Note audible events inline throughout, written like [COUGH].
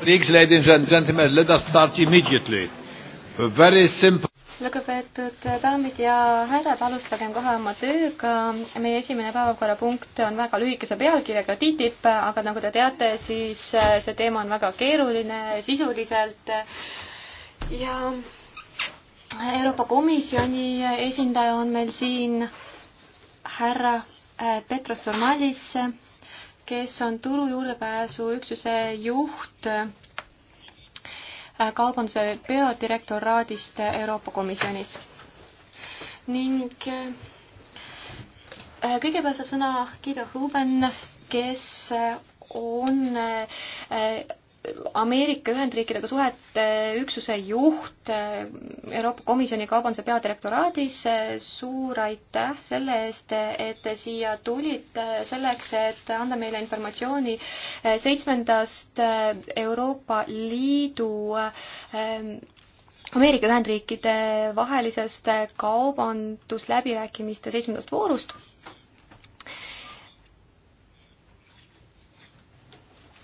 Colleagues, ladies and gentlemen, let us start immediately. Very simple. lugupeetud daamid ja härrad, alustagem kohe oma tööga. meie esimene päevakorrapunkt on väga lühikese pealkirjaga TTIP, aga nagu te teate, siis äh, see teema on väga keeruline sisuliselt ja Euroopa Komisjoni esindaja on meil siin härra äh, Petros Formalis kes on turu juurdepääsu üksuse juht äh, kaubanduse peadirektoraadist Euroopa Komisjonis. ning äh, kõigepealt saab sõna Guido Ruben, kes on äh, Ameerika Ühendriikidega suhete üksuse juht eh, Euroopa Komisjoni kaubanduse peadirektoraadis, eh, suur aitäh selle eest, et te siia tulite, selleks, et anda meile informatsiooni eh, seitsmendast Euroopa Liidu Ameerika Ühendriikide vahelisest kaubandusläbirääkimiste seitsmendast voorust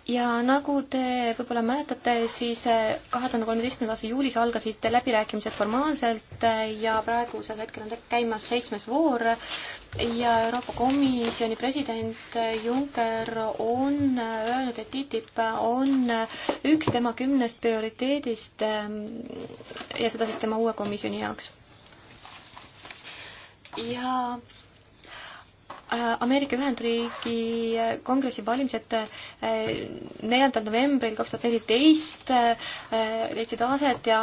ja nagu te võib-olla mäletate, siis eh, kahe tuhande kolmeteistkümnenda aasta juulis algasid läbirääkimised formaalselt eh, ja praegusel hetkel on käimas seitsmes voor ja Euroopa Komisjoni president eh, Juncker on öelnud, et TTIP on üks tema kümnest prioriteedist ja seda siis tema uue komisjoni jaoks. ja Äh, Ameerika Ühendriigi äh, kongressi valimised äh, neljandal novembril kaks tuhat neliteist leidsid aset ja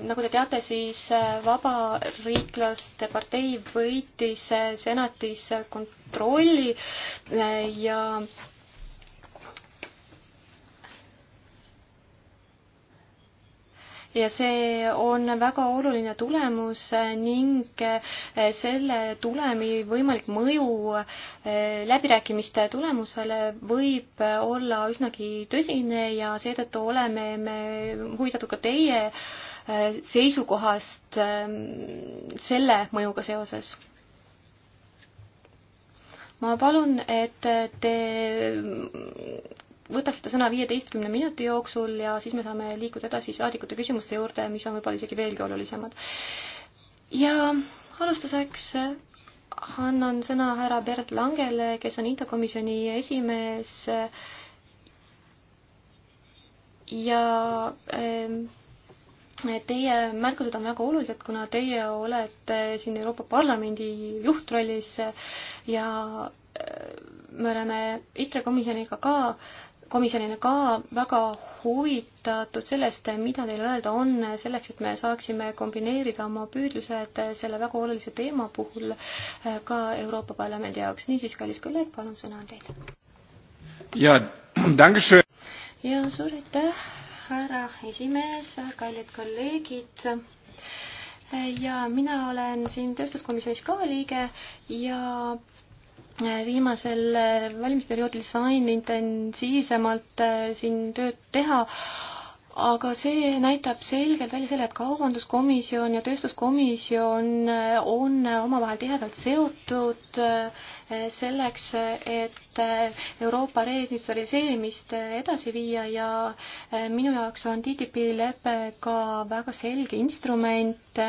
nagu te teate, siis Vabariiklaste partei võitis senatis kontrolli ja ja see on väga oluline tulemus ning eh, selle tulemi võimalik mõju eh, läbirääkimiste tulemusele võib olla üsnagi tõsine ja seetõttu oleme me huvitatud ka teie eh, seisukohast selle mõjuga seoses ma palun, et te võtaksite sõna viieteistkümne minuti jooksul ja siis me saame liikuda edasi saadikute küsimuste juurde, mis on võib-olla isegi veelgi olulisemad. ja alustuseks annan sõna härra Bert Langele, kes on infokomisjoni esimees ja ähm, teie märkused on väga olulised, kuna teie olete siin Euroopa Parlamendi juhtrollis ja äh, me oleme ITRE komisjoniga ka komisjonina ka väga huvitatud sellest, mida teil öelda on, selleks et me saaksime kombineerida oma püüdlused selle väga olulise teema puhul eh, ka Euroopa Parlamendi jaoks. niisiis, kallis kolleeg, palun, sõna on teil. ja, ja suur aitäh, härra esimees, kallid kolleegid eh, ja mina olen siin tööstuskomisjonis ka liige ja viimasel äh, valimisperioodil sain intensiivsemalt äh, siin tööd teha, aga see näitab selgelt välja selle, et Kaubanduskomisjon ja Tööstuskomisjon äh, on omavahel tihedalt seotud selleks, et Euroopa reindustrialiseerimist edasi viia ja minu jaoks on TTIP lepe ka väga selge instrument,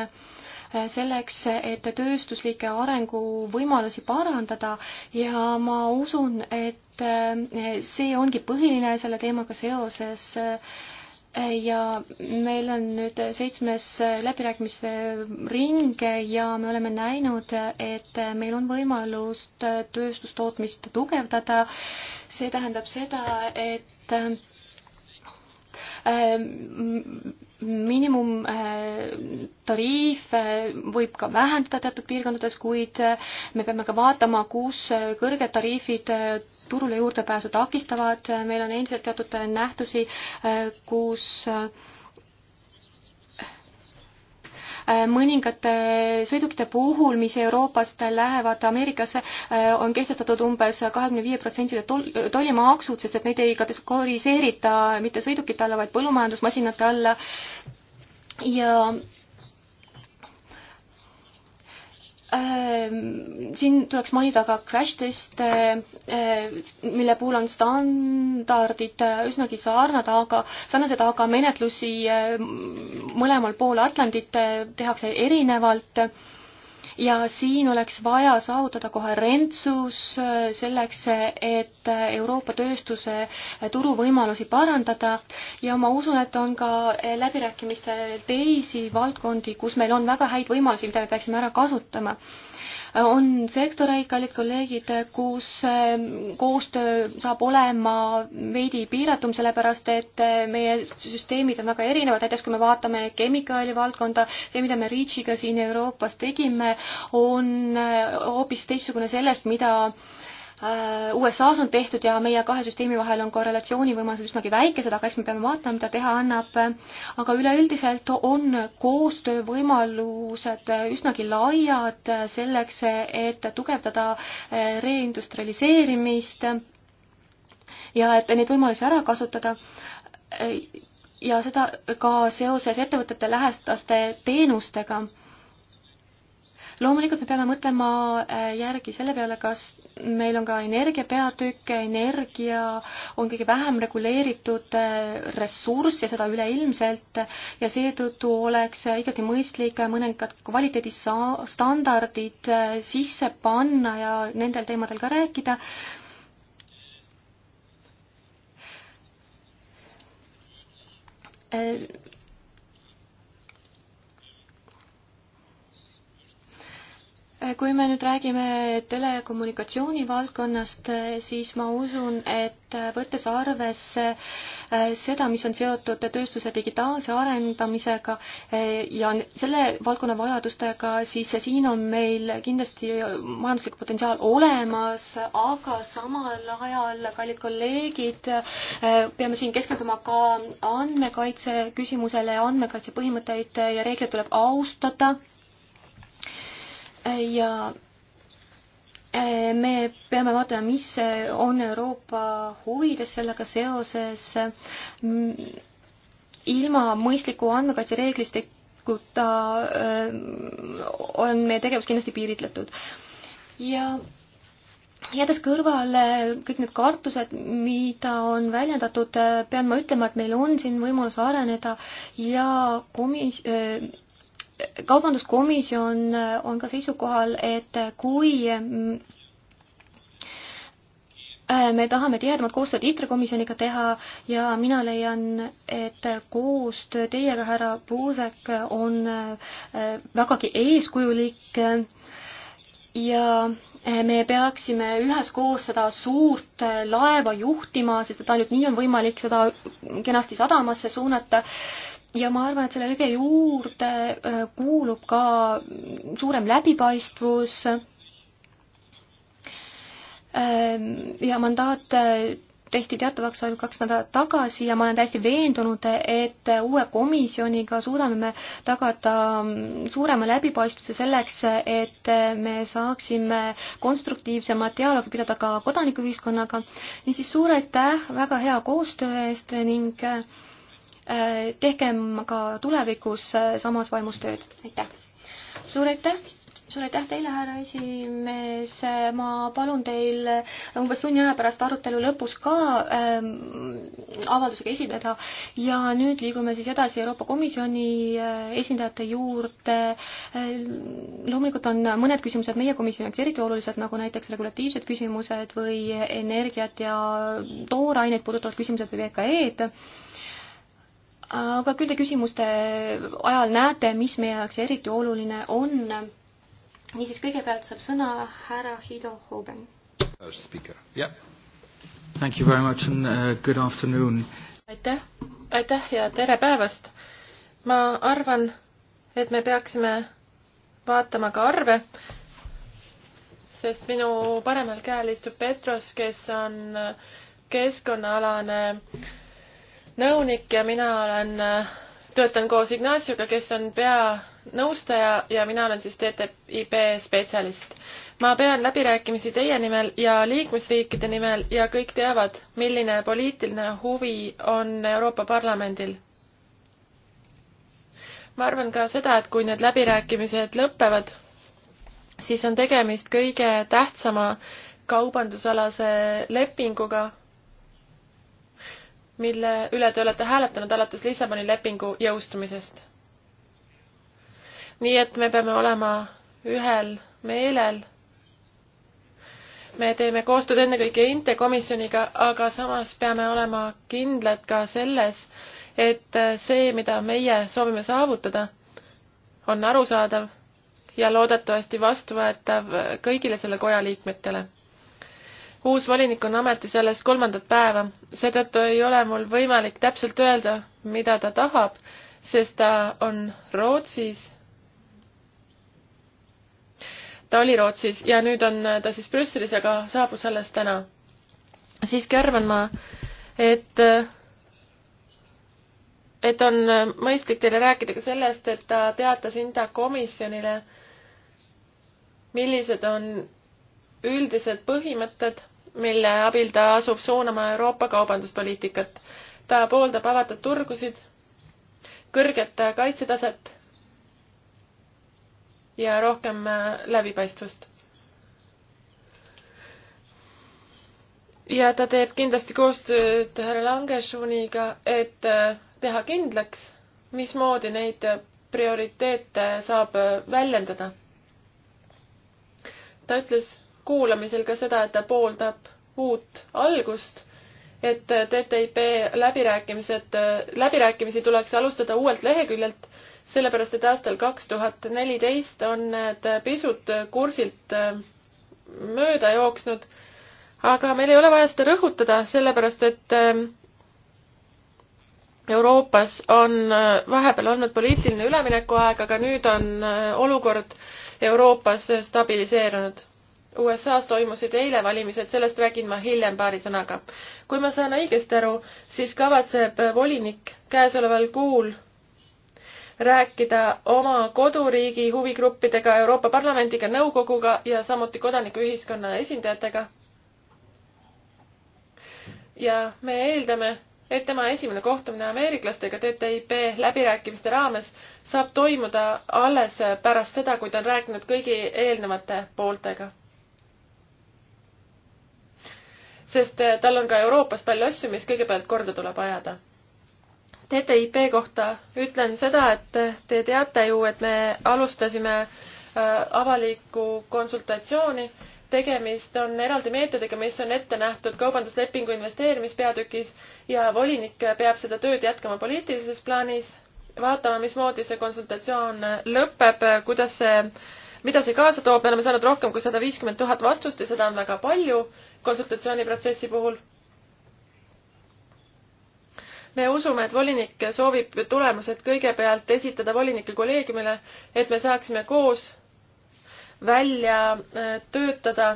selleks, et tööstuslikke arenguvõimalusi parandada ja ma usun, et eh, see ongi põhiline selle teemaga seoses eh, ja meil on nüüd seitsmes läbirääkimiste ring ja me oleme näinud, et meil on võimalust tööstustootmist tugevdada. see tähendab seda, et miinimumtariif äh, äh, võib ka vähendada teatud piirkondades, kuid äh, me peame ka vaatama, kus kõrged tariifid turule juurdepääsu takistavad. meil on endiselt teatud nähtusi, kus Äh, mõningate sõidukite puhul, mis Euroopast lähevad Ameerikasse, äh, on kehtestatud umbes kahekümne viie protsendide tollimaksud, sest et neid ei kategoriseerita mitte sõidukite alla, vaid põllumajandusmasinate alla ja Äh, siin tuleks mainida ka crash teste, äh, mille puhul on standardid äh, üsnagi sarnad, aga sarnased, aga menetlusi mõlemal pool Atlandit tehakse erinevalt ja siin oleks vaja saavutada koherentsus äh, selleks, et äh, Euroopa tööstuse äh, turuvõimalusi parandada ja ma usun, et on ka läbirääkimistel teisi valdkondi, kus meil on väga häid võimalusi, mida me peaksime ära kasutama on sektoreid, kallid kolleegid, kus ehm, koostöö saab olema veidi piiratum, sellepärast et ehm, meie süsteemid on väga erinevad, näiteks kui me vaatame kemikaali valdkonda, see, mida me REACH-iga siin Euroopas tegime, on ehm, hoopis teistsugune sellest, mida Äh, USA-s on tehtud ja meie kahe süsteemi vahel on korrelatsiooni võimalused üsnagi väikesed, aga eks me peame vaatama, mida teha annab. aga üleüldiselt on koostöövõimalused üsnagi laiad selleks, et tugevdada äh, reindustrialiseerimist ja et neid võimalusi ära kasutada äh, ja seda ka seoses ettevõtete lähedaste teenustega loomulikult me peame mõtlema äh, järgi selle peale, kas meil on ka energia peatükk, energia on kõige vähem reguleeritud äh, ressurss ja seda üleilmselt ja seetõttu oleks äh, igati mõistlik mõningad kvaliteedistandardid sisse panna ja nendel teemadel ka rääkida kui me nüüd räägime telekommunikatsiooni valdkonnast, siis ma usun, et võttes arvesse äh, seda, mis on seotud tööstuse digitaalse arendamisega äh, ja selle valdkonna vajadustega, siis siin on meil kindlasti majanduslik potentsiaal olemas, aga samal ajal, kallid kolleegid, äh, peame siin keskenduma ka andmekaitse küsimusele, andmekaitse põhimõtteid ja reegleid tuleb austada ja eh, me peame vaatama, mis on Euroopa huvides sellega seoses. Mm, ilma mõistliku andmekaitsereeglistikuta eh, on meie tegevus kindlasti piiritletud. ja jättes kõrvale kõik need kartused, mida on väljendatud, eh, pean ma ütlema, et meil on siin võimalus areneda ja komis-, kaubanduskomisjon on ka seisukohal, et kui me tahame tihedamat koostööd ITRE komisjoniga teha ja mina leian, et koostöö teiega, härra Puusek, on vägagi eeskujulik ja me peaksime üheskoos seda suurt laeva juhtima, sest et ainult nii on võimalik seda kenasti sadamasse suunata ja ma arvan, et selle lõige juurde äh, kuulub ka suurem läbipaistvus ähm, ja mandaat äh, tehti teatavaks ainult kaks nädalat tagasi ja ma olen täiesti veendunud, et uue komisjoniga suudame me tagada mm, suurema läbipaistvuse selleks, et me saaksime konstruktiivsemat dialoogi pidada ka kodanikuühiskonnaga. niisiis suur aitäh väga hea koostöö eest ning äh, Äh, tehkem ka tulevikus äh, samas vaimus tööd, aitäh. suur aitäh, suur aitäh teile, härra esimees, ma palun teil äh, umbes tunni aja pärast arutelu lõpus ka ähm, avaldusega esineda ja nüüd liigume siis edasi Euroopa Komisjoni esindajate juurde ähm,. loomulikult on mõned küsimused meie komisjoni jaoks eriti olulised, nagu näiteks regulatiivsed küsimused või energiat ja tooraineid puudutavad küsimused või VKE-d äh, aga küll te küsimuste ajal näete, mis meie jaoks eriti oluline on. niisiis, kõigepealt saab sõna härra Hido Hoben. Yeah. Thank you very much and uh, good afternoon. aitäh, aitäh ja tere päevast. ma arvan, et me peaksime vaatama ka arve, sest minu paremal käel istub Petros, kes on keskkonnaalane äh, nõunik ja mina olen, äh, töötan koos Ignatsiuga, kes on peanõustaja ja mina olen siis TTIP spetsialist. ma pean läbirääkimisi teie nimel ja liikmesriikide nimel ja kõik teavad, milline poliitiline huvi on Euroopa Parlamendil. ma arvan ka seda, et kui need läbirääkimised lõpevad, siis on tegemist kõige tähtsama kaubandusalase lepinguga mille üle te olete hääletanud alates Lissaboni lepingu jõustumisest. nii et me peame olema ühel meelel. me teeme koostööd ennekõike INTE komisjoniga, aga samas peame olema kindlad ka selles, et see, mida meie soovime saavutada, on arusaadav ja loodetavasti vastuvõetav kõigile selle koja liikmetele uus volinik on ametis alles kolmandat päeva, seetõttu ei ole mul võimalik täpselt öelda, mida ta tahab, sest ta on Rootsis. ta oli Rootsis ja nüüd on ta siis Brüsselis, aga saabus alles täna. siiski arvan ma, et et on mõistlik teile rääkida ka sellest, et ta teatas Inta komisjonile, millised on üldised põhimõtted mille abil ta asub suunama Euroopa kaubanduspoliitikat. ta pooldab avatud turgusid, kõrget kaitsetaset ja rohkem äh, läbipaistvust. ja ta teeb kindlasti koostööd härra Langeschuniga, et äh, teha kindlaks, mismoodi neid prioriteete saab äh, väljendada. ta ütles kuulamisel ka seda, et ta pooldab uut algust, et TTIP läbirääkimised, läbirääkimisi tuleks alustada uuelt leheküljelt, sellepärast et aastal kaks tuhat neliteist on need pisut kursilt äh, mööda jooksnud, aga meil ei ole vaja seda rõhutada, sellepärast et äh, Euroopas on äh, vahepeal olnud poliitiline üleminekuaeg, aga nüüd on olukord Euroopas stabiliseerunud. USA-s toimusid eile valimised, sellest räägin ma hiljem paari sõnaga. kui ma saan õigesti aru, siis kavatseb volinik käesoleval kuul rääkida oma koduriigi huvigruppidega, Euroopa Parlamendiga, nõukoguga ja samuti kodanikuühiskonna esindajatega. ja me eeldame, et tema esimene kohtumine ameeriklastega TTIP läbirääkimiste raames saab toimuda alles pärast seda, kui ta on rääkinud kõigi eelnevate pooltega sest eh, tal on ka Euroopas palju asju, mis kõigepealt korda tuleb ajada. TTIP kohta ütlen seda, et eh, te teate ju, et me alustasime eh, avalikku konsultatsiooni. tegemist on eraldi meetodiga, mis on ette nähtud kaubanduslepingu investeerimispeatükis ja volinik peab seda tööd jätkama poliitilises plaanis. vaatame, mismoodi see konsultatsioon lõpeb, kuidas see mida see kaasa toob, me oleme saanud rohkem kui sada viiskümmend tuhat vastust ja seda on väga palju konsultatsiooniprotsessi puhul. me usume, et volinik soovib tulemused kõigepealt esitada volinike kolleegiumile, et me saaksime koos välja äh, töötada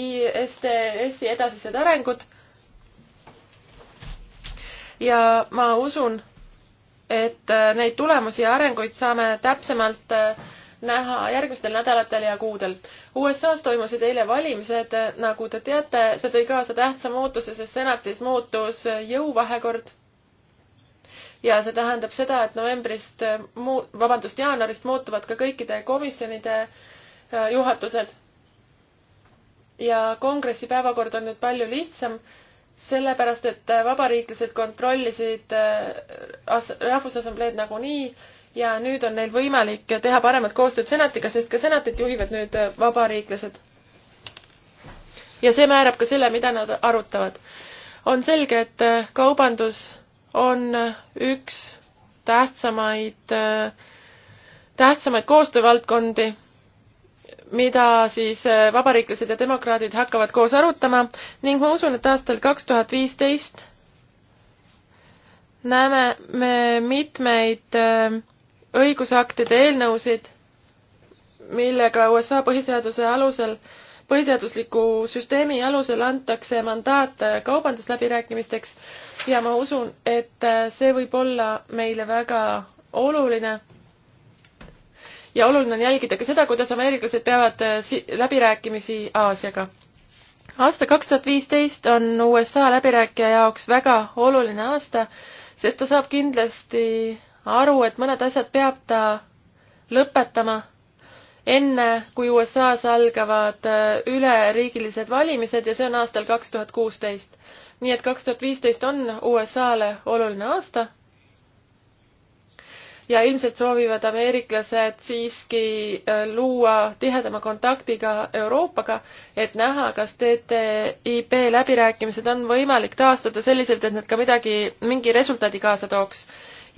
ISDS-i edasised arengud. ja ma usun, et äh, neid tulemusi ja arenguid saame täpsemalt äh, näha järgmistel nädalatel ja kuudel. USA-s toimusid eile valimised, nagu te teate, see tõi kaasa tähtsa muutuse, sest senatis muutus jõuvahekord. ja see tähendab seda, et novembrist muu-, vabandust, jaanuarist muutuvad ka kõikide komisjonide äh, juhatused. ja kongressi päevakord on nüüd palju lihtsam sellepärast, et äh, vabariiklased kontrollisid äh, rahvusassambleed nagunii ja nüüd on neil võimalik teha paremat koostööd senatiga, sest ka senatit juhivad nüüd äh, vabariiklased. ja see määrab ka selle, mida nad arutavad. on selge, et äh, kaubandus on äh, üks tähtsamaid, tähtsamaid koostöövaldkondi mida siis vabariiklased ja demokraadid hakkavad koos arutama ning ma usun, et aastal kaks tuhat viisteist näeme me mitmeid õigusaktide eelnõusid, millega USA põhiseaduse alusel, põhiseadusliku süsteemi alusel antakse mandaat kaubandusläbirääkimisteks ja ma usun, et see võib olla meile väga oluline ja oluline on jälgida ka seda, kuidas ameeriklased peavad äh, läbirääkimisi Aasiaga. aasta kaks tuhat viisteist on USA läbirääkija jaoks väga oluline aasta, sest ta saab kindlasti aru, et mõned asjad peab ta lõpetama enne, kui USA-s algavad äh, üleriigilised valimised ja see on aastal kaks tuhat kuusteist. nii et kaks tuhat viisteist on USA-le oluline aasta. ja ilmselt soovivad ameeriklased siiski äh, luua tihedama kontaktiga Euroopaga, et näha, kas TTIP läbirääkimised on võimalik taastada selliselt, et nad ka midagi, mingi resultaadi kaasa tooks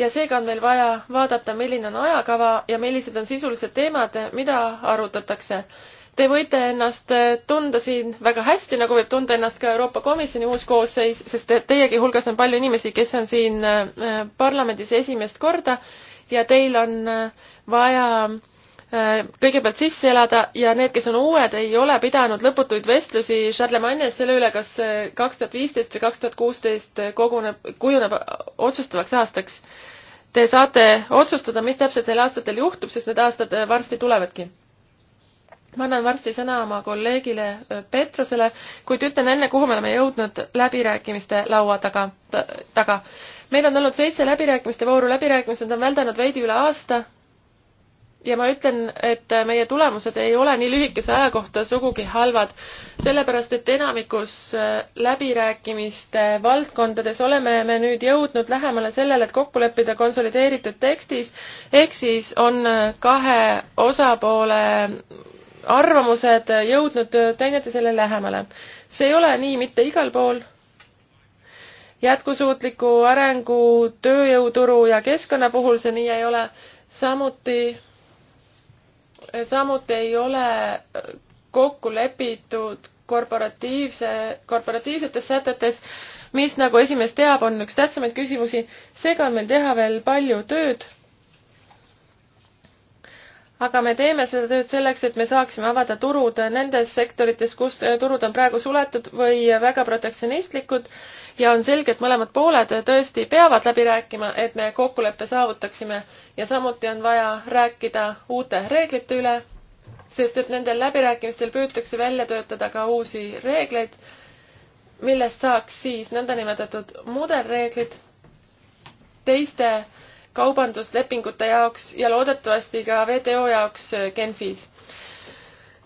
ja seega on meil vaja vaadata, milline on ajakava ja millised on sisulised teemad, mida arutatakse. Te võite ennast äh, tunda siin väga hästi, nagu võib tunda ennast ka Euroopa Komisjoni uus koosseis, sest äh, teiegi hulgas on palju inimesi, kes on siin äh, parlamendis esimest korda ja teil on vaja äh, Äh, kõigepealt sisse elada ja need, kes on uued, ei ole pidanud lõputuid vestlusi Charlemagne'is selle üle, kas kaks tuhat viisteist või kaks tuhat kuusteist koguneb, kujuneb otsustavaks aastaks. Te saate otsustada, mis täpselt neil aastatel juhtub, sest need aastad äh, varsti tulevadki ma annan varsti sõna oma kolleegile äh, Petrusele, kuid ütlen enne, kuhu me oleme jõudnud läbirääkimiste laua taga ta,, taga. meil on olnud seitse läbirääkimiste vooru, läbirääkimised on väldanud veidi üle aasta ja ma ütlen, et meie tulemused ei ole nii lühikese aja kohta sugugi halvad, sellepärast et enamikus äh, läbirääkimiste valdkondades oleme me nüüd jõudnud lähemale sellele, et kokku leppida konsolideeritud tekstis, ehk siis on äh, kahe osapoole arvamused jõudnud äh, teineteisele lähemale. see ei ole nii mitte igal pool jätkusuutliku arengu, tööjõuturu ja keskkonna puhul see nii ei ole, samuti samuti ei ole kokku lepitud korporatiivse, korporatiivsetes sätetes, mis, nagu esimees teab, on üks tähtsamaid küsimusi. seega on meil teha veel palju tööd aga me teeme seda tööd selleks, et me saaksime avada turud nendes sektorites, kus äh, turud on praegu suletud või väga protektsionistlikud ja on selge, et mõlemad pooled tõesti peavad läbi rääkima, et me kokkuleppe saavutaksime ja samuti on vaja rääkida uute reeglite üle, sest et nendel läbirääkimistel püütakse välja töötada ka uusi reegleid, millest saaks siis nõndanimetatud mudelreeglid teiste äh, kaubanduslepingute jaoks ja loodetavasti ka WTO jaoks äh, Genfis.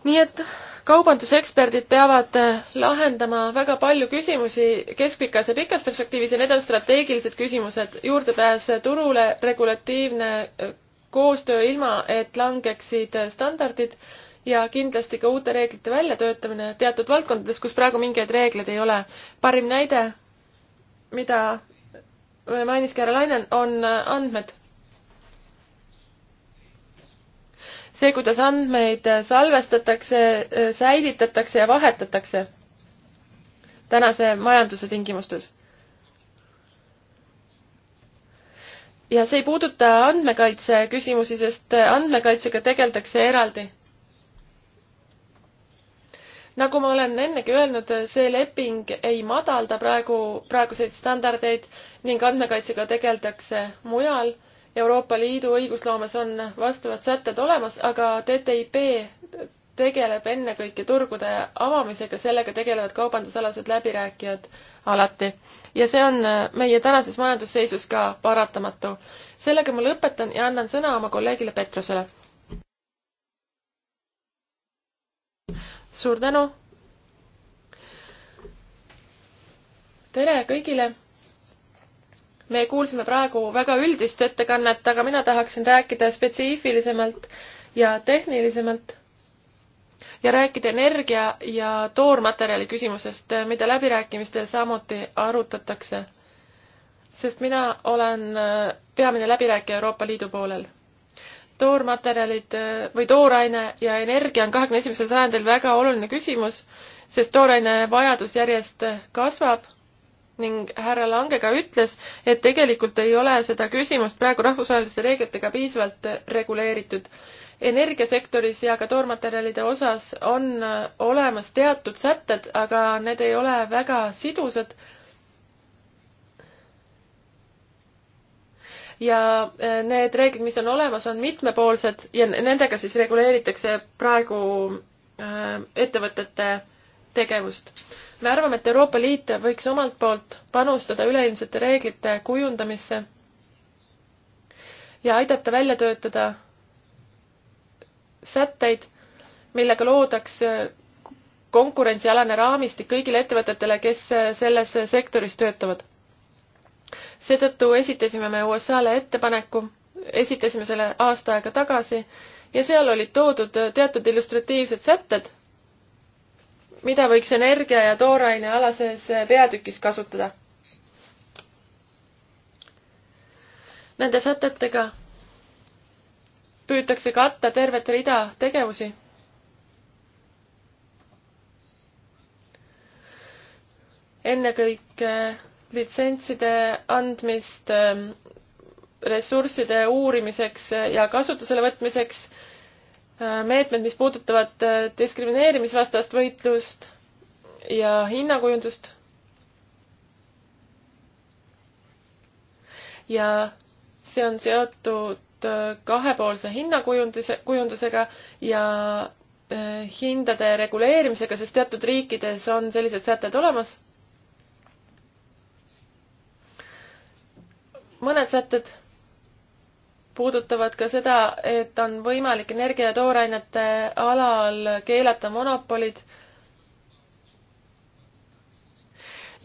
nii et kaubanduseksperdid peavad äh, lahendama väga palju küsimusi keskpikas ja pikas perspektiivis ja need on strateegilised küsimused, juurdepääs turule, regulatiivne äh, koostöö ilma, et langeksid standardid ja kindlasti ka uute reeglite väljatöötamine teatud valdkondades, kus praegu mingeid reegleid ei ole. parim näide, mida mainis ka härra Lainen, on äh, andmed. see, kuidas andmeid äh, salvestatakse, äh, säilitatakse ja vahetatakse tänase majanduse tingimustes. ja see ei puuduta andmekaitse küsimusi, sest andmekaitsega tegeldakse eraldi nagu ma olen ennegi öelnud, see leping ei madalda praegu, praeguseid standardeid ning andmekaitsega tegeldakse mujal. Euroopa Liidu õigusloomes on vastavad sätted olemas, aga TTIP tegeleb ennekõike turgude avamisega, sellega tegelevad kaubandusalased läbirääkijad alati. ja see on meie tänases majandusseisus ka paratamatu. sellega ma lõpetan ja annan sõna oma kolleegile Petrusele suur tänu. tere kõigile me kuulsime praegu väga üldist ettekannet, aga mina tahaksin rääkida spetsiifilisemalt ja tehnilisemalt ja rääkida energia ja toormaterjali küsimusest, mida läbirääkimistel samuti arutatakse. sest mina olen äh, peamine läbirääkija Euroopa Liidu poolel toormaterjalid äh, või tooraine ja energia on kahekümne esimesel sajandil väga oluline küsimus, sest tooraine vajadus järjest kasvab ning härra Lange ka ütles, et tegelikult ei ole seda küsimust praegu rahvusvaheliste reeglitega piisavalt äh, reguleeritud. energiasektoris ja ka toormaterjalide osas on äh, olemas teatud sätted, aga need ei ole väga sidusad ja äh, need reeglid, mis on olemas, on mitmepoolsed ja nendega siis reguleeritakse praegu äh, ettevõtete tegevust. me arvame, et Euroopa Liit võiks omalt poolt panustada üleilmsete reeglite kujundamisse ja aidata välja töötada sätteid, millega loodaks äh, konkurentsialane raamistik kõigile ettevõtetele, kes selles sektoris töötavad seetõttu esitasime me USA-le ettepaneku, esitasime selle aasta aega tagasi ja seal olid toodud teatud illustratiivsed sätted, mida võiks energia ja tooraine alases peatükis kasutada. Nende sätetega püütakse katta tervet rida tegevusi ennekõike litsentside andmist ähm, ressursside uurimiseks ja kasutusele võtmiseks, äh, meetmed, mis puudutavad äh, diskrimineerimisvastast võitlust ja hinnakujundust. ja see on seotud äh, kahepoolse hinnakujundise, kujundusega ja hindade reguleerimisega, sest teatud riikides on sellised sätted olemas mõned sätted puudutavad ka seda, et on võimalik energia ja toorainete alal keelata monopolid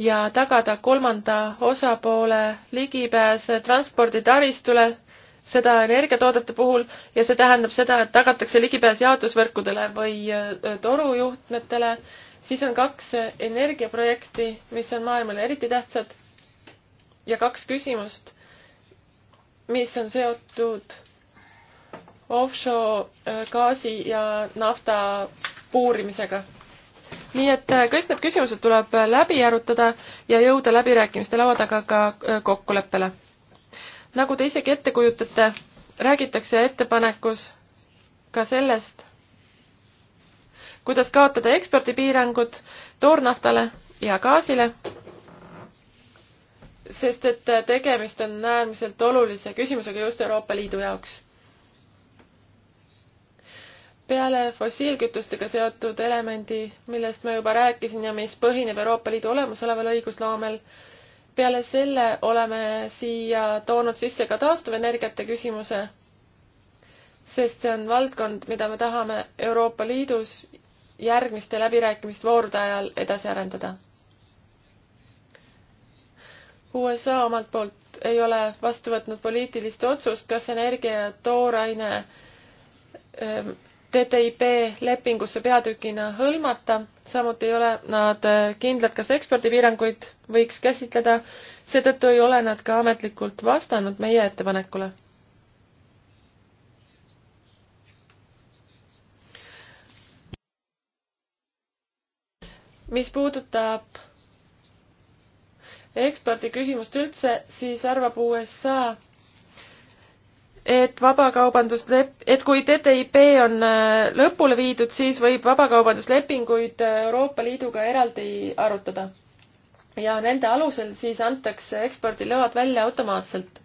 ja tagada kolmanda osapoole ligipääs transporditaristule, seda energiatoodete puhul ja see tähendab seda, et tagatakse ligipääs jaotusvõrkudele või torujuhtmetele, siis on kaks energiaprojekti, mis on maailmale eriti tähtsad ja kaks küsimust mis on seotud offshore äh, gaasi ja nafta puurimisega. nii et äh, kõik need küsimused tuleb äh, läbi arutada ja jõuda läbirääkimiste laua taga ka kokkuleppele. nagu te isegi ette kujutate, räägitakse ettepanekus ka sellest, kuidas kaotada ekspordipiirangud toornaftale ja gaasile sest et äh, tegemist on äärmiselt olulise küsimusega just Euroopa Liidu jaoks. peale fossiilkütustega seotud elemendi, millest ma juba rääkisin ja mis põhineb Euroopa Liidu olemasoleval õigusloomel, peale selle oleme siia toonud sisse ka taastuvenergiate küsimuse, sest see on valdkond, mida me tahame Euroopa Liidus järgmiste läbirääkimisvoorude ajal edasi arendada USA omalt poolt ei ole vastu võtnud poliitilist otsust, kas energia tooraine ähm, TTIP lepingusse peatükina hõlmata, samuti ei ole nad äh, kindlad, kas ekspordipiiranguid võiks käsitleda, seetõttu ei ole nad ka ametlikult vastanud meie ettepanekule. mis puudutab ekspordiküsimust üldse, siis arvab USA, et vabakaubanduslepp, et kui TTIP on äh, lõpule viidud, siis võib vabakaubanduslepinguid äh, Euroopa Liiduga eraldi arutada. ja nende alusel siis antakse ekspordilõad välja automaatselt.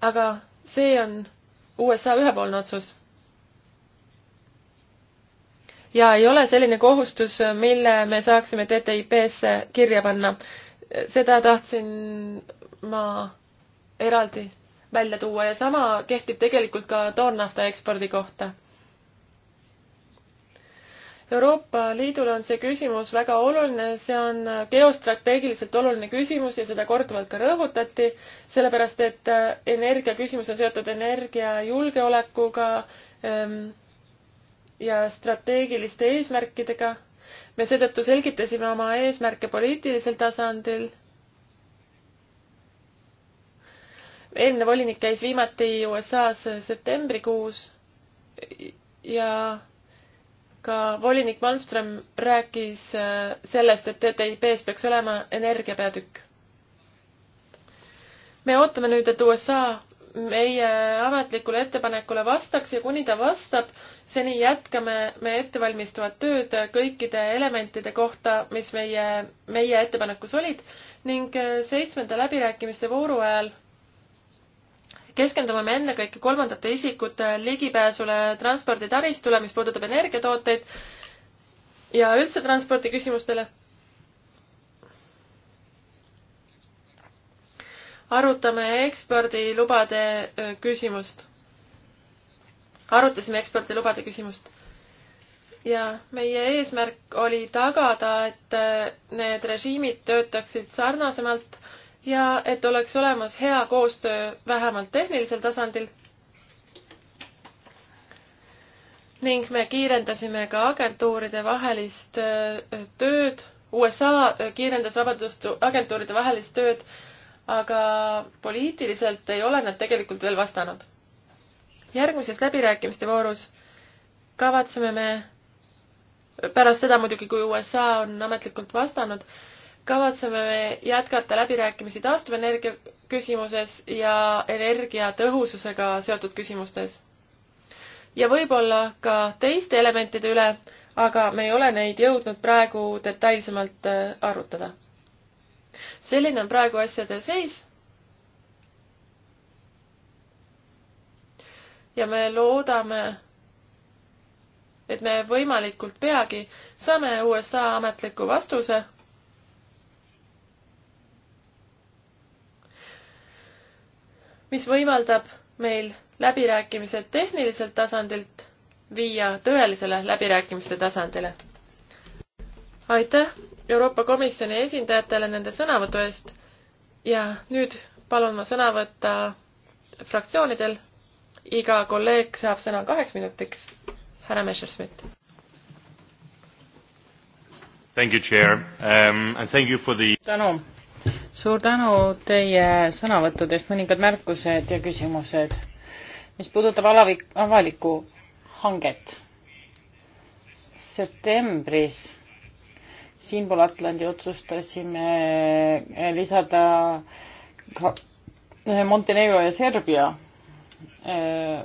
aga see on USA ühepoolne otsus. ja ei ole selline kohustus, mille me saaksime TTIP-sse kirja panna seda tahtsin ma eraldi välja tuua ja sama kehtib tegelikult ka toornafta ekspordi kohta. Euroopa Liidule on see küsimus väga oluline, see on geostrateegiliselt oluline küsimus ja seda korduvalt ka rõhutati, sellepärast et äh, energiaküsimus on seotud energiajulgeolekuga ähm, ja strateegiliste eesmärkidega me seetõttu selgitasime oma eesmärke poliitilisel tasandil. eelmine volinik käis viimati USA-s septembrikuus ja ka volinik Malmström rääkis äh, sellest, et TTIP-s peaks olema energiapeatükk. me ootame nüüd, et USA meie ametlikule ettepanekule vastaks ja kuni ta vastab, seni jätkame me ettevalmistavat tööd kõikide elementide kohta, mis meie, meie ettepanekus olid ning äh, seitsmenda läbirääkimiste vooru ajal keskendume me ennekõike kolmandate isikute ligipääsule transporditaristule, mis puudutab energiatooteid ja üldse transpordiküsimustele arutame ekspordilubade küsimust. arutasime ekspordilubade küsimust. ja meie eesmärk oli tagada, et need režiimid töötaksid sarnasemalt ja et oleks olemas hea koostöö vähemalt tehnilisel tasandil. ning me kiirendasime ka agentuuride vahelist tööd USA kiirendas vabandust agentuuride vahelist tööd aga poliitiliselt ei ole nad tegelikult veel vastanud. järgmises läbirääkimiste voorus kavatseme me, pärast seda muidugi, kui USA on ametlikult vastanud, kavatseme me jätkata läbirääkimisi taastuvenergia küsimuses ja energiatõhususega seotud küsimustes. ja võib-olla ka teiste elementide üle, aga me ei ole neid jõudnud praegu detailsemalt äh, arutada selline on praegu asjade seis. ja me loodame, et me võimalikult peagi saame USA ametliku vastuse mis võimaldab meil läbirääkimised tehniliselt tasandilt viia tõelisele läbirääkimiste tasandile aitäh Euroopa Komisjoni esindajatele nende sõnavõtu eest ja nüüd palun ma sõna võtta fraktsioonidel. iga kolleeg saab sõna kaheks minutiks. härra Messerschmidt. Thank you, chair um, and thank you for the tänu. suur tänu teie sõnavõttudest, mõningad märkused ja küsimused. mis puudutab alavik-, avalikku hanget septembris siinpool Atlandi otsustasime lisada ka eh, Montenegro ja Serbia eh,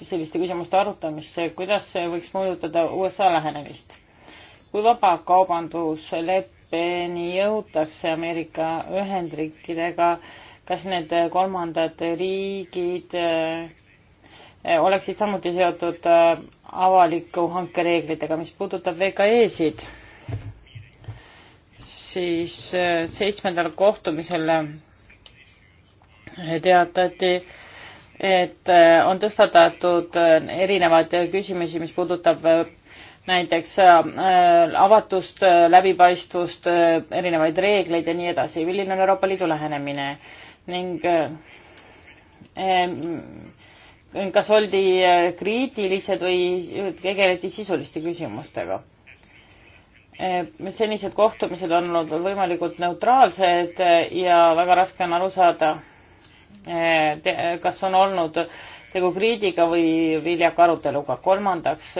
selliste küsimuste arutamisse, kuidas see võiks mõjutada USA lähenemist. kui vabakaubandusleppeni jõutakse Ameerika Ühendriikidega, kas need kolmandad riigid eh, oleksid samuti seotud avaliku hanke reeglitega, mis puudutab VKE-sid siis äh, seitsmendal kohtumisel äh, teatati, et äh, on tõstatatud erinevaid küsimusi, mis puudutab näiteks avatust, läbipaistvust, erinevaid reegleid ja nii edasi. milline on Euroopa Liidu lähenemine ning kas oldi kriitilised või tegeleti sisuliste küsimustega? Eh, senised kohtumised on olnud võimalikult neutraalsed eh, ja väga raske on aru saada, eh, kas on olnud tegu kriitika või viljaka aruteluga. kolmandaks,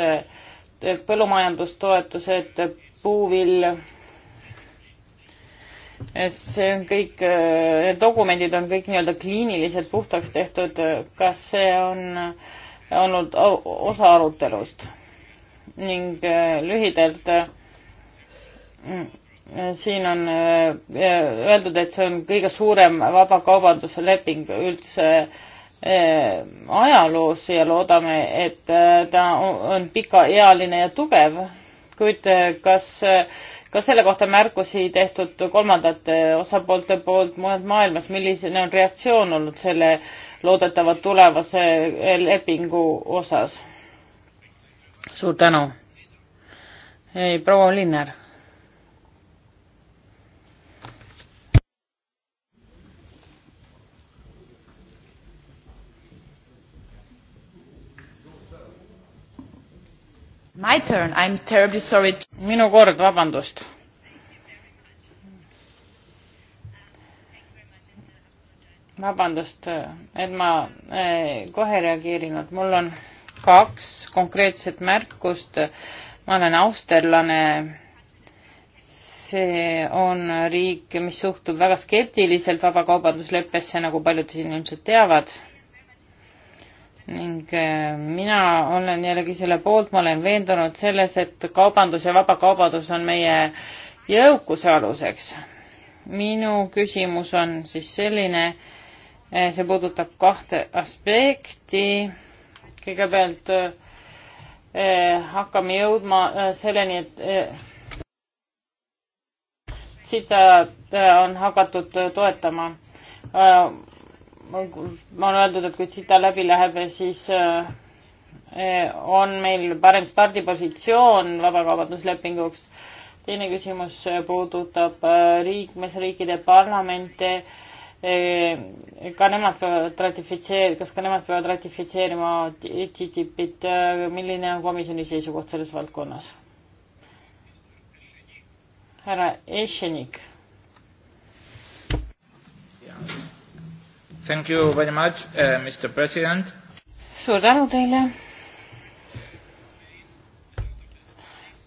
põllumajandustoetused, puuvill, see on kõik, need dokumendid on kõik nii-öelda kliiniliselt puhtaks tehtud, kas see on olnud osa arutelust? ning lühidalt siin on äh, äh, öeldud, et see on kõige suurem vabakaubandusleping üldse äh, ajaloos ja loodame, et ta on pikaealine ja tugev, kuid kas ka selle kohta märkusi tehtud kolmandate osapoolte poolt mujalt maailmas, milline on reaktsioon olnud selle loodetava tulevase lepingu osas? suur tänu. proua Linnar My turn, I am terribly sorry. minu kord, vabandust. vabandust, et ma eh, kohe reageerinud, mul on kaks konkreetset märkust. ma olen austerlane. see on riik, mis suhtub väga skeptiliselt vabakaubandusleppesse, nagu paljud siin ilmselt teavad ning äh, mina olen jällegi selle poolt, ma olen veendunud selles, et kaubandus ja vabakaubandus on meie jõukuse aluseks. minu küsimus on siis selline, äh, see puudutab kahte aspekti. kõigepealt eh, hakkame jõudma selleni, et eh, seda on hakatud toetama ma olen öeldud, et kui CITA läbi läheb, siis äh, eh, on meil parem stardipositsioon vabakaubanduslepinguks. teine küsimus puudutab äh, liikmesriikide parlamente. Eh, ka nemad peavad ratifitseerima, kas ka nemad peavad ratifitseerima TTIP-it, äh, milline on komisjoni seisukoht selles valdkonnas? härra Ešenik Thank you very much uh,, Mr President. suur tänu teile.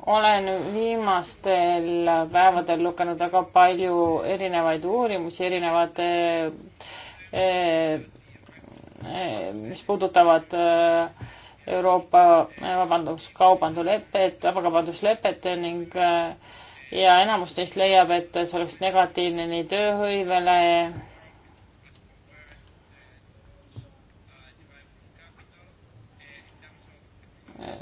olen viimastel päevadel lugenud väga palju erinevaid uurimusi erinevate eh, eh mis puudutavad eh, Euroopa eh, vabandus-kaubandulepet, vabakaubanduslepet ning ja enamus neist leiab, et see oleks negatiivne nii tööhõivele,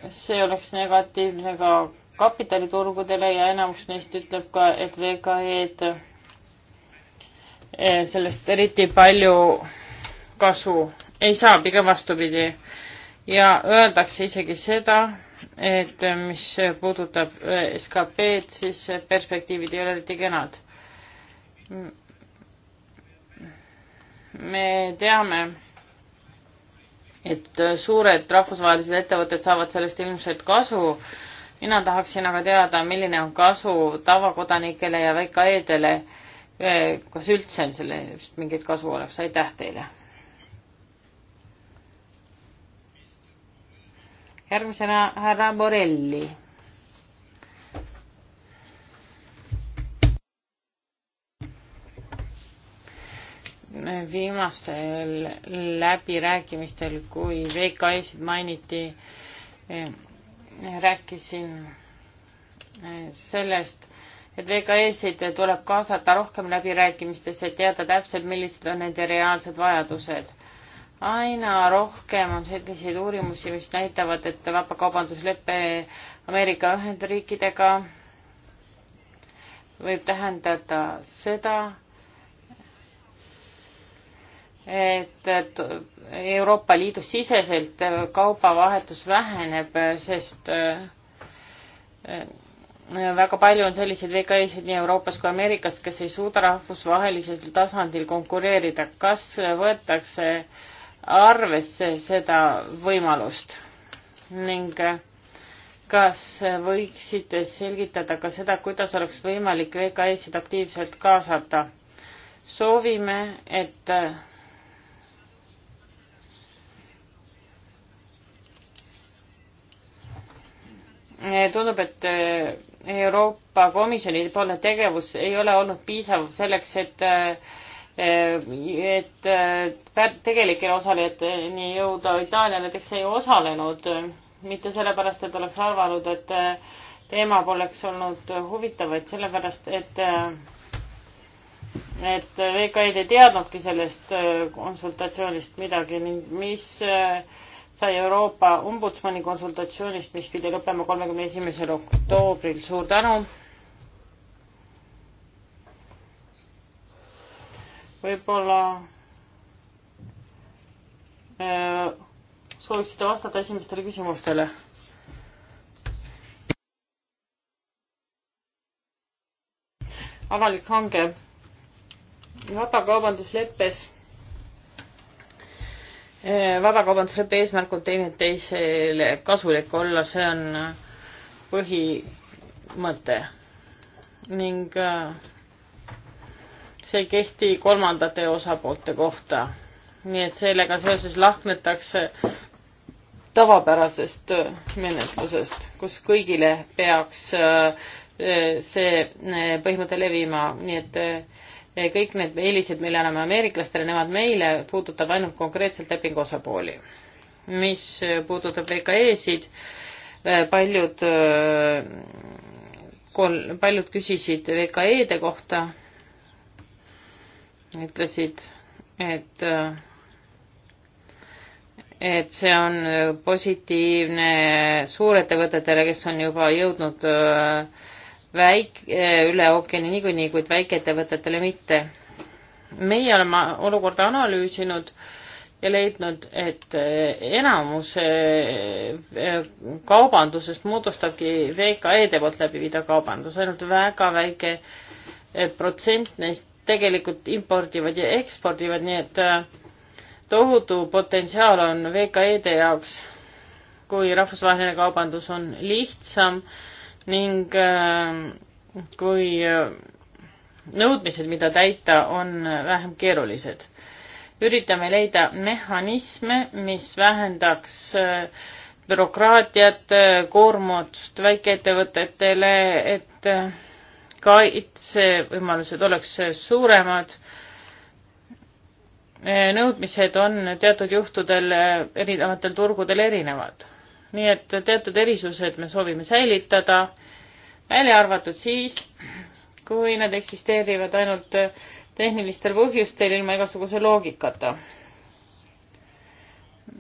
see oleks negatiivne ka kapitaliturgudele ja enamus neist ütleb ka, et VKE-d eh, sellest eriti palju kasu ei saa, pigem vastupidi. ja öeldakse isegi seda, et mis puudutab eh, SKP-d, siis perspektiivid ei ole eriti kenad. me teame et äh, suured rahvusvahelised ettevõtted saavad sellest ilmselt kasu. mina tahaksin aga teada, milline on kasu tavakodanikele ja VKE-dele. Äh, kas üldse sellest mingit kasu oleks? aitäh teile. järgmisena härra Borelli viimastel läbirääkimistel, kui VKI-sid mainiti, rääkisin eh, sellest, et VKE-sid tuleb kaasata rohkem läbirääkimistesse, et teada täpselt, millised on nende reaalsed vajadused. aina rohkem on selliseid uurimusi, mis näitavad, et vabakaubanduslepe Ameerika Ühendriikidega võib tähendada seda, et Euroopa Liidu siseselt kaubavahetus väheneb, sest äh, äh, väga palju on selliseid VKI-sid nii Euroopas kui Ameerikas, kes ei suuda rahvusvahelisel tasandil konkureerida. kas võetakse arvesse seda võimalust ning äh, kas võiksite selgitada ka seda, kuidas oleks võimalik VKI-sid aktiivselt kaasata? soovime, et Eh, tundub, et eh, Euroopa Komisjoni poolne tegevus ei ole olnud piisav selleks, et eh, et tegelikele osalejateni jõuda. Itaalia näiteks ei osalenud mitte sellepärast, et oleks arvanud, et teema poleks olnud huvitav, vaid sellepärast, et et VKI-d ei teadnudki sellest konsultatsioonist midagi ning mis äh, sai Euroopa Ombudsmani konsultatsioonist, mis pidi lõppema kolmekümne esimesel oktoobril. suur tänu. võib-olla äh, sooviksite vastata esimestele küsimustele? avalik hange vabakaubandusleppes Eh, vabakaubandus võib eesmärgul teineteisele kasulik olla, see on eh, põhimõte. ning eh, see ei kehti kolmandate osapoolte kohta. nii et sellega seoses lahknetakse tavapärasest menetlusest, kus kõigile peaks see põhimõte levima, nii et kõik need eelised, mille anname ameeriklastele, nemad meile, puudutab ainult konkreetselt lepingu osapooli. mis puudutab VKE-sid, eh, paljud, eh, paljud küsisid VKE-de kohta, ütlesid, et eh, et see on positiivne suurettevõtetele, kes on juba jõudnud äh, väik-, eh, üle ookeani niikuinii, kuid väikeettevõtetele mitte. meie oleme olukorda analüüsinud ja leidnud, et eh, enamus eh, kaubandusest moodustabki VKE-de poolt läbi viidav kaubandus, ainult väga väike protsent neist tegelikult impordivad ja ekspordivad, nii et tohutu potentsiaal on VKE-de jaoks, kui rahvusvaheline kaubandus on lihtsam äh, ning ähm, kui äh, nõudmised, mida täita, on vähem keerulised. üritame leida mehhanisme, mis vähendaks äh, bürokraatiat, äh, koormust väikeettevõtetele, et kaitsevõimalused oleks suuremad. nõudmised on teatud juhtudel erinevatel turgudel erinevad nii et teatud erisused me soovime säilitada, välja arvatud siis, kui need eksisteerivad ainult tehnilistel põhjustel ilma igasuguse loogikata.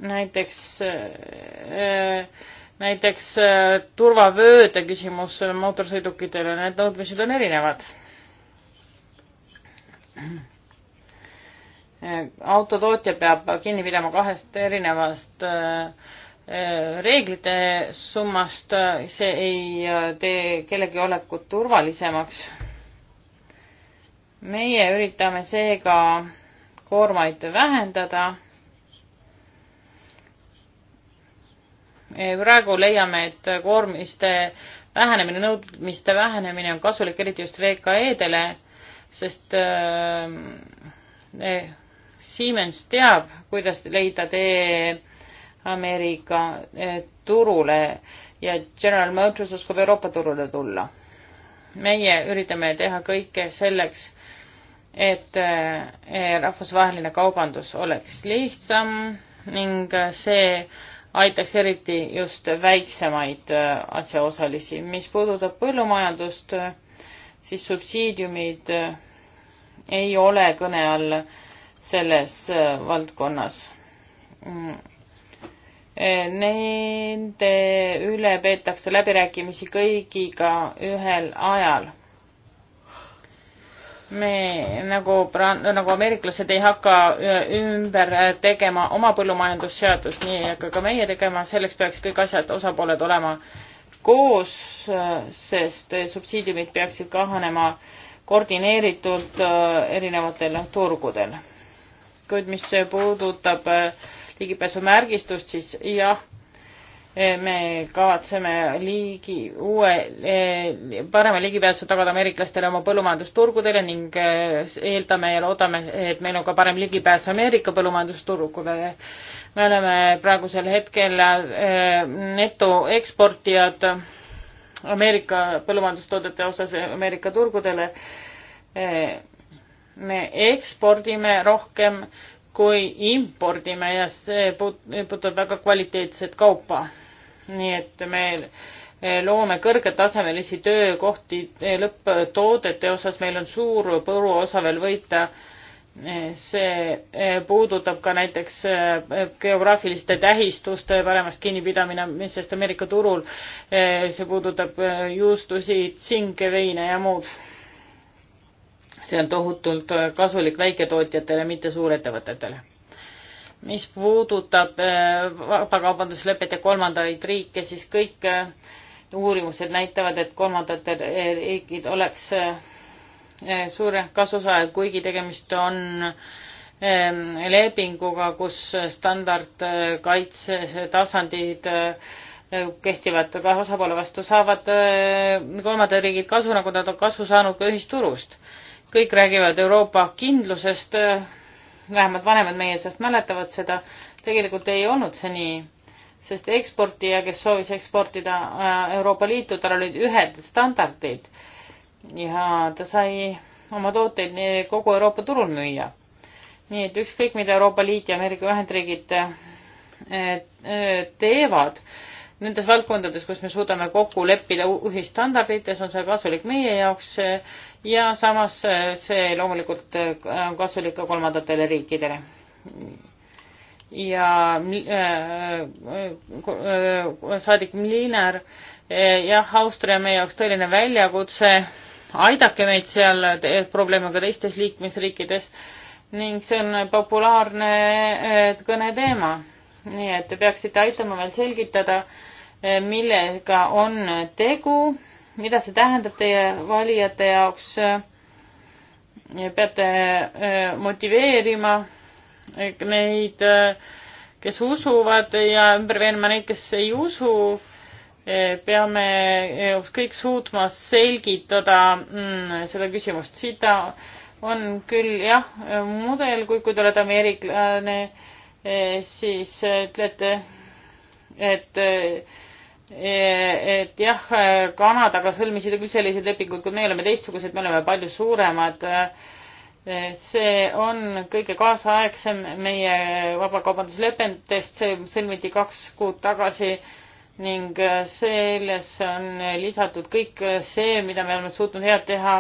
näiteks, äh, näiteks äh, turvavööde küsimus mootorsõidukitele, need nõudmised on erinevad. Äh, autotootja peab kinni pidama kahest erinevast äh, reeglite summast, see ei äh, tee kellegi olekut turvalisemaks. meie üritame seega koormaid vähendada. praegu leiame, et koormiste vähenemine, nõudmiste vähenemine on kasulik eriti just VKE-dele, sest äh, Siemens teab, kuidas leida tee Ameerika eh, turule ja General Motors oskab Euroopa turule tulla. meie üritame teha kõike selleks, et eh, eh, rahvusvaheline kaubandus oleks lihtsam ning see aitaks eriti just väiksemaid asjaosalisi. mis puudutab põllumajandust, siis subsiidiumid ei ole kõne all selles valdkonnas mm, nende üle peetakse läbirääkimisi kõigiga ühel ajal. me nagu, nagu ameeriklased ei hakka äh, ümber äh, tegema oma põllumajandusseadust, nii ei hakka ka meie tegema, selleks peaks kõik asjad, osapooled olema koos, äh, sest subsiidiumid peaksid kahanema koordineeritult erinevatel turgudel. kuid mis puudutab äh, ligipääsumärgistust, siis jah, me kavatseme liigi, uue, eh, parema ligipääsu tagada ameeriklastele oma põllumajandusturgudele ning eh, eeldame ja loodame, et meil on ka parem ligipääs Ameerika põllumajandusturgudele. me oleme praegusel hetkel eh, netoeksportijad Ameerika põllumajandustoodete osas Ameerika turgudele. me ekspordime rohkem kui impordime ja see puudutab väga kvaliteetset kaupa. nii et me loome kõrgetasemelisi töökohti eh, lõpptoodete osas, meil on suur põruosa veel võita. Eh, see eh, puudutab ka näiteks geograafiliste tähistuste paremast kinnipidamine, mis sest Ameerika turul, see puudutab juustusid, tsinke, veine ja muud see on tohutult äh, kasulik väiketootjatele, mitte suurettevõtetele. mis puudutab äh, vabakaubanduslepet ja kolmandaid riike, siis kõik äh, uurimused näitavad, et kolmandatel riigid oleks suure kasusaajad, kuigi tegemist on ähm, lepinguga, kus standardkaitse tasandid kehtivad kahe osapoole vastu, saavad kolmandad riigid kasu, nagu nad on kasu saanud ka ühisturust kõik räägivad Euroopa kindlusest, vähemalt vanemad meie seast mäletavad seda, tegelikult ei olnud see nii, sest eksportija, kes soovis eksportida äh, Euroopa Liitu, tal olid ühed standardid ja ta sai oma tooteid kogu Euroopa turul müüa. nii et ükskõik, mida Euroopa Liit ja Ameerika Ühendriigid äh, äh, teevad, nendes valdkondades, kus me suudame kokku leppida ühisstandardites, on see kasulik meie jaoks ja samas eh, see loomulikult eh, on kasulik ka kolmandatele riikidele. ja eh, saadik Mlinar, jah, Austria on meie jaoks tõeline väljakutse, aidake meid seal, probleeme ka teistes liikmesriikides ning see on populaarne kõneteema. nii et te peaksite aitama meil selgitada, millega on tegu mida see tähendab teie valijate jaoks? peate äh, motiveerima eh, neid, äh, kes usuvad ja ümber veenma neid, kes ei usu. Eh, peame eh, kõik suutma selgitada mm, seda küsimust. siit on küll jah mudel, kui, kui te olete ameeriklane, siis ütlete, et, et Eh, et jah, eh, Kanadaga sõlmisid küll sellised lepingud, kuid me oleme teistsugused, me oleme palju suuremad. Eh, see on kõige kaasaegsem meie vabakaubanduslepetest, see sõlmiti kaks kuud tagasi ning selles on lisatud kõik see, mida me oleme suutnud head teha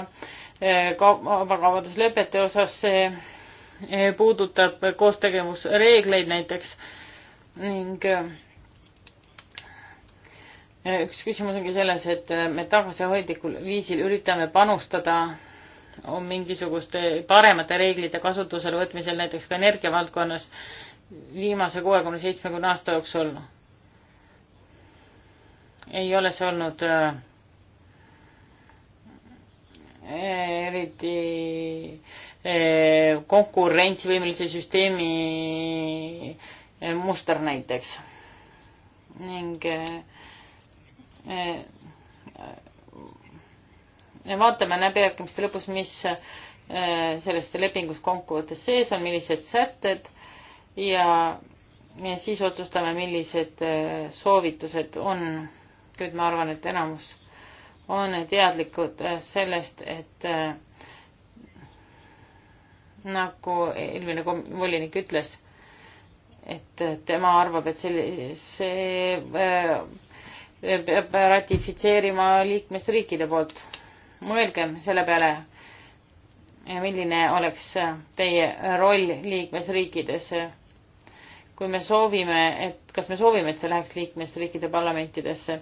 vabakaubanduslepete osas, see puudutab koostegevusreegleid näiteks ning üks küsimus ongi selles, et äh, me tagasihoidlikul viisil üritame panustada on mingisuguste paremate reeglite kasutusele võtmisel näiteks ka energiavaldkonnas viimase kuuekümne seitsmekümne aasta jooksul ei ole see olnud äh, eriti äh, konkurentsivõimelise süsteemi äh, muster näiteks ning äh, vaatame läbirääkimiste lõpus, mis äh, sellest lepingust kokkuvõttes sees on, millised sätted ja, ja siis otsustame, millised äh, soovitused on. kuid ma arvan, et enamus on teadlikud äh, sellest, et nagu eelmine volinik ütles, et tema arvab, et see, see peab ratifitseerima liikmesriikide poolt. mõelgem selle peale, milline oleks teie roll liikmesriikides. kui me soovime, et kas me soovime, et see läheks liikmesriikide parlamentidesse?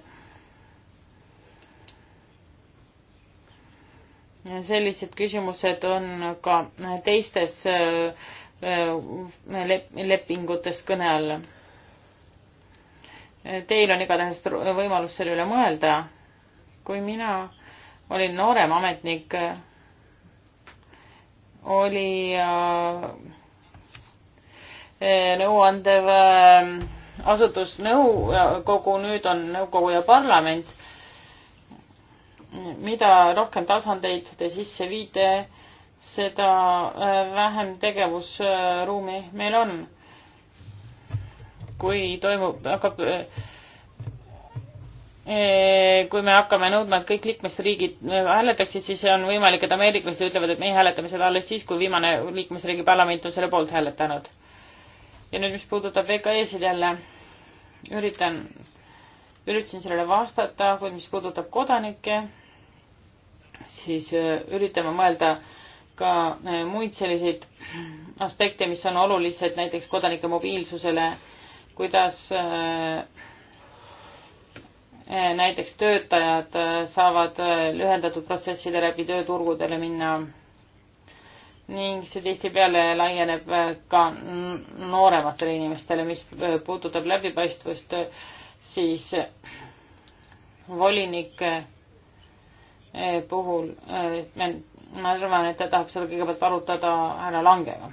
sellised küsimused on ka teistes äh, äh, lep-, lepingutes kõne all Teil on igatahes võimalus selle üle mõelda. kui mina olin noorem ametnik, oli äh, eh, nõuandev äh, asutus nõukogu, nüüd on nõukogu ja parlament. mida rohkem tasandeid te sisse viite, seda äh, vähem tegevusruumi meil on kui toimub, hakkab eh, kui me hakkame nõudma, et kõik liikmesriigid eh, hääletaksid, siis on võimalik, et ameeriklased ütlevad, et meie hääletame seda alles siis, kui viimane liikmesriigi parlament on selle poolt hääletanud. ja nüüd, mis puudutab VKE-sid jälle, üritan, üritasin sellele vastata, kuid mis puudutab kodanikke, siis eh, üritame mõelda ka muid selliseid aspekte, mis on olulised näiteks kodanike mobiilsusele kuidas äh, äh, näiteks töötajad äh, saavad lühendatud protsesside läbi tööturgudele minna ning see tihtipeale laieneb ka noorematele inimestele, mis puudutab läbipaistvust, siis volinike puhul ma arvan, et ta tahab seda kõigepealt arutada härra Langega.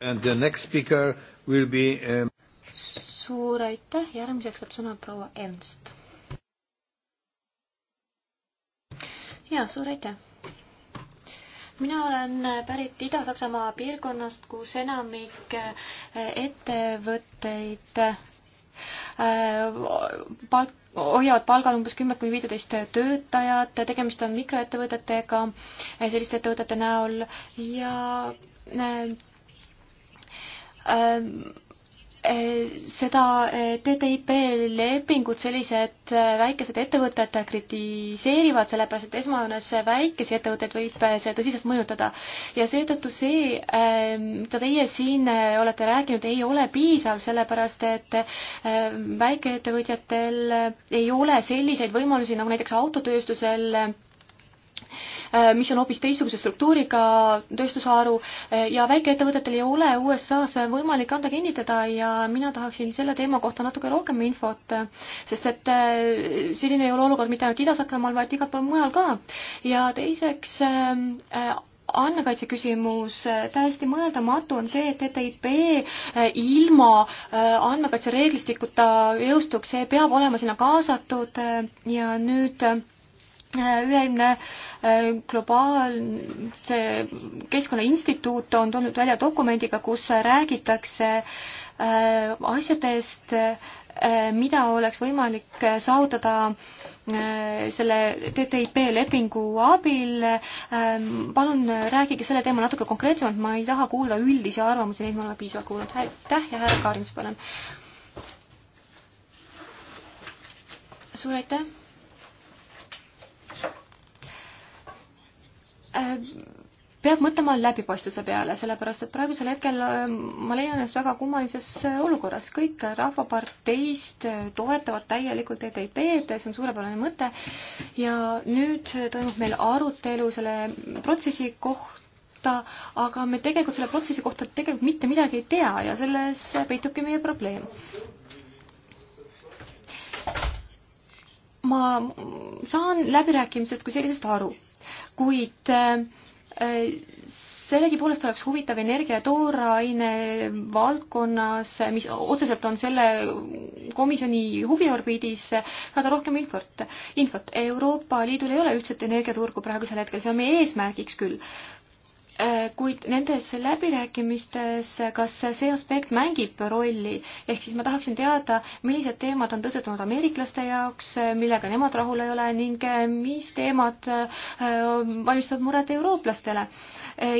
And the next speaker will be um suur aitäh, järgmiseks saab sõna proua Ernst. ja suur aitäh. mina olen pärit Ida-Saksamaa piirkonnast, kus enamik eh, ettevõtteid eh, palk, hoiavad palgal umbes kümme kuni viiteist töötajat, tegemist on mikroettevõtetega, eh, selliste ettevõtete näol ja äh, äh, seda eh, TTIP lepingut sellised eh, väikesed ettevõtted kritiseerivad, sellepärast et esmajoones väikesi ettevõtteid võib eh, see tõsiselt mõjutada. ja seetõttu see, mida teie siin olete rääkinud, ei ole piisav, sellepärast et väikeettevõtjatel ei ole selliseid võimalusi, nagu näiteks autotööstusel Äh, mis on hoopis teistsuguse struktuuriga tööstusharu äh, ja väikeettevõtetel ei ole USA-s võimalik anda kinnitada ja mina tahaksin selle teema kohta natuke rohkem infot, sest et äh, selline ei ole olukord mitte ainult Ida-Saksamaal, vaid igal pool mujal ka. ja teiseks andmekaitse küsimus, täiesti mõeldamatu on see, et TTIP ilma andmekaitsereeglistikuta jõustuks, see peab olema sinna kaasatud ja nüüd Äh, üleilmne äh, globaalse keskkonnainstituut on tulnud välja dokumendiga, kus räägitakse äh, asjadest, mida oleks võimalik saavutada selle TTIP lepingu abil. Ähm, palun rääkige selle teema natuke konkreetsemalt, ma ei taha kuulda üldisi arvamusi, neid me oleme piisavalt kuulnud. aitäh ja härra Kaarins, palun. suur aitäh Äh, peab mõtlema läbipaistvuse peale, sellepärast et praegusel hetkel äh, ma leian ennast väga kummalises äh, olukorras. kõik Rahvaparteist toetavad täielikult ETIP-d, see on suurepärane mõte ja nüüd toimub meil arutelu selle protsessi kohta, aga me tegelikult selle protsessi kohta tegelikult mitte midagi ei tea ja selles peitubki meie probleem ma saan läbirääkimisest kui sellisest aru, kuid äh, sellegipoolest oleks huvitav energia ja tooraine valdkonnas, mis otseselt on selle komisjoni huviorbiidis, saada rohkem infot. infot Euroopa Liidul ei ole ühtset energiaturgu praegusel hetkel, see on meie eesmärgiks küll Äh, kuid nendes läbirääkimistes, kas see aspekt mängib rolli, ehk siis ma tahaksin teada, millised teemad on tõusetunud ameeriklaste jaoks, millega nemad rahul ei ole ning äh, mis teemad äh, valmistavad muret eurooplastele.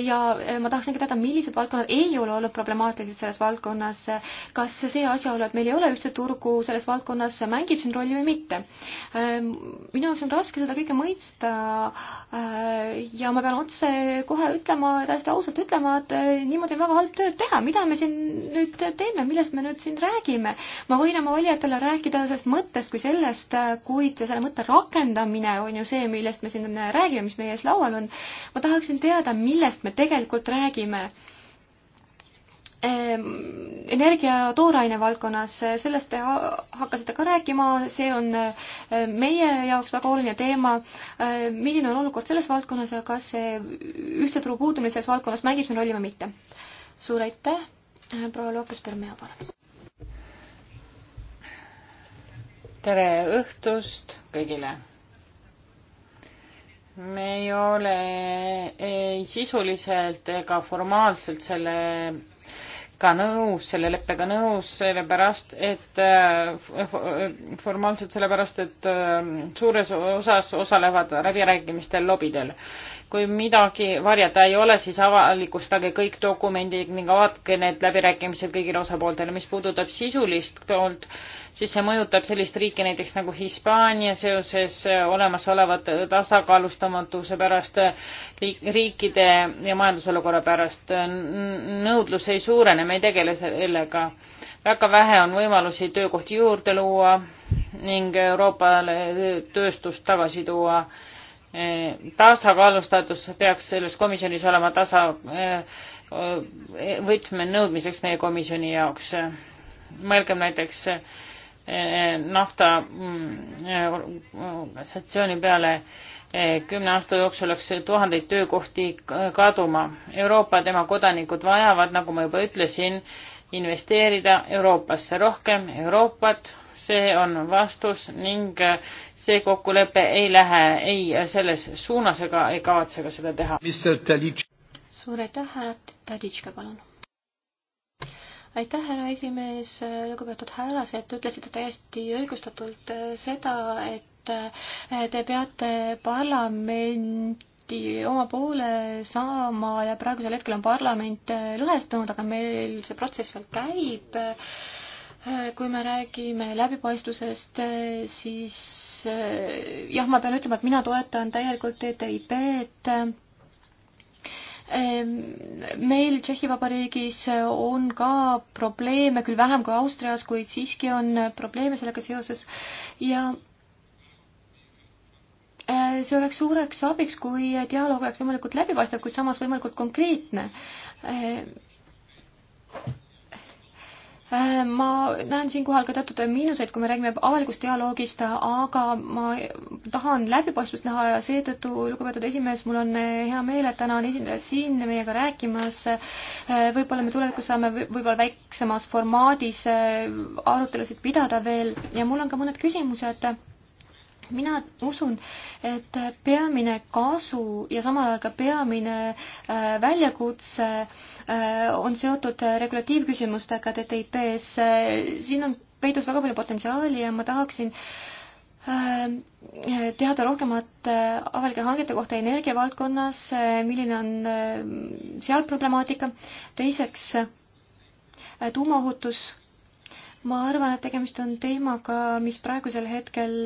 ja ma tahaksingi teada, millised valdkonnad ei ole olnud problemaatilised selles valdkonnas, kas see asjaolu, et meil ei ole ühtset turgu selles valdkonnas, mängib siin rolli või mitte. minu jaoks on raske seda kõike mõista ja ma pean otse kohe ütlema, oma täiesti ausalt ütlema, et äh, niimoodi on väga halb tööd teha, mida me siin nüüd teeme, millest me nüüd siin räägime. ma võin oma valijatele rääkida sellest mõttest kui sellest, äh, kuid selle mõtte rakendamine on ju see, millest me siin äh, räägime, mis meie ees laual on. ma tahaksin teada, millest me tegelikult räägime Ehm, energia tooraine valdkonnas, eh, sellest te hakkasite ka rääkima, see on eh, meie jaoks väga oluline teema. Eh, milline on olukord selles valdkonnas ja kas see ühtse turu puudumine selles valdkonnas mängib siin rolli või mitte? suur aitäh, proua Lopes-Permea, palun. tere õhtust kõigile me ei ole ei sisuliselt ega formaalselt selle ka nõus, selle leppega nõus, sellepärast et äh, äh, formaalselt sellepärast, et äh, suures osas osalevad läbirääkimistel lobidel kui midagi varjata ei ole, siis avalikustage kõik dokumendid ning avadke need läbirääkimised kõigile osapooltele. mis puudutab sisulist poolt, siis see mõjutab sellist riiki näiteks nagu Hispaania seoses olemasolevate tasakaalustamatuse pärast, riikide ja majandusolukorra pärast. nõudlus ei suurene, me ei tegele sellega. väga vähe on võimalusi töökohti juurde luua ning Euroopale tööstust tagasi tuua Eh, tasakaalustatus peaks selles komisjonis olema tasa eh, eh, võtmenõudmiseks meie komisjoni jaoks. mõelgem näiteks nafta mm, organisatsiooni peale kümne aasta jooksul läks tuhandeid töökohti kaduma. Euroopa ja tema kodanikud vajavad, nagu ma juba ütlesin, investeerida Euroopasse rohkem Euroopat, see on vastus ning äh, see kokkulepe ei lähe ei selles suunas ega ei kavatse ka seda teha. suur aitäh, härra Taditška, palun. aitäh, härra esimees, lugupeetud härrased, ütlesite täiesti õigustatult äh, seda, et äh, te peate parlament kiiresti oma poole saama ja praegusel hetkel on parlament äh, lõhestunud, aga meil see protsess veel käib. Äh, kui me räägime läbipaistvusest, äh, siis jah, ma pean ütlema, et mina toetan täielikult e TTIP-d ehm, meil Tšehhi Vabariigis on ka probleeme, küll vähem kui Austrias, kuid siiski on probleeme sellega seoses ja Äh, see oleks suureks abiks, kui dialoog oleks võimalikult läbipaistev, kuid samas võimalikult konkreetne. Äh, äh, ma näen siinkohal ka teatud miinuseid, kui me räägime avalikust dialoogist, aga ma tahan läbipaistvust näha ja seetõttu, lugupeetud esimees, mul on hea meel, et täna on esindajad siin meiega rääkimas. võib-olla me tulevikus saame võib-olla väiksemas formaadis arutelusid pidada veel ja mul on ka mõned küsimused mina usun, et peamine kasu ja samal ajal ka peamine äh, väljakutse äh, on seotud äh, regulatiivküsimustega TTIP-s. siin on peidus väga palju potentsiaali ja ma tahaksin teada rohkemat avalike hangete kohta energiavaldkonnas, milline on seal problemaatika. teiseks, tuumaohutus. ma arvan, et tegemist on teemaga, mis praegusel hetkel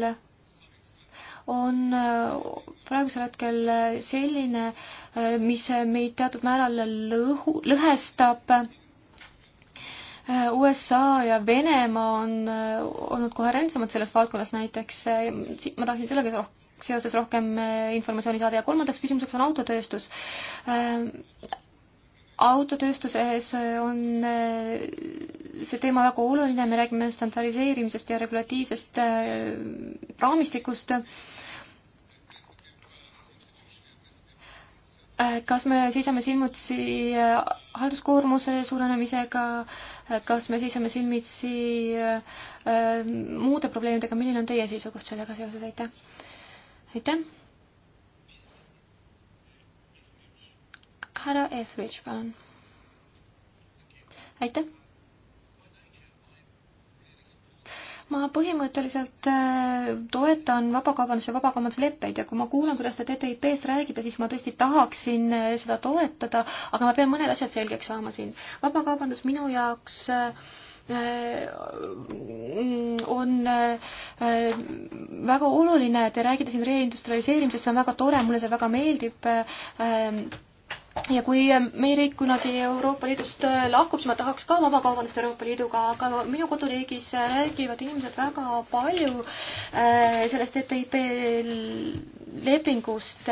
on äh, praegusel hetkel äh, selline, äh, mis meid teatud määral lõhu, lõhestab. USA ja Venemaa on olnud koherentsemad selles valdkonnas näiteks, ma tahtsin sellega rohkem seoses rohkem informatsiooni saada ja kolmandaks küsimuseks on autotööstus autotööstuses on eh, see teema väga oluline, me räägime standardiseerimisest ja regulatiivsest eh, raamistikust. kas me seisame silmutsi halduskoormuse suurenemisega, kas me seisame silmitsi eh, muude probleemidega, milline on teie seisukoht sellega seoses, aitäh? aitäh! härra Etheridge, palun. aitäh. ma põhimõtteliselt äh, toetan vabakaubandus- ja vabakaubandusleppeid ja kui ma kuulan, kuidas te TTIP-st räägite, siis ma tõesti tahaksin äh, seda toetada, aga ma pean mõned asjad selgeks saama siin. vabakaubandus minu jaoks äh, on väga oluline, te räägite siin reindustrialiseerimisest, see on väga tore, mulle see väga meeldib ja kui meie riik kunagi Euroopa Liidust äh, lahkub, siis ma tahaks ka vabakaubandust Euroopa Liiduga, aga minu koduriigis äh, räägivad inimesed väga palju äh, sellest e TTIP lepingust.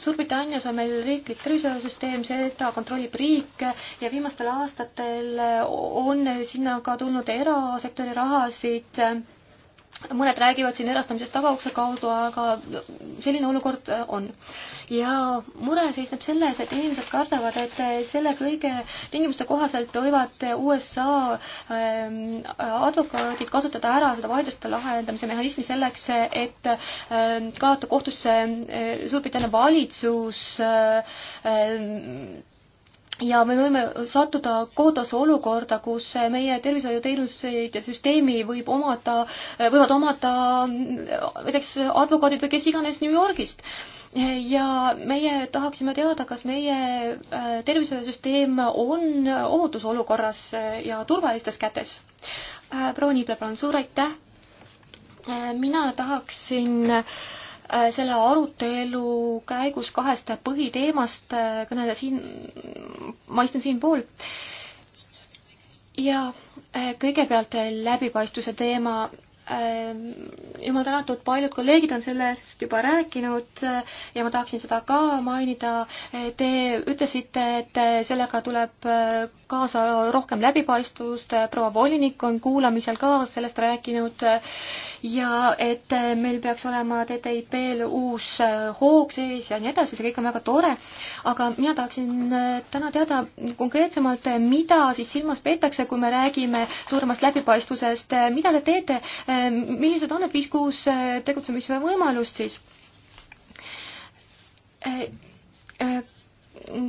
Suurbritannias on meil riiklik tervishoiusüsteem, seda kontrollib riik ja viimastel aastatel on sinna ka tulnud erasektori rahasid mõned räägivad siin erastamisest tagaukse kaudu, aga selline olukord äh, on. ja mure seisneb selles, et inimesed kardavad, et äh, selle kõige tingimuste kohaselt võivad äh, USA ähm, advokaadid kasutada ära seda vaidluste lahendamise mehhanismi selleks, et kaotada kohtusse Suurbritannia valitsus ähm, ja me võime sattuda kootasse olukorda, kus meie tervishoiuteenuseid ja süsteemi võib omada, võivad omada mm, näiteks advokaadid või kes iganes New Yorgist. ja meie tahaksime teada, kas meie äh, tervishoiusüsteem on ohutusolukorras äh, ja turvalistes kätes. Äh, proua Niibleplan, suur aitäh! mina tahaksin äh, Äh, selle arutelu käigus kahest põhiteemast äh, kõneleda siin, ma istun siinpool. ja äh, kõigepealt läbipaistvuse teema Ähm, jumal tänatud, paljud kolleegid on sellest juba rääkinud äh, ja ma tahaksin seda ka mainida. Äh, te ütlesite, et äh, sellega tuleb kaasa rohkem läbipaistvust, proua volinik on kuulamisel ka sellest rääkinud ja et meil peaks olema TTIP-l uus hoog sees ja nii edasi, see kõik on väga tore, aga mina tahaksin täna teada konkreetsemalt, mida siis silmas peetakse, kui me räägime suuremast läbipaistvusest, mida te teete millised on need viis-kuus äh, tegutsemisvõimalust siis? Äh, äh,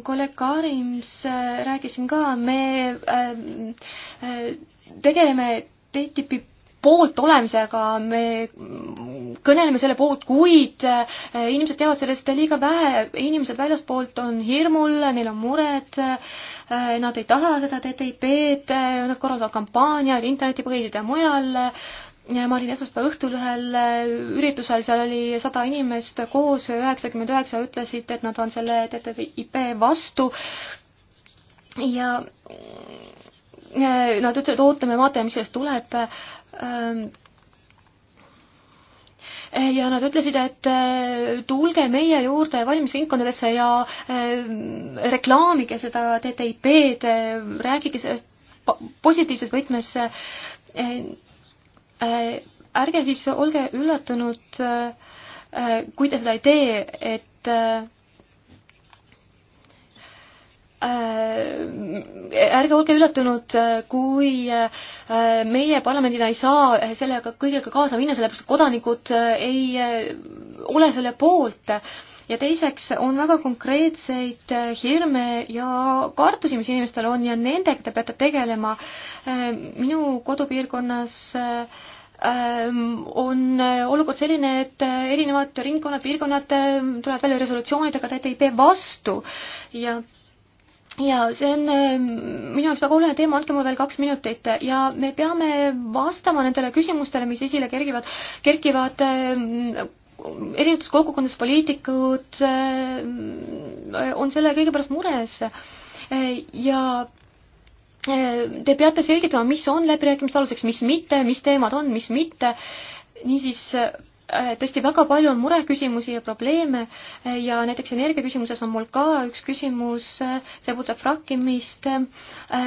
kolleeg Kaarims rääkis siin ka, me tegeleme TTIP-i poolt olemisega, me kõneleme selle poolt, kuid inimesed teavad sellest liiga vähe, inimesed väljaspoolt on hirmul, neil on mured, nad ei taha seda TTIP-d, nad korraldavad kampaaniaid internetipõhiselt ja mujal ma olin esmaspäeva õhtul ühel äh, üritusel, seal oli sada inimest koos, üheksakümmend üheksa ütlesid, et nad on selle TTIP vastu ja äh, nad ütlesid, ootame, vaatame, mis sellest tuleb ähm, ja nad ütlesid, et äh, tulge meie juurde valimisringkondadesse ja reklaamige seda TTIP-d, rääkige sellest positiivses võtmes. Äh, ärge siis olge üllatunud, äh, äh, kui te seda ei tee, et ärge olge üllatunud, kui meie parlamendina ei saa sellega kõigega kaasa minna, sellepärast et kodanikud ei ole selle poolt ja teiseks on väga konkreetseid äh, hirme ja kartusi, mis inimestel on ja nendega te peate tegelema. Äh, minu kodupiirkonnas äh, ähm, on olukord selline, et erinevad ringkonnad, piirkonnad tulevad välja resolutsioonidega TTIP vastu ja ja see on ähm, minu jaoks väga oluline teema, andke mulle veel kaks minutit ja me peame vastama nendele küsimustele, mis esile kergivad, kerkivad ähm, erinevates kogukondades poliitikud äh, on selle kõige pärast mures äh, ja äh, te peate selgitama, mis on läbirääkimiste aluseks, mis mitte, mis teemad on, mis mitte. niisiis Äh, tõesti väga palju on mureküsimusi ja probleeme äh, ja näiteks energiaküsimuses on mul ka üks küsimus, äh, see puudutab frakkimist.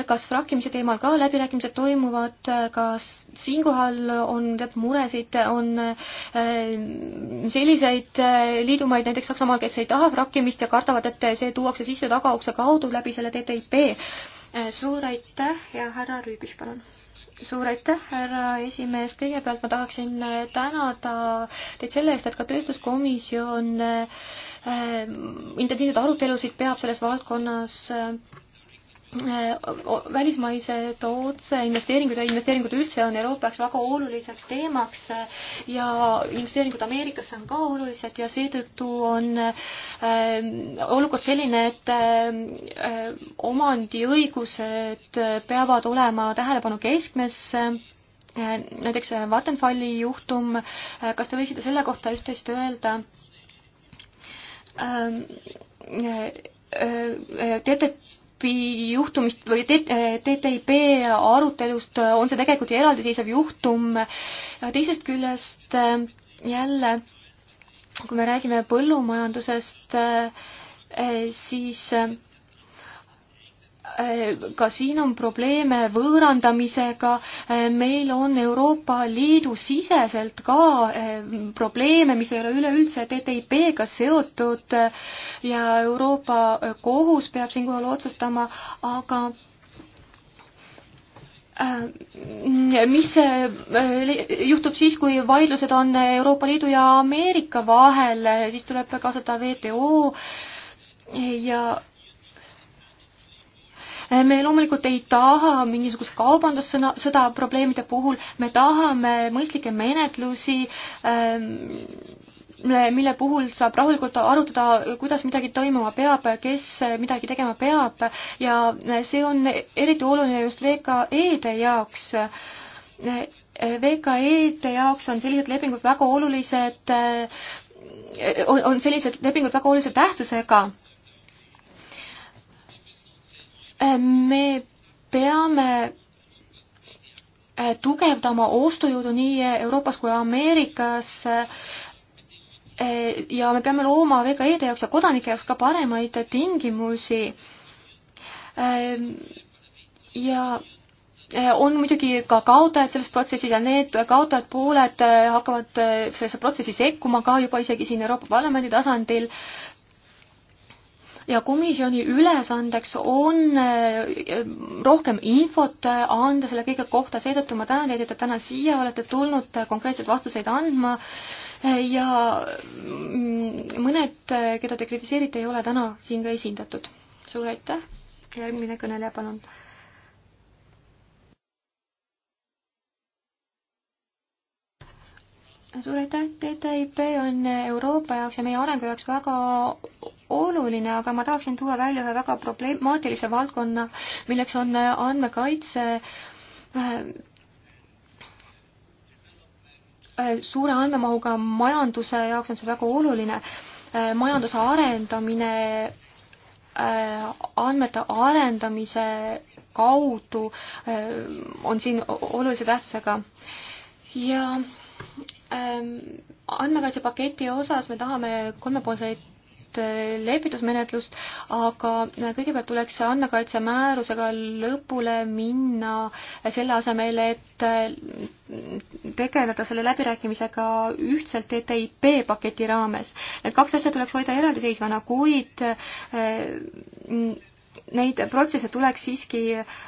kas frakkimise teemal ka läbirääkimised toimuvad, kas siinkohal on teatud muresid, on selliseid liidumaid näiteks Saksamaal, kes ei taha frakkimist ja kardavad, et see tuuakse sisse tagaukse kaudu läbi selle TTIP? suur aitäh ja härra Rüübich, palun suur aitäh, härra esimees, kõigepealt ma tahaksin äh, tänada teid selle eest, et ka tööstuskomisjon äh, äh, intensiivseid arutelusid peab selles valdkonnas Äh, välismaised otseinvesteeringud ja investeeringud üldse on Euroopa jaoks väga oluliseks teemaks äh, ja investeeringud Ameerikasse on ka olulised ja seetõttu on äh, olukord selline, et omandiõigused peavad olema tähelepanu keskmes. näiteks Vattenfalli juhtum, kas te võiksite selle kohta üht-teist öelda? Ähm, TTT TTIP-i juhtumist või TTIP arutelust äh, on see tegelikult ju eraldiseisev juhtum. teisest küljest äh, jälle, kui me räägime põllumajandusest, äh, siis Äh, ka siin on probleeme võõrandamisega, äh, meil on Euroopa Liidu siseselt ka äh, probleeme, mis ei ole üleüldse TTIP-ga seotud ja Euroopa Kohus peab siinkohal otsustama, aga mis juhtub siis, kui vaidlused on Euroopa Liidu ja Ameerika vahel, siis tuleb kaasata WTO ja me loomulikult ei taha mingisugust kaubandussõna, sõda probleemide puhul, me tahame mõistlikke menetlusi ähm, mille puhul saab rahulikult arutada, kuidas midagi toimuma peab, kes midagi tegema peab ja see on eriti oluline just VKE-de jaoks. VKE-de jaoks on sellised lepingud väga olulised, äh, on sellised lepingud väga olulise tähtsusega me peame äh, tugevdama ostujõudu nii Euroopas kui Ameerikas äh, ja me peame looma VKE-de jaoks ja kodanike jaoks ka paremaid tingimusi. Ähm, ja äh, on muidugi ka kaotajad selles protsessis ja need kaotajad pooled hakkavad sellesse protsessi sekkuma ka juba isegi siin Euroopa Parlamendi tasandil ja komisjoni ülesandeks on äh, rohkem infot äh, anda selle kõige kohta, seetõttu ma tänan teid, et te täna siia olete tulnud äh, konkreetseid vastuseid andma ja mm, mõned, keda te kritiseerite, ei ole täna siin ka esindatud. suur aitäh, järgmine kõneleja, palun suur aitäh, TTIP on Euroopa jaoks ja meie arengu jaoks väga oluline, aga ma tahaksin tuua välja ühe väga problemaatilise valdkonna, milleks on andmekaitse äh, äh, suure andmemahuga majanduse jaoks on see väga oluline. Äh, majanduse arendamine, andmete arendamise kaudu on siin olulise tähtsusega ja Ehm, andmekaitsepaketi osas me tahame kolmepoolseid eh, lepitusmenetlust, aga kõigepealt tuleks andmekaitse määrusega lõpule minna selle asemel, et eh, tegeleda selle läbirääkimisega ühtselt TTIP paketi raames. Need kaks asja tuleks hoida eraldiseisvana, kuid eh, neid protsesse tuleks siiski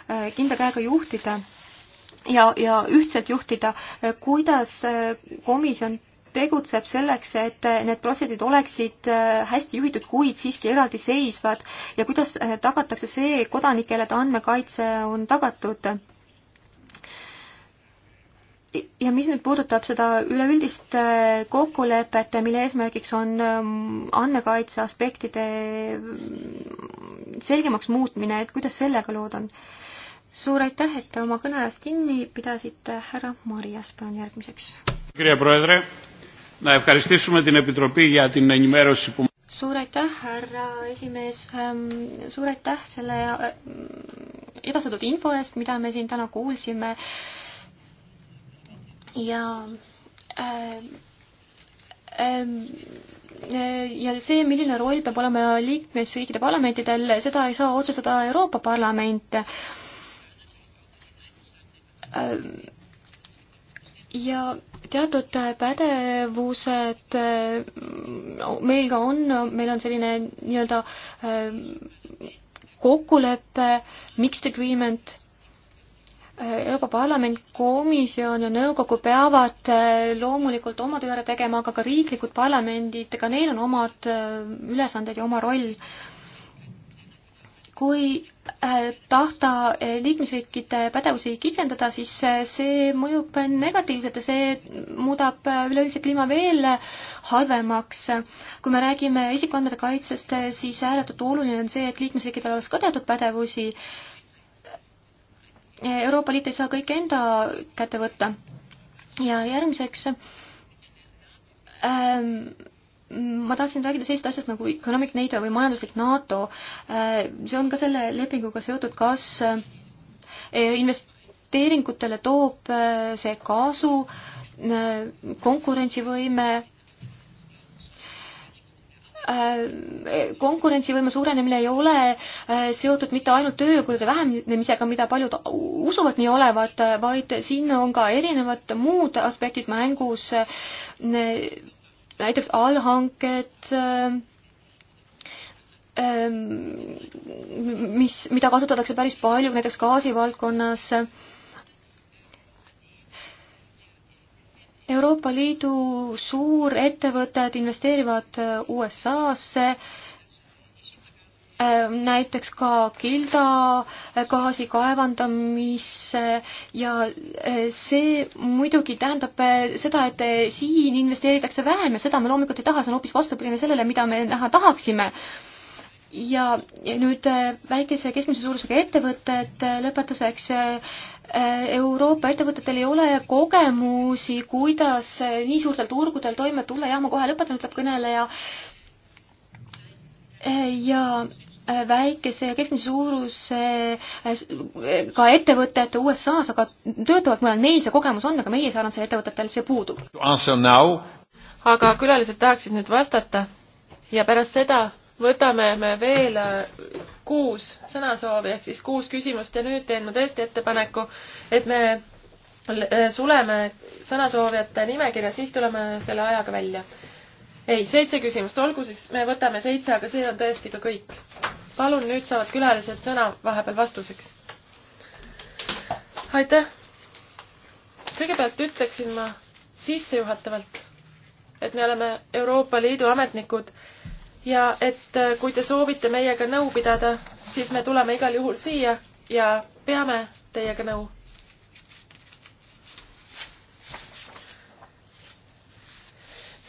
kindla käega juhtida ja, ja ühtselt juhtida, kuidas eh, komisjon tegutseb selleks, et eh, need protsessid oleksid eh, hästi juhitud, kuid siiski eraldiseisvad ja kuidas tagatakse see kodanikele, et andmekaitse on tagatud? ja mis nüüd puudutab seda üleüldist kokkulepet, mille eesmärgiks on ehm, andmekaitse aspektide mm, selgemaks muutmine, et kuidas sellega lood on? suur aitäh, et te oma kõneajast kinni pidasite, härra Marias, palun järgmiseks. suur aitäh, härra esimees, ehm, suur aitäh selle ehm, edastatud info eest, mida me siin täna kuulsime ja ähm, ähm, ja see, milline roll peab olema liikmesriikide parlamentidel, seda ei saa otsustada Euroopa Parlament ja teatud pädevused äh, meil ka on, meil on selline nii-öelda äh, kokkulepe, mixed agreement, äh, Euroopa Parlament, komisjon ja nõukogu peavad loomulikult oma töö ära tegema, aga ka riiklikud parlamendid, ka neil on omad ülesanded ja oma roll. kui Äh, tahta äh, liikmesriikide pädevusi kitsendada, siis äh, see mõjub negatiivselt ja see muudab üleüldse kliima veel halvemaks. kui me räägime isikuandmete kaitsest, siis ääretult oluline on see, et liikmesriikidel oleks ka teatud pädevusi. Euroopa Liit ei saa kõike enda kätte võtta. ja järgmiseks ähm, Mm, ma tahaksin rääkida sellisest asjast nagu Economic NATO või majanduslik NATO. Äh, see on ka selle lepinguga seotud, kas äh, e, investeeringutele toob äh, see kasu, konkurentsivõime, e, konkurentsivõime suurenemine ei ole seotud mitte ainult tööjõukulude vähenemisega, mida paljud usuvad nii olevat, vaid siin on ka erinevad muud aspektid mängus näiteks allhanked, ähm, ähm, mis, mida kasutatakse päris palju näiteks gaasivaldkonnas. Euroopa Liidu suurettevõtted investeerivad äh, USA-sse Äh, näiteks ka Gilda äh, gaasi kaevandamisse ja äh, see muidugi tähendab seda, et siin investeeritakse vähem ja seda me loomulikult ei taha, see on hoopis vastupidine sellele, mida me näha tahaksime ja nüüd väikese ja keskmise suurusega ettevõtted lõpetuseks. Euroopa ettevõtetel ei ole kogemusi, kuidas nii suurtel turgudel toime tulla, jah, ma kohe lõpetan, ütleb kõneleja. ja, ja väikese ja keskmise suurusega eh, ettevõtete USA-s, aga töötavad mujal, neil see kogemus on, aga meie sarnasel ettevõtetel see puudub. aga külalised tahaksid nüüd vastata ja pärast seda võtame me veel äh, kuus sõnasoovi ehk siis kuus küsimust ja nüüd teen ma tõesti ettepaneku, et me äh, suleme sõnasoovijate nimekirja, siis tuleme selle ajaga välja. ei, seitse küsimust, olgu siis, me võtame seitse, aga see on tõesti ka kõik palun, nüüd saavad külalised sõna vahepeal vastuseks. aitäh. kõigepealt ütleksin ma sissejuhatavalt, et me oleme Euroopa Liidu ametnikud ja et äh, kui te soovite meiega nõu pidada, siis me tuleme igal juhul siia ja peame teiega nõu.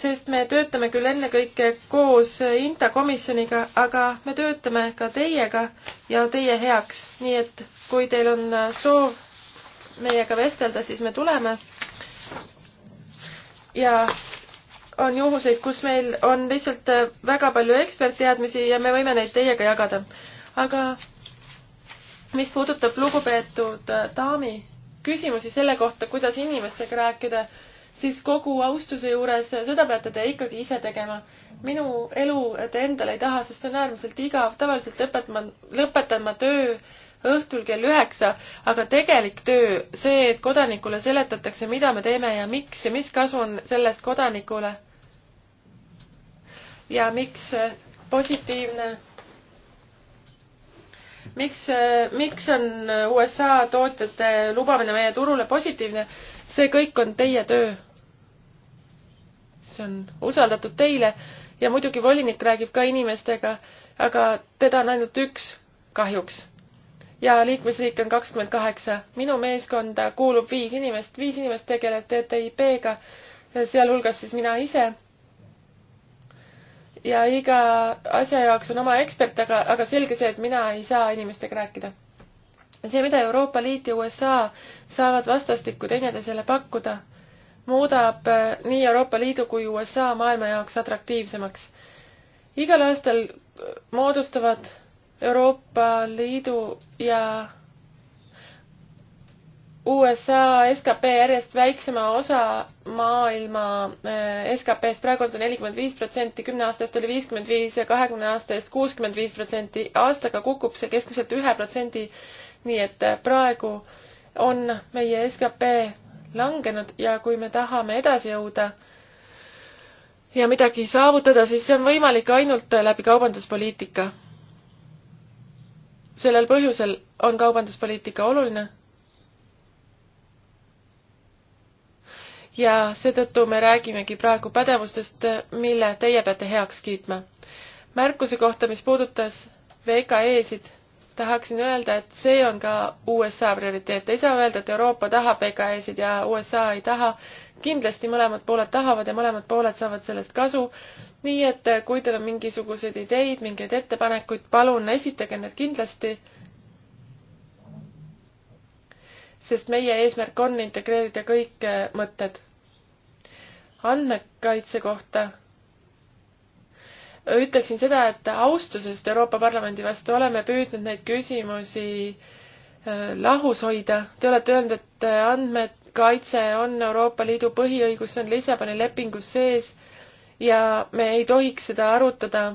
sest me töötame küll ennekõike koos INTA komisjoniga, aga me töötame ka teiega ja teie heaks, nii et kui teil on soov meiega vestelda, siis me tuleme. ja on juhuseid, kus meil on lihtsalt väga palju ekspertteadmisi ja me võime neid teiega jagada. aga mis puudutab lugupeetud daami küsimusi selle kohta, kuidas inimestega rääkida, siis kogu austuse juures, seda peate te ikkagi ise tegema. minu elu te endale ei taha, sest see on äärmiselt igav, tavaliselt lõpetan ma, lõpetan ma töö õhtul kell üheksa, aga tegelik töö, see, et kodanikule seletatakse, mida me teeme ja miks ja mis kasu on sellest kodanikule. ja miks äh, positiivne miks, äh, miks on äh, USA tootjate lubamine meie turule positiivne, see kõik on teie töö. see on usaldatud teile ja muidugi volinik räägib ka inimestega, aga teda on ainult üks kahjuks. ja liikmesriike on kakskümmend kaheksa. minu meeskonda kuulub viis inimest, viis inimest tegeleb TTIP-ga, sealhulgas siis mina ise. ja iga asja jaoks on oma ekspert, aga, aga selge see, et mina ei saa inimestega rääkida see, mida Euroopa Liit ja USA saavad vastastikku teineteisele pakkuda, muudab äh, nii Euroopa Liidu kui USA maailma jaoks atraktiivsemaks. igal aastal äh, moodustavad Euroopa Liidu ja USA skp järjest väiksema osa maailma äh, skp-st, praegu on see nelikümmend viis protsenti, kümne aasta eest oli viiskümmend viis ja kahekümne aasta eest kuuskümmend viis protsenti. aastaga kukub see keskmiselt ühe protsendi nii et äh, praegu on meie skp langenud ja kui me tahame edasi jõuda ja midagi saavutada, siis see on võimalik ainult äh, läbi kaubanduspoliitika. sellel põhjusel on kaubanduspoliitika oluline. ja seetõttu me räägimegi praegu pädevustest, äh, mille teie peate heaks kiitma. märkuse kohta, mis puudutas VKE-sid tahaksin öelda, et see on ka USA prioriteet, ei saa öelda, et Euroopa tahab EKS-id ja USA ei taha. kindlasti mõlemad pooled tahavad ja mõlemad pooled saavad sellest kasu. nii et eh, kui teil on mingisuguseid ideid, mingeid ettepanekuid, palun esitage need kindlasti. sest meie eesmärk on integreerida kõik eh, mõtted andmekaitse kohta ütleksin seda, et austusest Euroopa Parlamendi vastu oleme püüdnud neid küsimusi äh, lahus hoida. Te olete öelnud, et andmekaitse on Euroopa Liidu põhiõigus, see on Lissaboni lepingus sees ja me ei tohiks seda arutada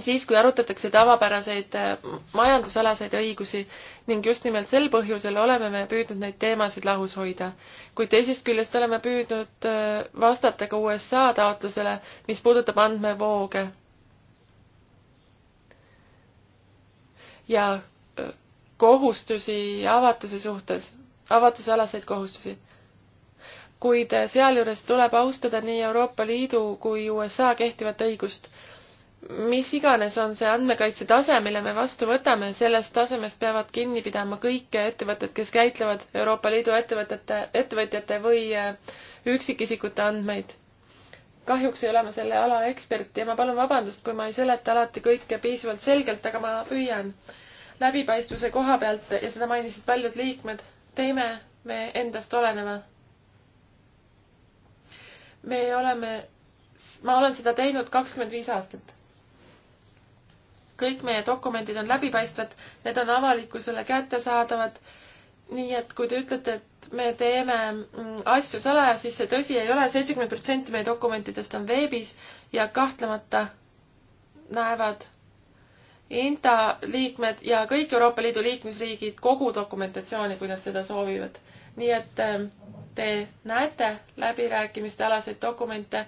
siis, kui arutatakse tavapäraseid äh, majandusalaseid õigusi ning just nimelt sel põhjusel oleme me püüdnud neid teemasid lahus hoida. kuid teisest küljest oleme püüdnud äh, vastata ka USA taotlusele, mis puudutab andmevooge. ja äh, kohustusi avatuse suhtes, avatusalaseid kohustusi kuid sealjuures tuleb austada nii Euroopa Liidu kui USA kehtivat õigust mis iganes on see andmekaitse tase, mille me vastu võtame, sellest tasemest peavad kinni pidama kõik ettevõtted, kes käitlevad Euroopa Liidu ettevõtete, ettevõtjate või äh, üksikisikute andmeid. kahjuks ei ole ma selle ala ekspert ja ma palun vabandust, kui ma ei seleta alati kõike piisavalt selgelt, aga ma püüan. läbipaistvuse koha pealt ja seda mainisid paljud liikmed, teeme me endast oleneva. me oleme, ma olen seda teinud kakskümmend viis aastat kõik meie dokumendid on läbipaistvad, need on avalikkusele kättesaadavad. nii et kui te ütlete, et me teeme mm, asju salaja, siis see tõsi ei ole, seitsekümmend protsenti meie dokumentidest on veebis ja kahtlemata näevad INTA liikmed ja kõik Euroopa Liidu liikmesriigid kogu dokumentatsiooni, kui nad seda soovivad. nii et ähm, te näete läbirääkimiste alaseid dokumente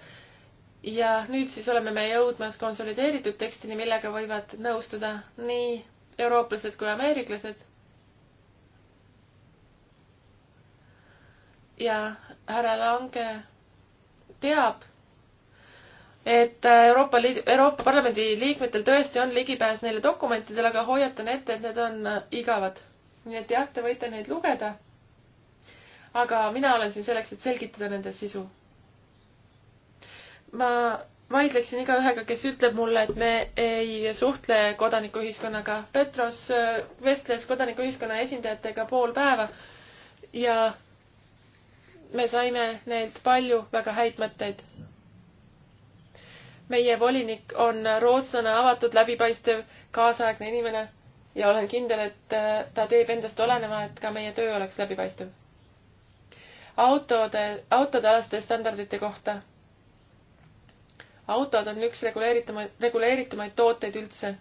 ja nüüd siis oleme me jõudmas konsolideeritud tekstini, millega võivad nõustuda nii eurooplased kui ameeriklased. ja härra Lange teab, et Euroopa Liidu, Euroopa Parlamendi liikmetel tõesti on ligipääs neile dokumentidele, aga hoiatan ette, et need on igavad. nii et jah, te võite neid lugeda. aga mina olen siin selleks, et selgitada nende sisu ma vaidleksin igaühega, kes ütleb mulle, et me ei suhtle kodanikuühiskonnaga. Petros äh, vestles kodanikuühiskonna esindajatega pool päeva ja me saime neilt palju väga häid mõtteid. meie volinik on rootslane, avatud, läbipaistev, kaasaegne inimene ja olen kindel, et äh, ta teeb endast oleneva, et ka meie töö oleks läbipaistev. autode, autode alaste standardite kohta autod on üks reguleerituma, reguleeritumaid tooteid üldse.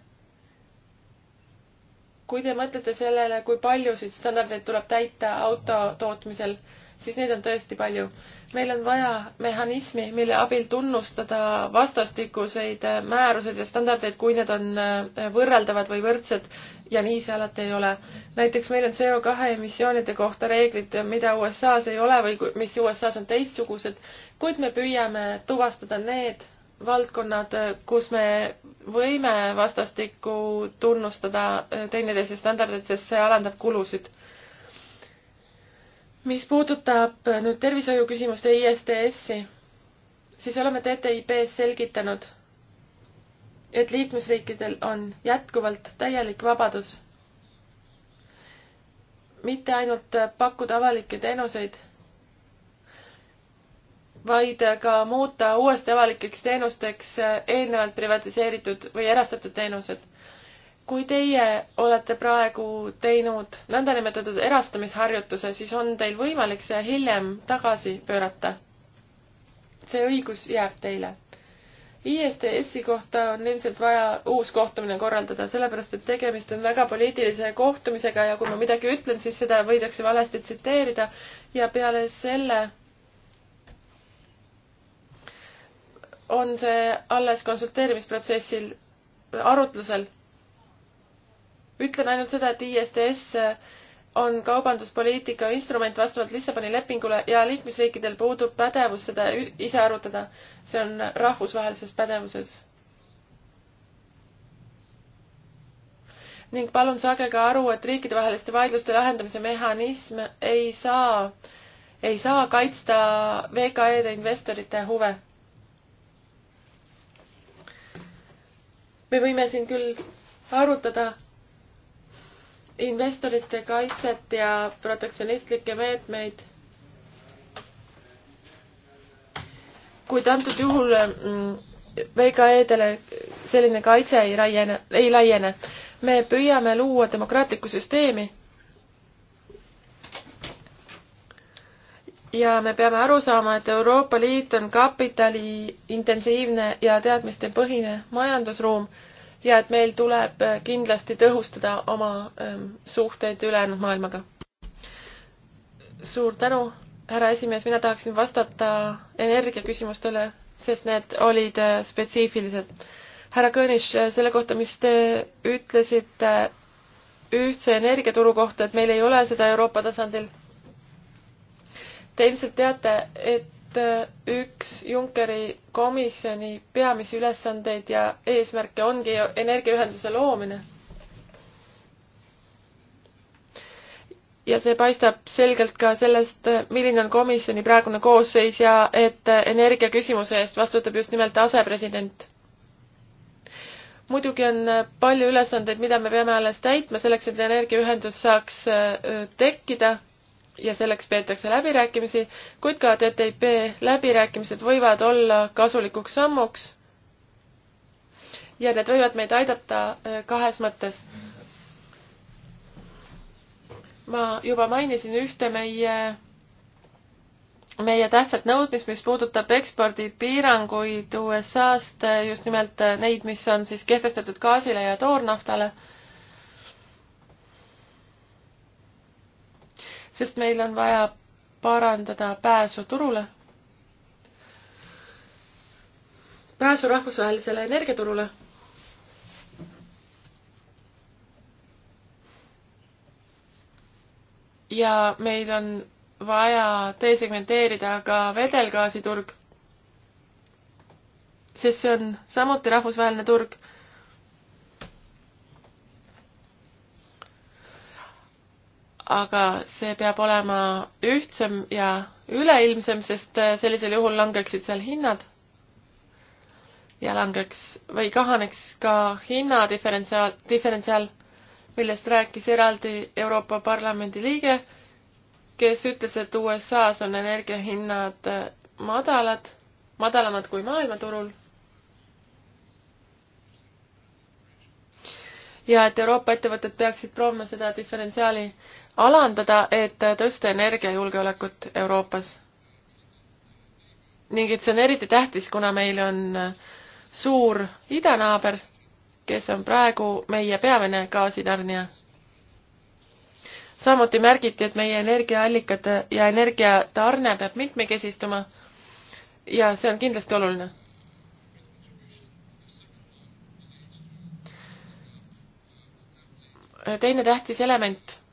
kui te mõtlete sellele, kui paljusid standardeid tuleb täita auto tootmisel, siis neid on tõesti palju. meil on vaja mehhanismi, mille abil tunnustada vastastikuseid määruseid ja standardeid, kui need on äh, võrreldavad või võrdsed ja nii see alati ei ole. näiteks meil on CO2 emissioonide kohta reeglid, mida USA-s ei ole või mis USA-s on teistsugused, kuid me püüame tuvastada need valdkonnad, kus me võime vastastikku tunnustada eh, teineteise standardeid, sest see alandab kulusid. mis puudutab eh, nüüd tervishoiuküsimuste ISDS-i, siis oleme TTIP-s selgitanud, et liikmesriikidel on jätkuvalt täielik vabadus mitte ainult eh, pakkuda avalikke teenuseid vaid ka muuta uuesti avalikeks teenusteks äh, eelnevalt privatiseeritud või erastatud teenused. kui teie olete praegu teinud nõndanimetatud erastamisharjutuse, siis on teil võimalik see hiljem tagasi pöörata. see õigus jääb teile. ISDS-i kohta on ilmselt vaja uus kohtumine korraldada, sellepärast et tegemist on väga poliitilise kohtumisega ja kui ma midagi ütlen, siis seda võidakse valesti tsiteerida ja peale selle on see alles konsulteerimisprotsessil arutlusel. ütlen ainult seda, et ISDS on kaubanduspoliitika instrument vastavalt Lissaboni lepingule ja liikmesriikidel puudub pädevus seda ise arutada. see on rahvusvahelises pädevuses. ning palun saage ka aru, et riikidevaheliste vaidluste lahendamise mehhanism ei saa, ei saa kaitsta VKE-de investorite huve me võime siin küll arutada investorite kaitset ja protektsionistlikke meetmeid, kuid antud juhul mm, VKE-dele selline kaitse ei laiene, ei laiene. me püüame luua demokraatlikku süsteemi ja me peame aru saama, et Euroopa Liit on kapitaliintensiivne ja teadmistepõhine majandusruum ja et meil tuleb kindlasti tõhustada oma ähm, suhteid ülejäänud maailmaga. suur tänu, härra esimees, mina tahaksin vastata energiaküsimustele, sest need olid äh, spetsiifilised. härra Kõnis, äh, selle kohta, mis te ütlesite ühtse energiaturu kohta, et meil ei ole seda Euroopa tasandil Te ilmselt teate, et äh, üks Junckeri komisjoni peamisi ülesandeid ja eesmärke ongi energiaühenduse loomine. ja see paistab selgelt ka sellest, milline on komisjoni praegune koosseis ja et äh, energiaküsimuse eest vastutab just nimelt asepresident muidugi on äh, palju ülesandeid, mida me peame alles täitma selleks, et energiaühendus saaks tekkida ja selleks peetakse läbirääkimisi, kuid ka TTIP läbirääkimised võivad olla kasulikuks sammuks ja need võivad meid aidata äh, kahes mõttes. ma juba mainisin ühte meie, meie tähtsat nõudmist, mis puudutab ekspordipiiranguid USA-st, äh, just nimelt äh, neid, mis on siis kehtestatud gaasile ja toornaftale sest meil on vaja parandada pääsu turule, pääsu rahvusvahelisele energiaturule. ja meil on vaja desegmenteerida ka vedelgaasiturg, sest see on samuti rahvusvaheline turg aga see peab olema ühtsem ja üleilmsem, sest äh, sellisel juhul langeksid seal hinnad ja langeks või kahaneks ka hinnadiferentsiaal, diferentsiaal, millest rääkis eraldi Euroopa Parlamendi liige, kes ütles, et USA-s on energiahinnad äh, madalad, madalamad kui maailmaturul ja et Euroopa ettevõtted peaksid proovima seda diferentsiaali alandada, et tõsta energiajulgeolekut Euroopas. ning et see on eriti tähtis, kuna meil on suur idanaaber, kes on praegu meie peamine gaasitarnija. samuti märgiti, et meie energiaallikad ja energiatarne peab mitmekesistuma ja see on kindlasti oluline teine tähtis element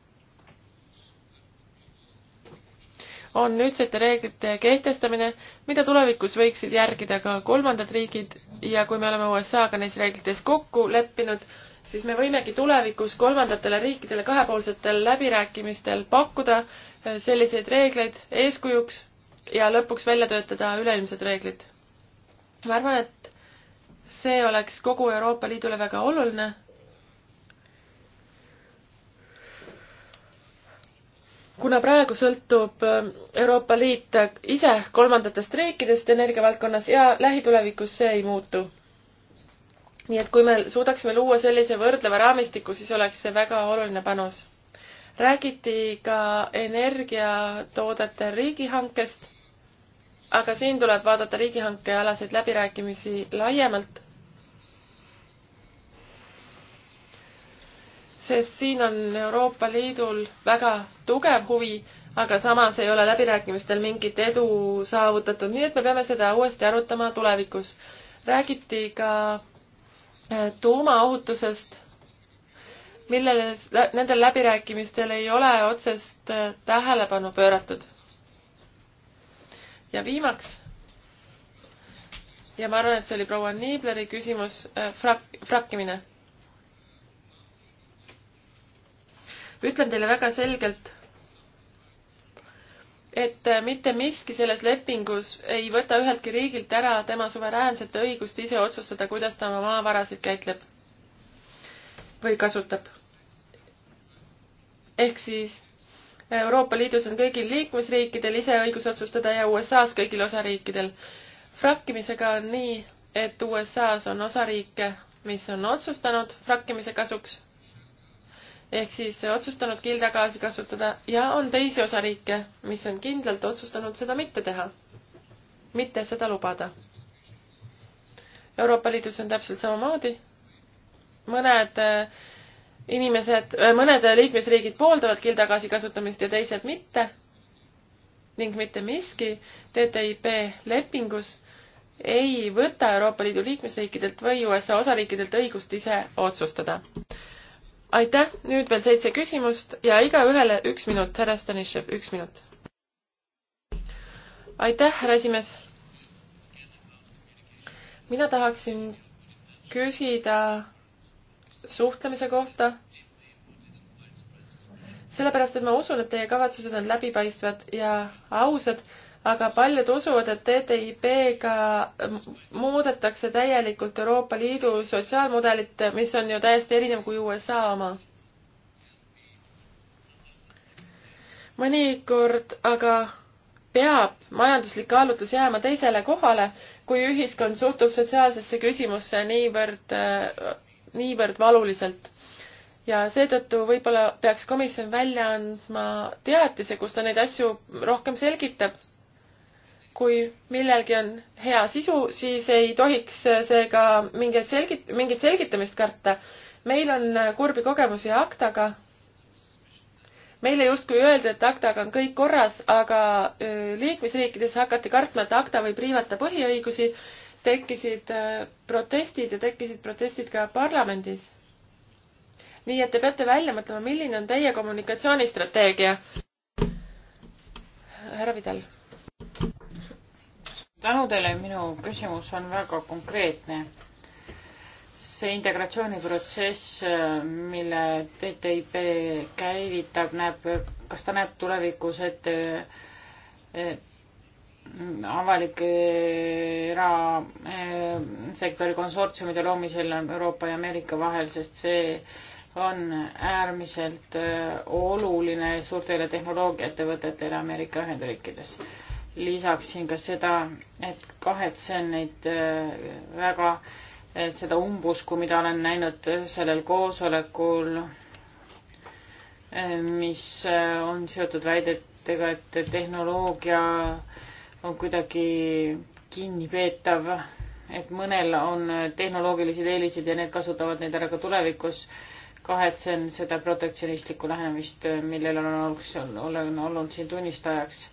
on ühtsete reeglite kehtestamine, mida tulevikus võiksid järgida ka kolmandad riigid ja kui me oleme USA-ga neis reeglites kokku leppinud, siis me võimegi tulevikus kolmandatele riikidele kahepoolsetel läbirääkimistel pakkuda eh, selliseid reegleid eeskujuks ja lõpuks välja töötada üleilmsed reeglid. ma arvan, et see oleks kogu Euroopa Liidule väga oluline kuna praegu sõltub äh, Euroopa Liit äh, ise kolmandatest riikidest energiavaldkonnas ja lähitulevikus see ei muutu. nii et kui me suudaksime luua sellise võrdleva raamistiku, siis oleks see väga oluline panus. räägiti ka energiatoodete riigihankest, aga siin tuleb vaadata riigihankealaseid läbirääkimisi laiemalt sest siin on Euroopa Liidul väga tugev huvi, aga samas ei ole läbirääkimistel mingit edu saavutatud, nii et me peame seda uuesti arutama tulevikus. räägiti ka äh, tuumaohutusest, millele nendel läbirääkimistel ei ole otsest äh, tähelepanu pööratud. ja viimaks, ja ma arvan, et see oli proua Niibleri küsimus, äh, frak-, frakkimine ütlen teile väga selgelt, et äh, mitte miski selles lepingus ei võta üheltki riigilt ära tema suveräänset õigust ise otsustada, kuidas ta oma maavarasid käitleb või kasutab. ehk siis Euroopa Liidus on kõigil liikmesriikidel ise õigus otsustada ja USA-s kõigil osariikidel. frakkimisega on nii, et USA-s on osariike, mis on otsustanud frakkimise kasuks ehk siis otsustanud kildagaasi kasutada ja on teisi osariike, mis on kindlalt otsustanud seda mitte teha, mitte seda lubada. Euroopa Liidus on täpselt samamoodi. mõned äh, inimesed, äh, mõned liikmesriigid pooldavad kildagaasi kasutamist ja teised mitte ning mitte miski TTIP lepingus ei võta Euroopa Liidu liikmesriikidelt või USA osariikidelt õigust ise otsustada aitäh, nüüd veel seitse küsimust ja igaühele üks minut, härra Stanišev, üks minut. aitäh, härra esimees. mina tahaksin küsida suhtlemise kohta. sellepärast, et ma usun, et teie kavatsused on läbipaistvad ja ausad aga paljud usuvad, et TTIP-ga muudetakse täielikult Euroopa Liidu sotsiaalmudelit, mis on ju täiesti erinev kui USA oma. mõnikord aga peab majanduslik kaalutlus jääma teisele kohale, kui ühiskond suhtub sotsiaalsesse küsimusse niivõrd, niivõrd valuliselt ja seetõttu võib-olla peaks komisjon välja andma teatise, kus ta neid asju rohkem selgitab kui millelgi on hea sisu, siis ei tohiks seega mingeid selgit-, mingit selgitamist karta. meil on kurbi kogemusi aktaga. meile justkui öeldi, et aktaga on kõik korras, aga liikmesriikides hakati kartma, et akta võib riivata põhiõigusi, tekkisid protestid ja tekkisid protestid ka parlamendis. nii et te peate välja mõtlema, milline on teie kommunikatsioonistrateegia. härra Vidal tänu teile, minu küsimus on väga konkreetne. see integratsiooniprotsess, mille TTIP käivitab, näeb, kas ta näeb tulevikus ette et avalik eh, erasektori konsortsiumide loomisel Euroopa ja Ameerika vahel, sest see on äärmiselt eh, oluline suurtele tehnoloogiaettevõtetele Ameerika Ühendriikides lisaksin ka seda, et kahetsen neid äh, väga, seda umbusku, mida olen näinud sellel koosolekul, äh, mis äh, on seotud väidetega, et tehnoloogia on kuidagi kinnipeetav, et mõnel on tehnoloogilised eelised ja need kasutavad neid ära ka tulevikus. kahetsen seda protektsionistlikku lähenemist, millel on olnud, olen olnud siin tunnistajaks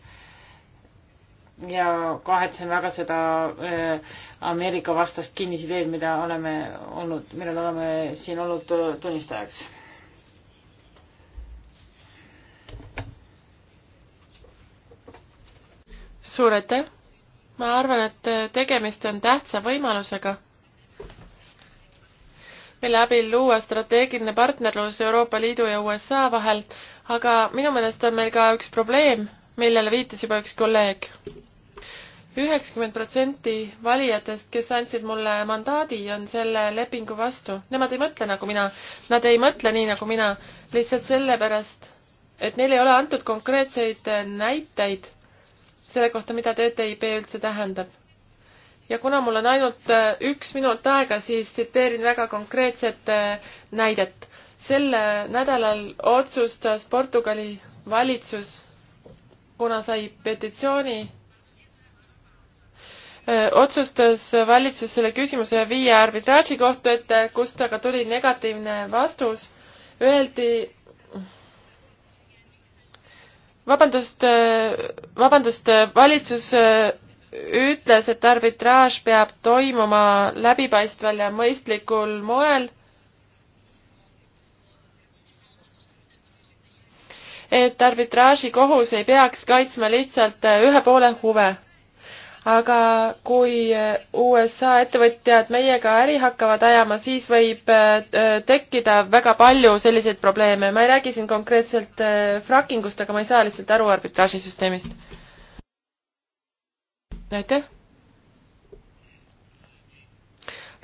ja kahetsen väga seda äh, Ameerika vastast kinnisideed, mida oleme olnud, millel oleme siin olnud tunnistajaks. suur aitäh! ma arvan, et tegemist on tähtsa võimalusega, mille abil luua strateegiline partnerlus Euroopa Liidu ja USA vahel, aga minu meelest on meil ka üks probleem, millele viitas juba üks kolleeg üheksakümmend protsenti valijatest, kes andsid mulle mandaadi, on selle lepingu vastu. Nemad ei mõtle nagu mina, nad ei mõtle nii nagu mina, lihtsalt sellepärast, et neile ei ole antud konkreetseid näiteid selle kohta, mida TTIP üldse tähendab. ja kuna mul on ainult äh, üks minut aega, siis tsiteerin väga konkreetset äh, näidet. sel äh, nädalal otsustas Portugali valitsus, kuna sai petitsiooni otsustas valitsus selle küsimuse viia arbitraaži kohtu ette, kust aga tuli negatiivne vastus. Öeldi, vabandust, vabandust, valitsus ütles, et arbitraaž peab toimuma läbipaistval ja mõistlikul moel. et arbitraaži kohus ei peaks kaitsma lihtsalt ühe poole huve aga kui äh, USA ettevõtjad meiega äri hakkavad ajama, siis võib äh, äh, tekkida väga palju selliseid probleeme. ma ei räägi siin konkreetselt frackingust, aga ma ei saa lihtsalt aru arbitraažisüsteemist. aitäh!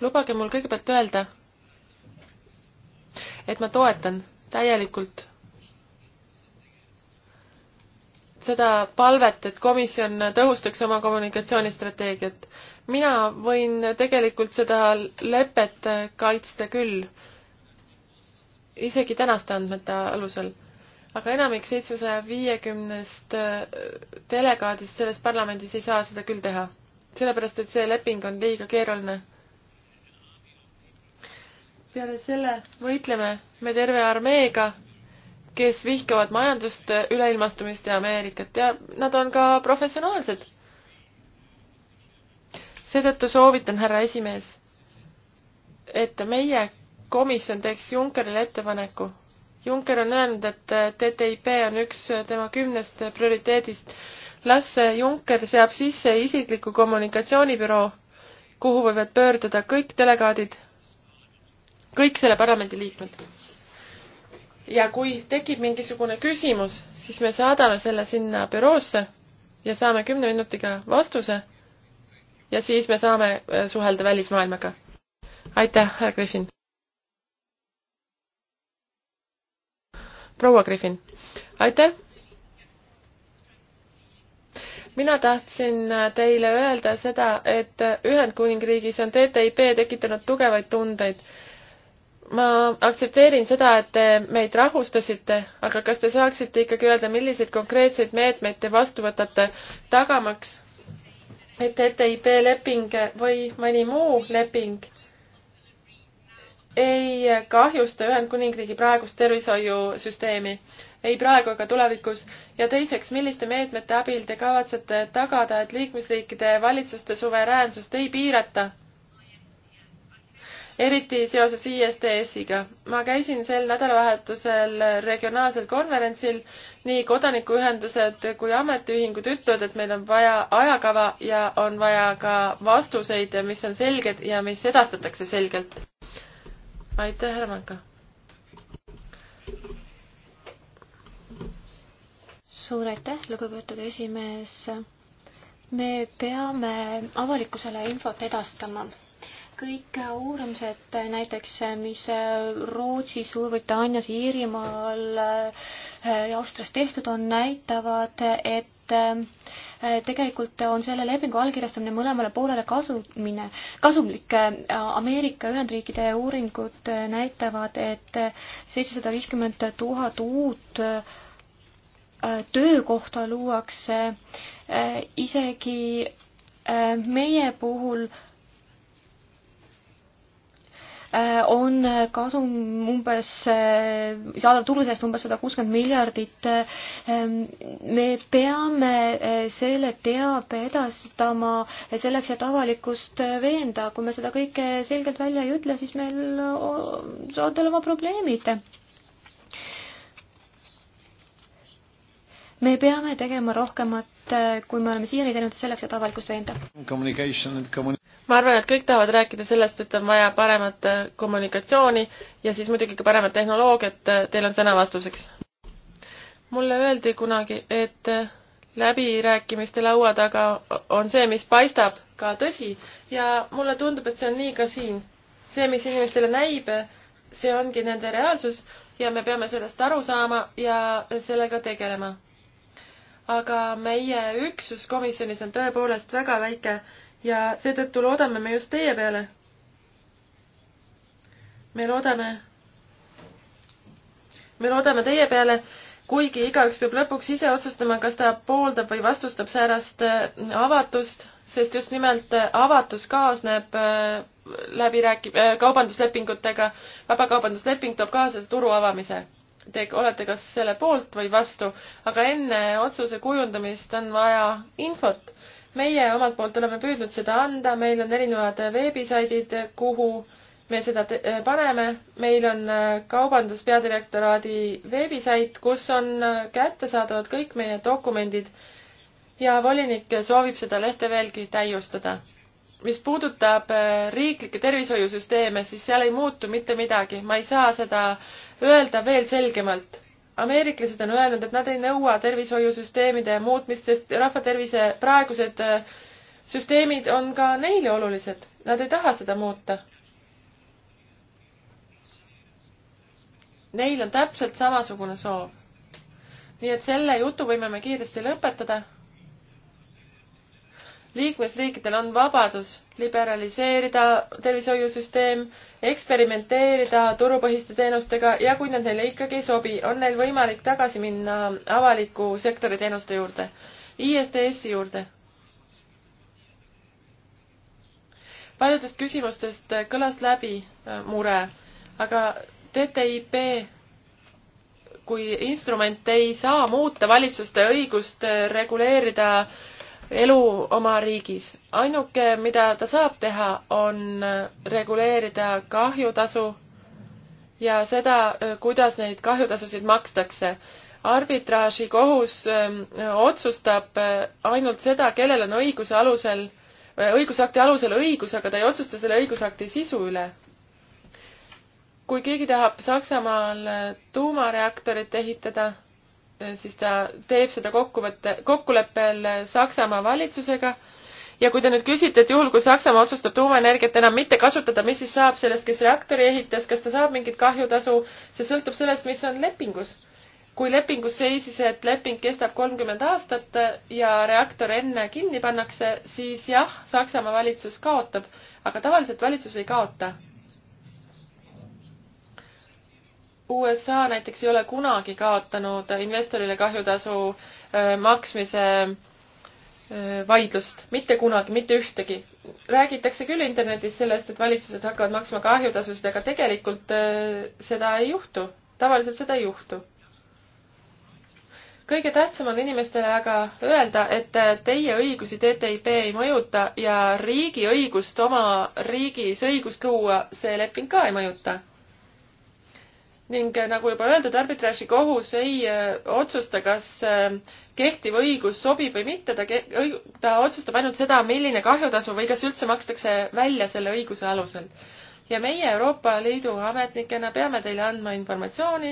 lubage mul kõigepealt öelda, et ma toetan täielikult seda palvet, et komisjon tõhustaks oma kommunikatsioonistrateegiat. mina võin tegelikult seda lepet kaitsta küll, isegi tänaste andmete alusel. aga enamik seitsmesaja viiekümnest äh, delegaadist selles parlamendis ei saa seda küll teha, sellepärast et see leping on liiga keeruline peale selle võitleme me terve armeega kes vihkavad majandust, äh, üleilmastumist ja Ameerikat ja nad on ka professionaalsed. seetõttu soovitan, härra esimees, et meie komisjon teeks Junckerile ettepaneku. Juncker on öelnud, et äh, TTIP on üks äh, tema kümnest prioriteedist. las Juncker seab sisse isikliku kommunikatsioonibüroo, kuhu võivad pöörduda kõik delegaadid, kõik selle parlamendi liikmed ja kui tekib mingisugune küsimus, siis me saadame selle sinna büroosse ja saame kümne minutiga vastuse. ja siis me saame äh, suhelda välismaailmaga. aitäh, härra Griffin. proua Griffin, aitäh. mina tahtsin äh, teile öelda seda, et äh, Ühendkuningriigis on TTIP tekitanud tugevaid tundeid ma aktsepteerin seda, et te meid rahustasite, aga kas te saaksite ikkagi öelda, milliseid konkreetseid meetmeid te vastu võtate, tagamaks, et e TTIP leping või mõni muu leping ei kahjusta Ühendkuningriigi praegust tervishoiusüsteemi, ei praegu ega tulevikus. ja teiseks, milliste meetmete abil te kavatsete tagada, et liikmesriikide valitsuste suveräänsust ei piirata? eriti seoses ISDS-iga. ma käisin sel nädalavahetusel regionaalsel konverentsil, nii kodanikuühendused kui ametiühingud ütlevad, et meil on vaja ajakava ja on vaja ka vastuseid, mis on selged ja mis edastatakse selgelt. aitäh, härra Manka! suur aitäh, lugupeetud esimees! me peame avalikkusele infot edastama kõik uurimused näiteks, mis Rootsis, Suurbritannias, Iirimaal äh, ja Austrias tehtud on, näitavad, et äh, tegelikult on selle lepingu allkirjastamine mõlemale poolele kasumine, kasumlik. Ameerika Ühendriikide uuringud näitavad, et seitsesada viiskümmend tuhat uut äh, töökohta luuakse isegi meie puhul Äh, on kasum umbes, äh, saadav tulu seest umbes sada kuuskümmend miljardit. Ähm, me peame äh, selle teabe edastama selleks, et avalikkust veenda. kui me seda kõike selgelt välja ei ütle, siis meil saavad olema probleemid me peame tegema rohkemat, eh, kui me oleme siiani teinud selleks, et avalikkust veenda. ma arvan, et kõik tahavad rääkida sellest, et on vaja paremat eh, kommunikatsiooni ja siis muidugi ka paremat tehnoloogiat. Eh, teil on sõna vastuseks. mulle öeldi kunagi, et läbirääkimiste laua taga on see, mis paistab, ka tõsi ja mulle tundub, et see on nii ka siin. see, mis inimestele näib, see ongi nende reaalsus ja me peame sellest aru saama ja sellega tegelema aga meie üksus komisjonis on tõepoolest väga väike ja seetõttu loodame me just teie peale. me loodame, me loodame teie peale, kuigi igaüks peab lõpuks ise otsustama, kas ta pooldab või vastustab säärast äh, avatust, sest just nimelt äh, avatus kaasneb äh, läbirääki-, kaubanduslepingutega, vabakaubandusleping toob kaasa turu avamise te olete kas selle poolt või vastu, aga enne otsuse kujundamist on vaja infot. meie omalt poolt oleme püüdnud seda anda, meil on erinevad veebisaidid, kuhu me seda paneme, meil on äh, Kaubandus-peadirektoraadi veebisait, kus on äh, kättesaadavad kõik meie dokumendid ja volinik soovib seda lehte veelgi täiustada mis puudutab äh, riiklikke tervishoiusüsteeme, siis seal ei muutu mitte midagi, ma ei saa seda öelda veel selgemalt. ameeriklased on öelnud, et nad ei nõua tervishoiusüsteemide muutmist, sest rahvatervise praegused äh, süsteemid on ka neile olulised, nad ei taha seda muuta. Neil on täpselt samasugune soov. nii et selle jutu võime me kiiresti lõpetada liikmesriikidel on vabadus liberaliseerida tervishoiusüsteem, eksperimenteerida turupõhiste teenustega ja kui nad neile ikkagi ei sobi, on neil võimalik tagasi minna avaliku sektori teenuste juurde, ISDS-i juurde. paljudest küsimustest kõlas läbi äh, mure, aga TTIP kui instrument ei saa muuta valitsuste õigust äh, reguleerida äh, elu oma riigis. ainuke, mida ta saab teha, on reguleerida kahjutasu ja seda, kuidas neid kahjutasusid makstakse. arbitraaži kohus ähm, otsustab äh, ainult seda, kellel on õiguse alusel, äh, õigusakti alusel õigus, aga ta ei otsusta selle õigusakti sisu üle. kui keegi tahab Saksamaal äh, tuumareaktorit ehitada Äh, siis ta teeb seda kokkuvõtte, kokkuleppel äh, Saksamaa valitsusega ja kui te nüüd küsite, et juhul, kui Saksamaa otsustab tuumaenergiat enam mitte kasutada, mis siis saab sellest, kes reaktori ehitas, kas ta saab mingit kahjutasu, see sõltub sellest, mis on lepingus. kui lepingus seisis, et leping kestab kolmkümmend aastat äh, ja reaktor enne kinni pannakse, siis jah, Saksamaa valitsus kaotab, aga tavaliselt valitsus ei kaota USA näiteks ei ole kunagi kaotanud investorile kahjutasu äh, maksmise äh, vaidlust, mitte kunagi, mitte ühtegi. räägitakse küll internetis sellest, et valitsused hakkavad maksma kahjutasusid, aga tegelikult äh, seda ei juhtu, tavaliselt seda ei juhtu. kõige tähtsam on inimestele aga öelda, et teie õigusi TTIP ei mõjuta ja riigi õigust oma riigis õigust luua, see leping ka ei mõjuta ning äh, nagu juba öeldud, arbitraaži kohus ei öö, äh, otsusta, kas öö, äh, kehtiv õigus sobib või mitte, ta, ta otsustab ainult seda, milline kahjutasu või kas üldse makstakse välja selle õiguse alusel. ja meie Euroopa Liidu ametnikena peame teile andma informatsiooni,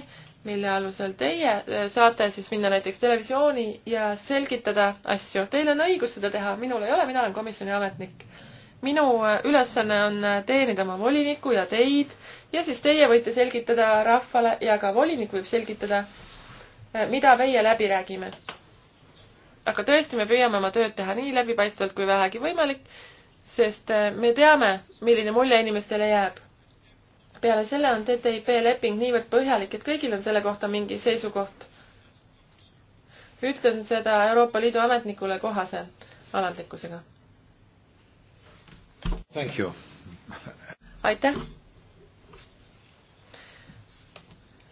mille alusel teie öö, saate siis minna näiteks televisiooni ja selgitada asju. Teil on õigus seda teha, minul ei ole, mina olen komisjoni ametnik. minu ülesanne on teenida oma volinikku ja teid ja siis teie võite selgitada rahvale ja ka volinik võib selgitada, eh, mida meie läbi räägime. aga tõesti, me püüame oma tööd teha nii läbipaistvalt kui vähegi võimalik, sest eh, me teame, milline mulje inimestele jääb. peale selle on TTIP leping niivõrd põhjalik, et kõigil on selle kohta mingi seisukoht. ütlen seda Euroopa Liidu ametnikule kohase alandlikkusega. aitäh!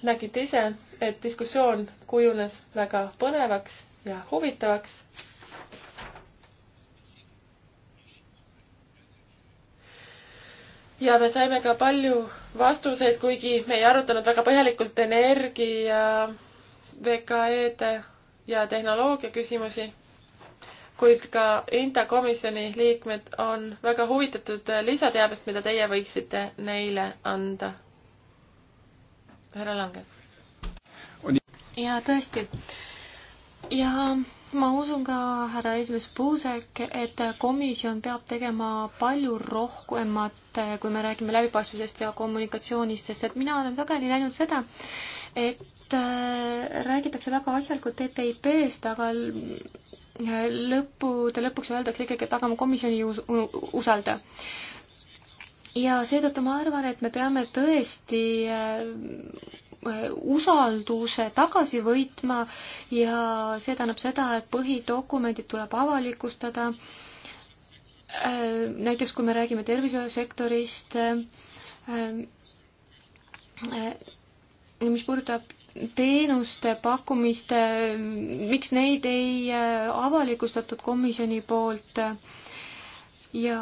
nägite ise, et diskussioon kujunes väga põnevaks ja huvitavaks. ja me saime ka palju vastuseid, kuigi me ei arutanud väga põhjalikult energia, VKE-de ja tehnoloogia küsimusi kuid ka INTA komisjoni liikmed on väga huvitatud lisateabest, mida teie võiksite neile anda härra Lange. ja tõesti. ja ma usun ka, härra esimees Puusek, et komisjon peab tegema palju rohkemat, kui me räägime läbipaistvusest ja kommunikatsioonist, sest et mina olen sageli näinud seda, et äh, räägitakse väga asjalikult TTIP-st, aga lõppude lõpuks öeldakse ikkagi, et aga ma komisjoni ei usalda ja seetõttu ma arvan, et me peame tõesti äh, usalduse tagasi võitma ja see tähendab seda, et põhidokumendid tuleb avalikustada. Äh, näiteks kui me räägime tervishoiusektorist, äh, mis puudutab teenuste pakkumist, miks neid ei avalikustatud komisjoni poolt ja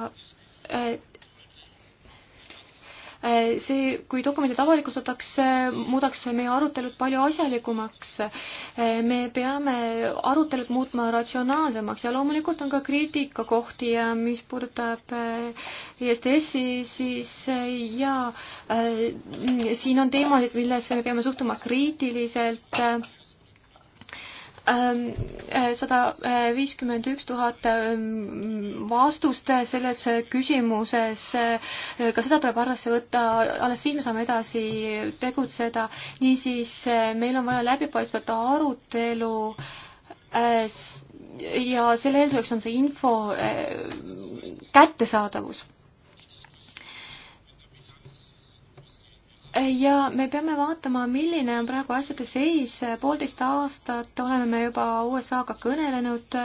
Äh, see, kui dokumendid avalikustatakse, muudaks meie arutelud palju asjalikumaks. Äh, me peame arutelud muutma ratsionaalsemaks ja loomulikult on ka kriitikakohti ja mis puudutab äh, ISDS-i, siis jaa, siin on teemasid, millesse me peame suhtuma kriitiliselt Ähm, äh, sada viiskümmend üks tuhat ähm, vastust selles küsimuses. Äh, ka seda tuleb arvesse võtta, alles siis me saame edasi tegutseda. niisiis, äh, meil on vaja läbipaistvat arutelu ja selle eelduseks on see info kättesaadavus ja me peame vaatama, milline on praegu asjade seis. poolteist aastat oleme me juba USA-ga kõnelenud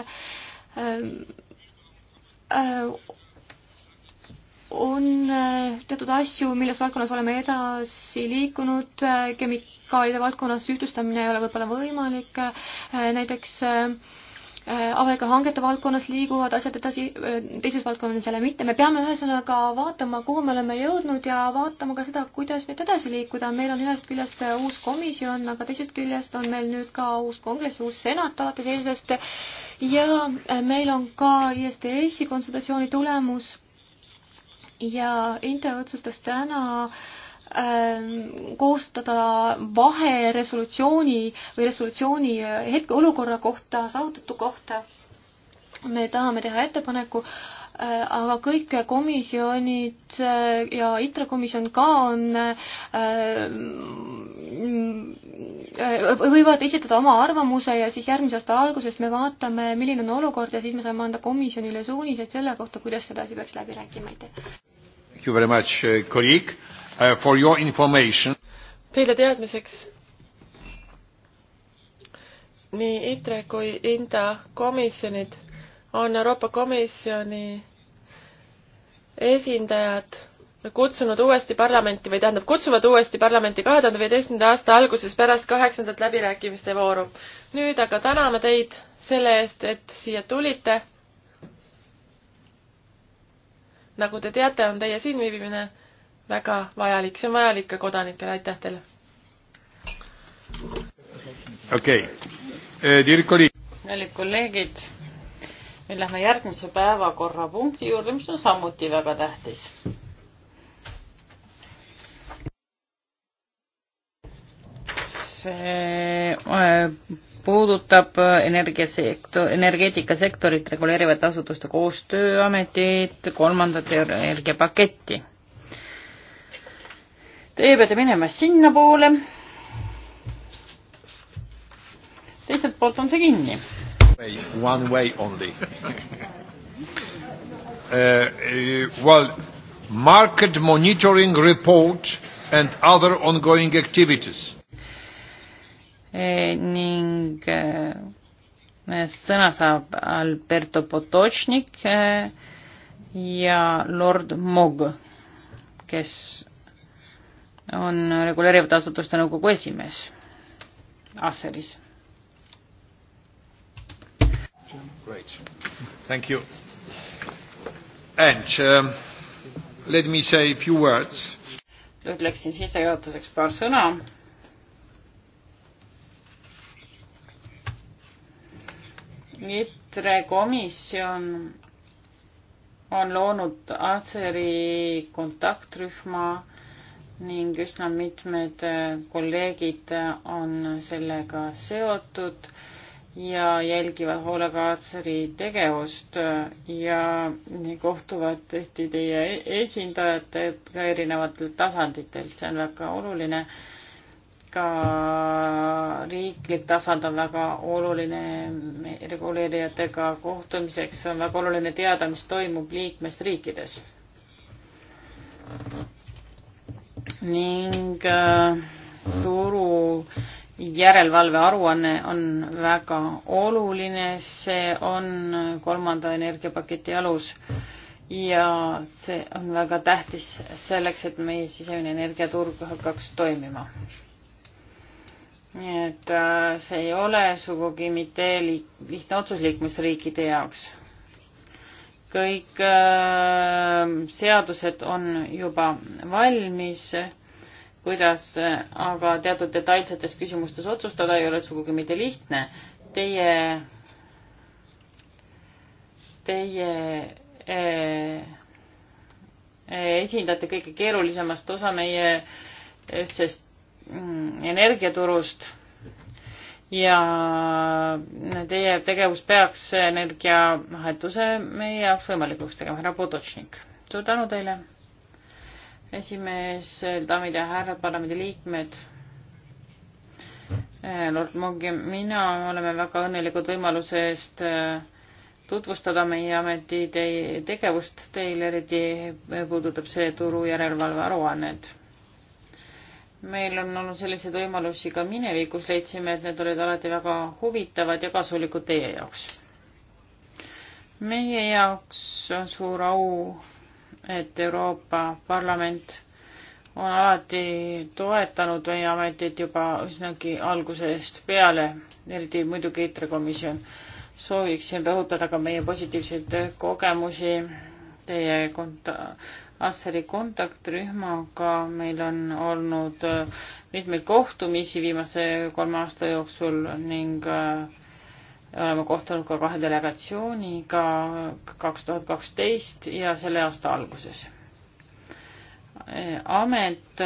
on teatud asju, milles valdkonnas oleme edasi liikunud, kemikaalide valdkonnas ühtlustamine ei ole võib-olla võimalik, näiteks äh, Äh, avaliku hangete valdkonnas liiguvad asjad edasi, äh, teises valdkonnas jälle mitte. me peame ühesõnaga vaatama, kuhu me oleme jõudnud ja vaatama ka seda, kuidas nüüd edasi liikuda. meil on ühest küljest äh, uus komisjon, aga teisest küljest on meil nüüd ka uus kongress, uus senat alates eilsest ja meil on ka ISDS-i konsultatsiooni tulemus ja Inte otsustas täna äh, Ähm, koostada vaheresolutsiooni või resolutsiooni äh, hetkeolukorra kohta, saavutatu kohta. me tahame teha ettepaneku, äh, aga kõik komisjonid äh, ja ITRE komisjon ka on, mm, võivad esitada oma arvamuse ja siis järgmise aasta alguses me vaatame, milline on olukord ja siis me saame anda komisjonile suuniseid selle kohta, kuidas sedasi peaks läbi rääkima, aitäh. Thank you very much, kolleeg uh, Uh, for your information. Teile teadmiseks. nii ITRE kui INDA komisjonid on Euroopa Komisjoni esindajad kutsunud uuesti parlamenti või tähendab, kutsuvad uuesti parlamenti kahe tuhande viieteistkümnenda aasta alguses pärast kaheksandat läbirääkimiste vooru. nüüd aga täname teid selle eest, et siia tulite. nagu te teate, on teie siinviibimine väga vajalik, see on vajalik ka kodanikele, aitäh teile. okei okay., Dirk oli. kallid kolleegid, nüüd lähme järgmise päevakorrapunkti juurde, mis on samuti väga tähtis. see eh, puudutab energiasektor, energeetikasektorit reguleerivate asutuste koostööametit, kolmandat energiapaketti Teie peate minema sinnapoole. teiselt poolt on see kinni. One way only uh, [LAUGHS] well, market monitoring report and other ongoing activities. Eh, ning eh, sõna saab Alberto Potočnik ja lord Mog, kes on reguleerivate asutuste nõukogu esimees Asseris. Great, thank you. And um, let me say a few words. ütleksin sissejuhatuseks paar sõna. ITRE komisjon on loonud Aseri kontaktrühma ning üsna mitmed äh, kolleegid äh, on sellega seotud ja jälgivad hoolega Aatseri tegevust äh, ja kohtuvad tihti teie e-, esindajatega erinevatel tasanditel, see on väga oluline. ka riiklik tasand on väga oluline reguleerijatega kohtumiseks, on väga oluline teada, mis toimub liikmesriikides ning äh, turu järelevalve aruanne on väga oluline, see on kolmanda energiapaketi alus ja see on väga tähtis selleks, et meie sisemine energiaturg hakkaks toimima. nii et äh, see ei ole sugugi mitte lihtne otsus liikmesriikide jaoks kõik äh, seadused on juba valmis, kuidas äh, aga teatud detailsetes küsimustes otsustada ei ole sugugi mitte lihtne. Teie, teie äh, äh esindate kõige keerulisemast osa meie ühtsest äh, mm, energiaturust ja teie tegevus peaks energiavahetuse meie jaoks võimalikuks tegema, härra Potočnik. suur tänu teile, esimees, daamid ja härrad, parlamendiliikmed. Eh, Lord Mogg ja mina oleme väga õnnelikud võimaluse eest eh, tutvustada meie ameti tegevust teile, eriti puudutab see turu järelevalve aruannet meil on olnud selliseid võimalusi ka minevikus, leidsime, et need olid alati väga huvitavad ja kasulikud teie jaoks. meie jaoks on suur au, et Euroopa Parlament on alati toetanud meie ametit juba üsnagi algusest peale, eriti muidugi ITRE komisjon. sooviksin rõhutada ka meie positiivseid kogemusi teie konta-, Asseri kontaktrühmaga, meil on olnud äh, mitmeid kohtumisi viimase kolme aasta jooksul ning äh, oleme kohtunud ka kahe delegatsiooniga kaks tuhat kaksteist ja selle aasta alguses. Äh, amet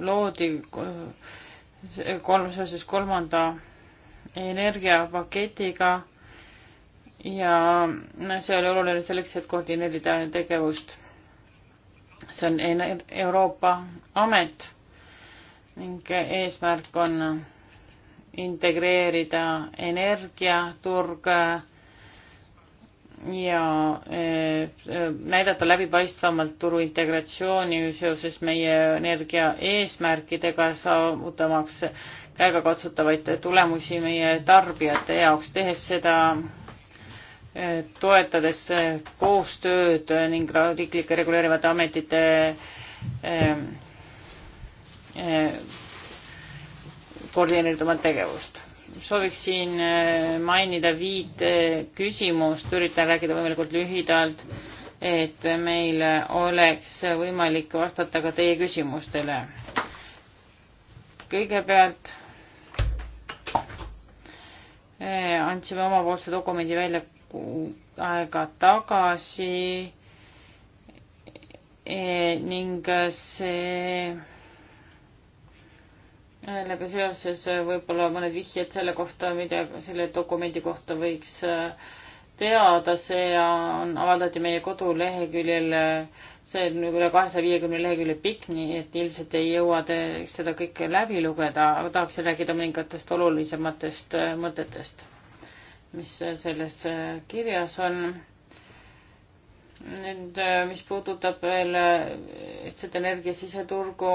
loodi kolm, seoses kolmanda energiapaketiga ja see oli oluline selleks, et koordineerida tegevust. see on Euroopa amet ning eesmärk on integreerida energiaturg ja eh, näidata läbipaistvamalt turu integratsiooni seoses meie energia eesmärkidega, saavutamaks käegakatsutavaid tulemusi meie tarbijate jaoks, tehes seda toetades äh, koostööd äh, ning riiklike reguleerivate ametite ähm, äh, koordineeritumat tegevust. sooviksin mainida viit küsimust, üritan rääkida võimalikult lühidalt, et meil oleks võimalik vastata ka teie küsimustele. kõigepealt andsime omapoolse dokumendi välja aega tagasi e, ning see sellega seoses võib-olla mõned vihjed selle kohta, mida selle dokumendi kohta võiks e, teada, see on, avaldati meie koduleheküljel, see on üle kahesaja viiekümne lehekülje pikk, nii et ilmselt ei jõua te seda kõike läbi lugeda, aga tahaksin rääkida mõningatest olulisematest mõtetest mis selles kirjas on. nüüd, mis puudutab veel ühtset energia siseturgu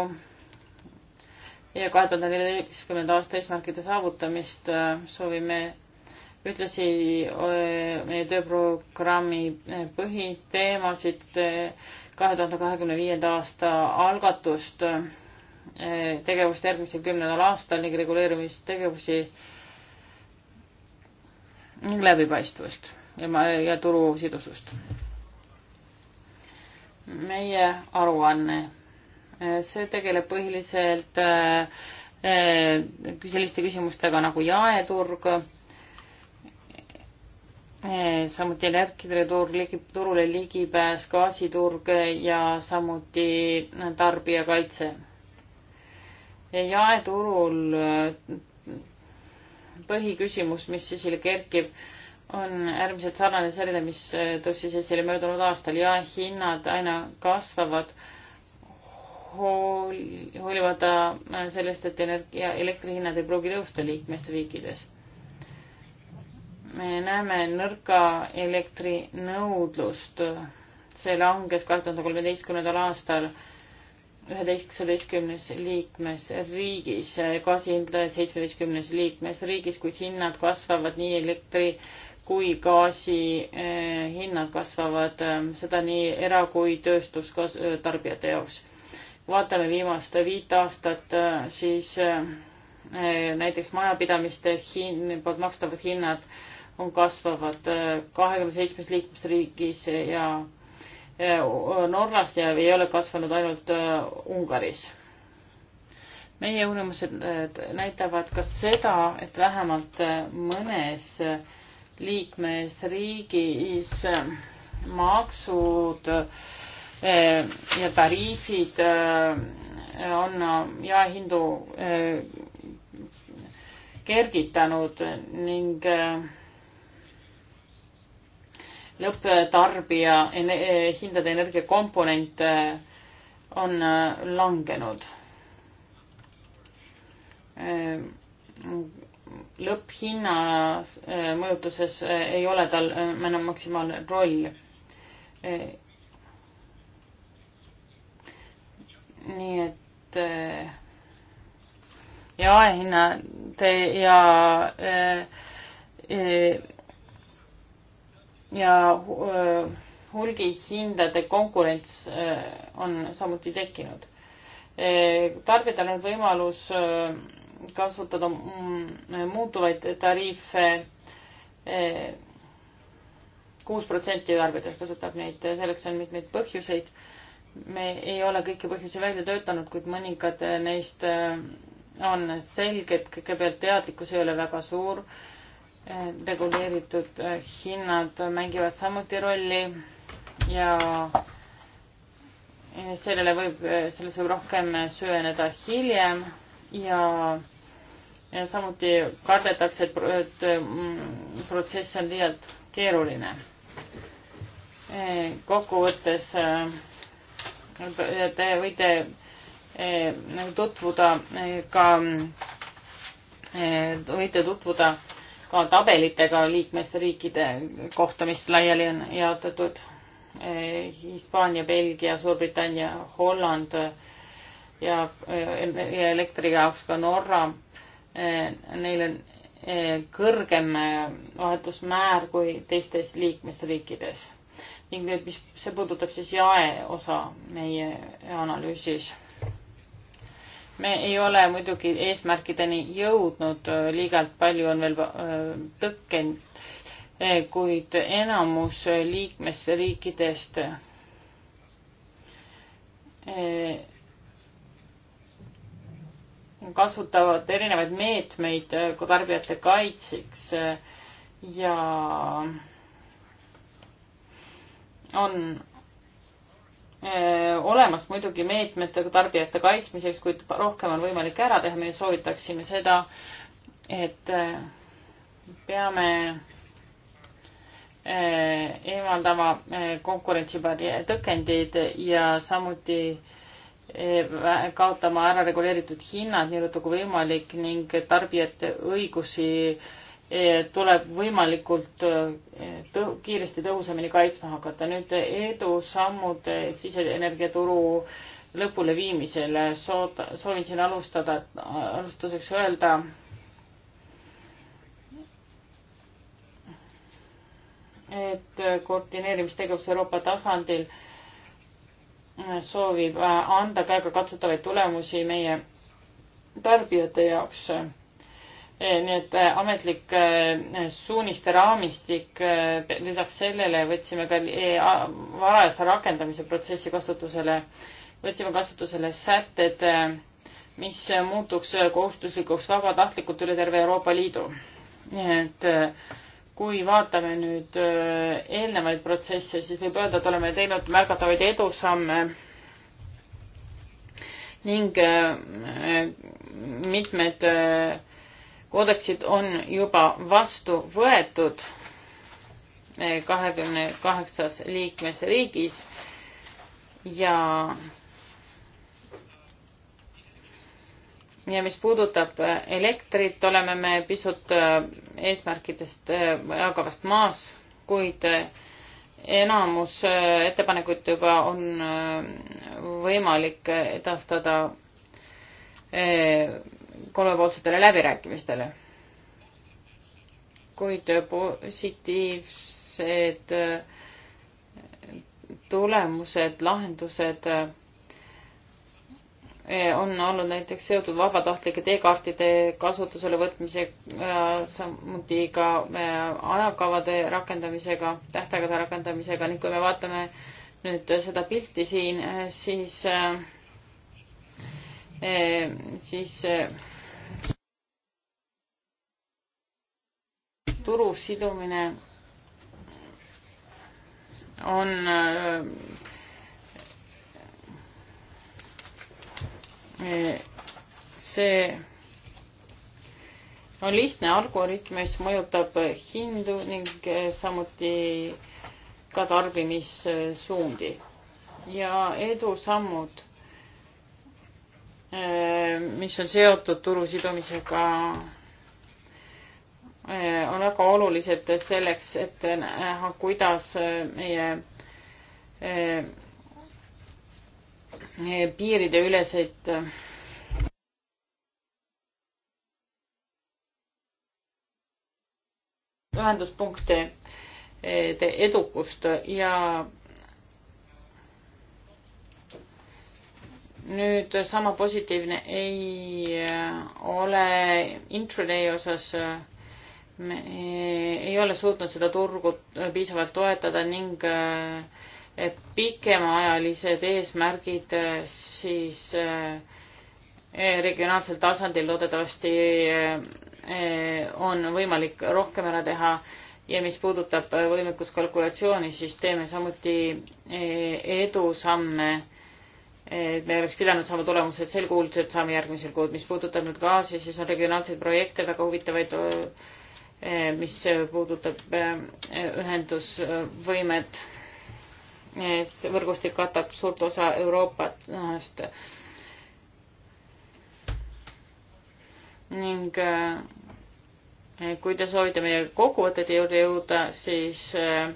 ja kahe tuhande neljateistkümnenda aasta eesmärkide saavutamist soovime ühtlasi eh, meie tööprogrammi põhiteemasid, eh, kahe tuhande kahekümne viienda aasta algatust, eh, tegevust järgmisel kümnendal aastal ning reguleerimistegevusi ning läbipaistvust ja ma ja turu sidusust. meie aruanne, äh, see tegeleb põhiliselt äh, äh, selliste küsimustega nagu jaeturg, samuti energiaturg, ligi, turule ligipääs, gaasiturg ja samuti tarbijakaitse. jaeturul põhiküsimus, mis esile kerkib, on äärmiselt sarnane sellele, mis äh, tõstis esile möödunud aastal. jaehinnad aina kasvavad hool-, hoolimata äh, sellest, et energia, elektrihinnad ei pruugi tõusta liikmesriikides. me näeme nõrka elektrinõudlust. see langes kahe tuhande kolmeteistkümnendal aastal üheteistkümnes liikmesriigis, gaasihindaja seitsmeteistkümnes liikmesriigis, kuid hinnad kasvavad nii elektri kui gaasi eh, hinnad kasvavad, eh, seda nii era- kui tööstustarbijate eh, jaoks. vaatame viimast viit aastat, siis näiteks majapidamiste hin-, poolt makstavad hinnad on kasvavad kahekümne seitsmes liikmesriigis ja Eh, Norras ja ei ole kasvanud ainult eh, Ungaris. meie uurimused eh, näitavad ka seda, et vähemalt mõnes liikmesriigis maksud ja tariifid on jaehindu kergitanud ning äh, lõpptarbija hindade energiakomponent äh, on äh, langenud. Äh, lõpphinna mõjutuses ei ole tal enam maksimaalne roll. nii et ja aehinnad ja, ja ja hulgihindade konkurents on samuti tekkinud. tarbijatel on võimalus kasutada mm, muutuvaid tariife. kuus protsenti tarbijatest kasutab neid, selleks on mitmeid põhjuseid. me ei ole kõiki põhjusi välja töötanud, kuid mõningad neist on selged, kõigepealt teadlikkus ei ole väga suur reguleeritud äh, hinnad mängivad samuti rolli ja sellele võib, selles võib rohkem süveneda hiljem ja ja samuti kardetakse, et, et mm, protsess on liialt keeruline. Äh, kokkuvõttes äh, te võite nagu tutvuda ka, võite tutvuda ka tabelitega liikmesriikide kohta, mis laiali on jaotatud. Eh, Hispaania, Belgia, Suurbritannia, Holland ja, eh, ja elektri jaoks ka Norra. Eh, neil on kõrgem vahetusmäär kui teistes liikmesriikides. ning nüüd, mis, see puudutab siis jaeosa meie analüüsis me ei ole muidugi eesmärkideni jõudnud, liigalt palju on veel äh, tõkkeid, äh, kuid enamus liikmesriikidest äh, kasutavad erinevaid meetmeid tarbijate kaitseks ja on Äh, olemas muidugi meetmete tarbijate kaitsmiseks, kuid rohkem on võimalik ära teha, me soovitaksime seda, et äh, peame äh, eemaldama konkurentsitõkendid ja samuti kaotama ära reguleeritud hinnad nii ruttu kui võimalik ning tarbijate õigusi Eh, tuleb võimalikult eh, tõh kiiresti tõhusamini kaitsma hakata. nüüd eh, edusammud siseenergiaturu lõpuleviimisele soo-, soovin siin alustada, alustuseks öelda, et koordineerimistegevus Euroopa tasandil soovib anda käegakatsutavaid tulemusi meie tarbijate jaoks Eh, nii et eh, ametlik eh, suuniste raamistik, lisaks sellele võtsime ka varajase rakendamise protsessi kasutusele, võtsime kasutusele sätted, mis muutuks kohustuslikuks vabatahtlikult üle terve Euroopa Liidu. nii et kui vaatame nüüd eelnevaid protsesse, siis võib öelda, et oleme teinud märgatavaid edusamme ning mitmed koodeksid on juba vastu võetud eh, kahekümne kaheksas liikmesriigis ja ja mis puudutab elektrit, oleme me pisut eh, eesmärkidest jagavast eh, maas, kuid enamus ettepanekuid juba on võimalik edastada kolmepoolsetele läbirääkimistele. kuid positiivsed eh, tulemused, lahendused eh, on olnud näiteks seotud vabatahtlike teekaartide kasutusele võtmise, eh, samuti ka ajakavade rakendamisega, tähtaegade rakendamisega ning kui me vaatame nüüd seda pilti siin, siis äh, Eh, siis eh, turu sidumine on eh, see on lihtne algoritm, mis mõjutab hindu ning samuti ka tarbimissuundi ja edusammud Äh, mis on seotud turu sidumisega, äh, on väga olulised selleks, et näha, kuidas äh, meie piirideüleseid ühenduspunkte edukust ja nüüd sama positiivne ei äh, ole intraday osas äh, me ei ole suutnud seda turgu äh, piisavalt toetada ning pikemaajalised eesmärgid siis e, regionaalsel tasandil loodetavasti e, on võimalik rohkem ära teha ja mis puudutab võimekuskalkulatsiooni, siis teeme samuti edusamme me oleks pidanud saama tulemused sel kuul, et saame järgmisel kuul. mis puudutab nüüd gaasi, siis on regionaalseid projekte väga huvitavaid, mis puudutab ühendusvõimet. võrgustik katab suurt osa Euroopast. ning kui te soovite meie kokkuvõtete juurde jõuda, siis äh,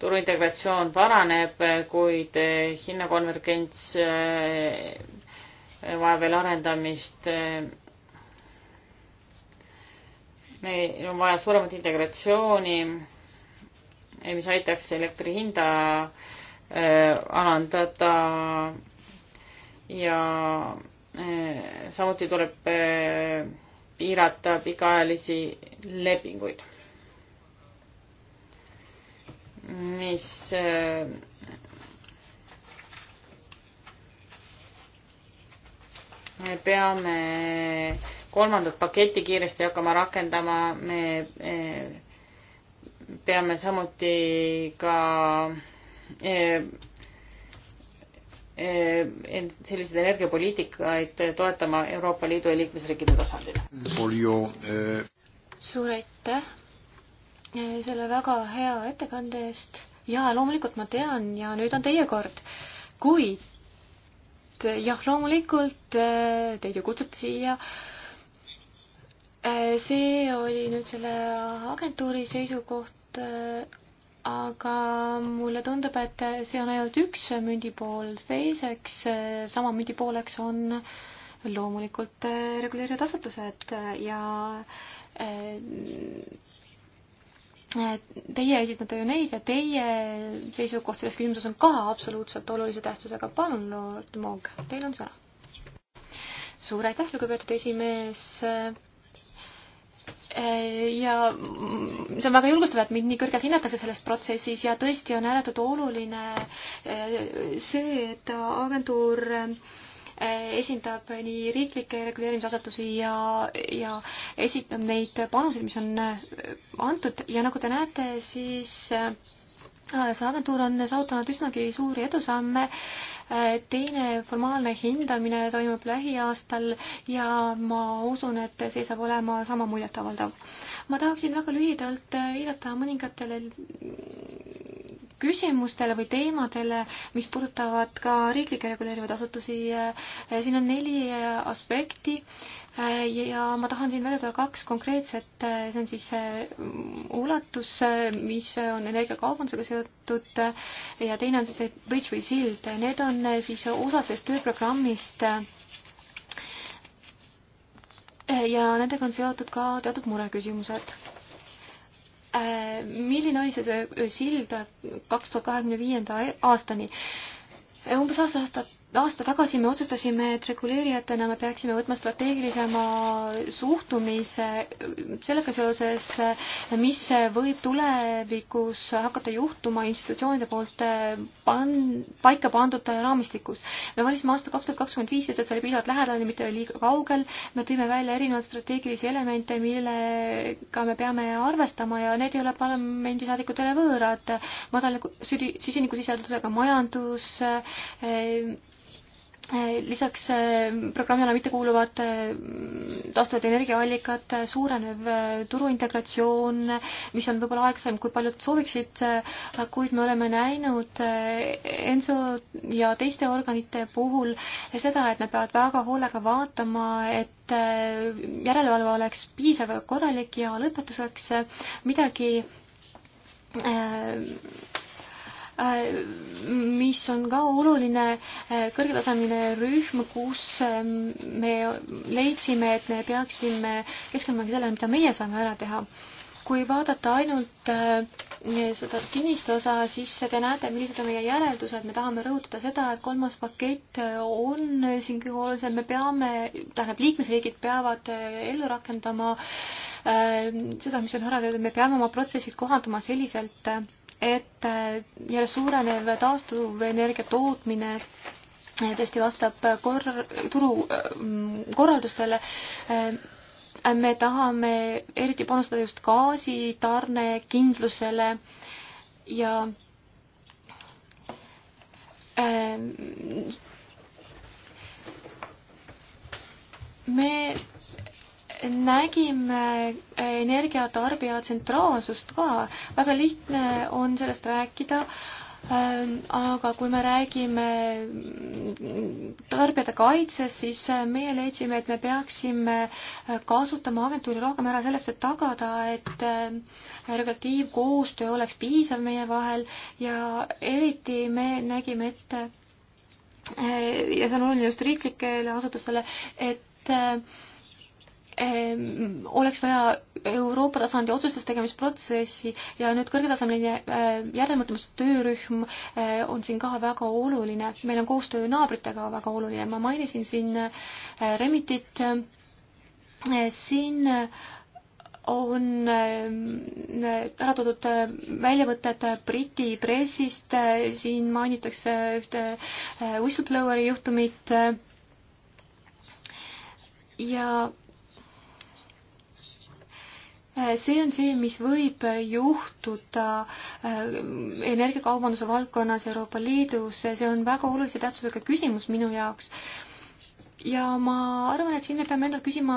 turuintegratsioon paraneb, kuid eh, hinnakonvergents eh, vajab veel arendamist. Eh, meil on vaja suuremat integratsiooni, mis aitaks elektri hinda alandada ja samuti tuleb piirata pikaajalisi lepinguid mis äh, me peame kolmandat paketti kiiresti hakkama rakendama, me äh, peame samuti ka äh, selliseid energiapoliitikaid toetama Euroopa Liidu ja liikmesriikide tasandil. suur aitäh Eh, selle väga hea ettekande eest. jaa, loomulikult ma tean ja nüüd on teie kord. kuid eh, jah, loomulikult eh, teid ju kutsuti siia. see oli nüüd selle agentuuri seisukoht, aga mulle tundub, et see on ainult üks mündipool, teiseks sama mündipooleks on loomulikult reguleerivad asutused ja Teie esitate ju neid ja teie seisukoht selles küsimuses on ka absoluutselt olulise tähtsusega. palun, Lord Moog, teil on sõna. suur aitäh, lugupeetud esimees. ja see on väga julgustav, et mind nii kõrgelt hinnatakse selles protsessis ja tõesti on ääretult oluline see, et agentuur Äh, esindab nii riiklikke reguleerimisasutusi ja, ja esitab neid panuseid, mis on äh, antud ja nagu te näete, siis äh, see agentuur on saavutanud üsnagi suuri edusamme äh, Äh, teine formaalne hindamine toimub lähiaastal ja ma usun, et see saab olema sama muljetavaldav. ma tahaksin väga lühidalt äh, viidata mõningatele küsimustele või teemadele, mis puudutavad ka riiklikke reguleerivaid asutusi. Äh, siin on neli aspekti Äh, ja ma tahan siin välja tuua kaks konkreetset, äh, see on siis äh, ulatus, mis on energiakaubandusega seotud ja teine on siis see Bridge või sild, need on siis osad sellest tööprogrammist. ja nendega on seotud ka teatud mureküsimused. milline oli see, see sild kaks tuhat kahekümne viienda aastani? umbes aasta aastat aasta tagasi me otsustasime, et reguleerijatena me peaksime võtma strateegilisema suhtumise sellega seoses, mis võib tulevikus hakata juhtuma institutsioonide poolt eh, pan-, paika pandud raamistikus. me valisime aasta kaks tuhat kakskümmend viis, sest et see oli piisavalt lähedal ja mitte liiga kaugel. me tõime välja erinevaid strateegilisi elemente, millega me peame arvestama ja need ei ole parlamendisaadikutele võõrad. madala südi-, süsinikusisaldusega majandus, eh, lisaks äh, programmile mitte kuuluvad äh, taastuvad energiaallikad, äh, suurenev turuintegratsioon, mis on võib-olla aeglasem, kui paljud sooviksid, kuid me oleme näinud ENSO ja teiste organite puhul seda, et nad peavad väga hoolega vaatama, et järelevalve oleks piisav ja korralik ja lõpetuseks midagi äh, Äh, mis on ka oluline äh, kõrgetasemeline rühm, kus ähm, me leidsime, et me peaksime keskenduma sellele, mida meie saame ära teha. kui vaadata ainult äh, seda sinist osa, siis te näete, millised on meie järeldused, me tahame rõhutada seda, et kolmas pakett on siin kõige olulisem, me peame, tähendab, liikmesriigid peavad ellu rakendama seda, mis on ära öeldud, me peame oma protsessid kohandama selliselt, et äh, järjest suurenev taastuvenergia tootmine äh, tõesti vastab kor-, turu äh, korraldustele. me tahame eriti panustada just gaasitarne kindlusele ja me nägime eh, energiatarbija tsentraalsust ka. väga lihtne on sellest rääkida, ähm, aga kui me räägime mm, tarbijate kaitsest, siis äh, meie leidsime, et me peaksime äh, kasutama agentuuri rohkem ära selleks, et tagada, et äh, regulatiivkoostöö oleks piisav meie vahel ja eriti me nägime ette ja see on oluline just riiklikele asutustele, et oleks vaja Euroopa tasandi otsustustegemisprotsessi ja nüüd kõrgetasemeline järelmõtlemistöörühm on siin ka väga oluline. meil on koostöö naabritega väga oluline. ma mainisin siin Remitit. siin on ära toodud väljavõtted Briti pressist, siin mainitakse ühte whistlebloweri juhtumit ja Äh, see on see, mis võib juhtuda äh, energiakaubanduse valdkonnas Euroopa Liidus, see on väga olulise tähtsusega küsimus minu jaoks. ja ma arvan, et siin me peame endalt küsima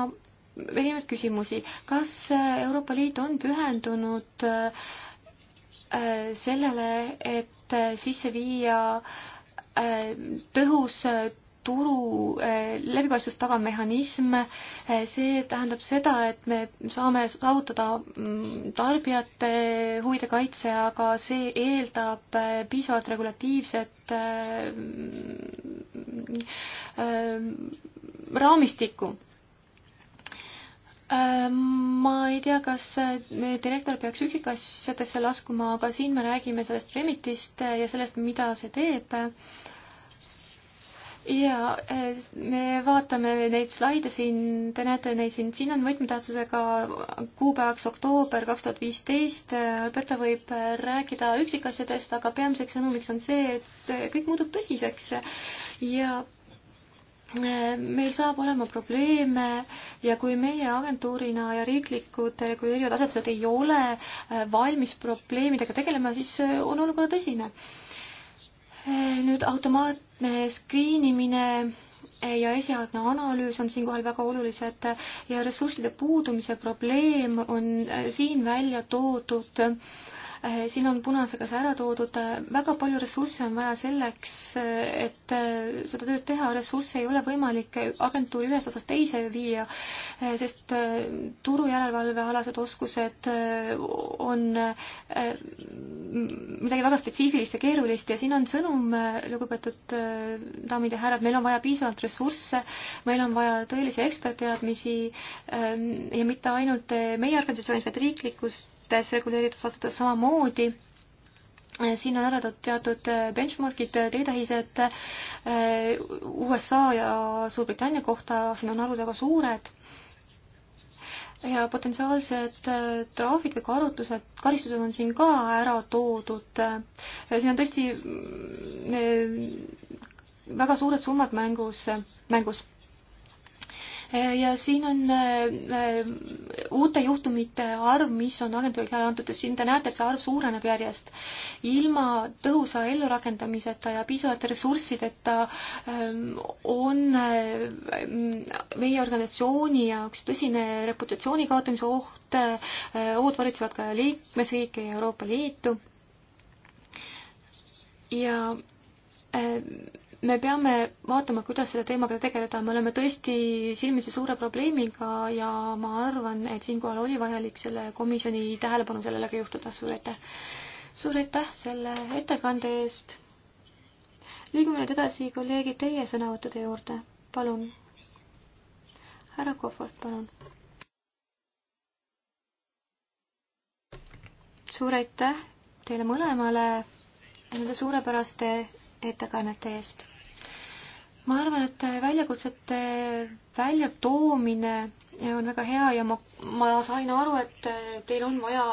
erinevaid küsimusi, kas äh, Euroopa Liit on pühendunud sellele, et sisse viia tõhus turu eh, läbipaistvust tagav mehhanism, eh, see tähendab seda, et me saame saavutada mm, tarbijate huvide kaitse, aga see eeldab eh, piisavalt regulatiivset mm, raamistikku Ma ei tea, kas direktor peaks üksikasjadesse laskuma, aga siin me räägime sellest Remitist ja sellest, mida see teeb ja eh, me vaatame neid slaide siin, te näete neid siin, siin on võtmetähtsusega kuupäevaks oktoober kaks tuhat viisteist. Alberta võib eh, rääkida üksikasjadest, aga peamiseks sõnumiks on see, et eh, kõik muutub tõsiseks ja meil saab olema probleeme ja kui meie agentuurina ja riiklikud reguleerivad asutused ei ole valmis probleemidega tegelema, siis on olukord tõsine nüüd automaatne skriinimine ja esialgne analüüs on siinkohal väga olulised ja ressursside puudumise probleem on äh, siin välja toodud äh, Eh, siin on punasega see ära toodud, eh, väga palju ressursse on vaja selleks, eh, et seda tööd teha, ressursse ei ole võimalik agentuuri ühest osast teise viia, sest turujärelevalvealased oskused on midagi väga spetsiifilist ja keerulist ja siin on sõnum, lugupeetud daamid ja härrad, meil on vaja piisavalt ressursse, meil on vaja tõelisi ekspertteadmisi ja mitte ainult meie organisatsioonis, vaid riiklikust teistes reguleeritud asutustes samamoodi eh, siin on ära toodud teatud eh, benchmarkid, eh, teetähised USA ja Suurbritannia kohta, siin on arvud väga suured. ja potentsiaalsed trahvid või karutused, karistused on siin ka ära toodud. siin on tõesti mm, väga suured summad mängus, mängus Eh, ja siin on eh, eh, uute juhtumite arv, mis on agentuurile antud, siin te näete, et see arv suureneb järjest. ilma tõhusa ellurakendamiseta ja piisavate ressurssideta on meie organisatsiooni jaoks tõsine reputatsiooni kaotamise oht, ohud valitsevad ka liikmesriike ja Euroopa Liitu ja me peame vaatama, kuidas selle teemaga tegeleda, me oleme tõesti silmitsi suure probleemiga ja ma arvan, et siinkohal oli vajalik selle komisjoni tähelepanu sellele ka juhtuda, suur aitäh. suur aitäh selle ettekande eest. liigume nüüd edasi, kolleegid, teie sõnavõttude juurde, palun. härra Kohvart, palun. suur aitäh teile mõlemale nende suurepäraste ettekannete eest. ma arvan, et väljakutsete väljatoomine on väga hea ja ma, ma sain aru, et teil on vaja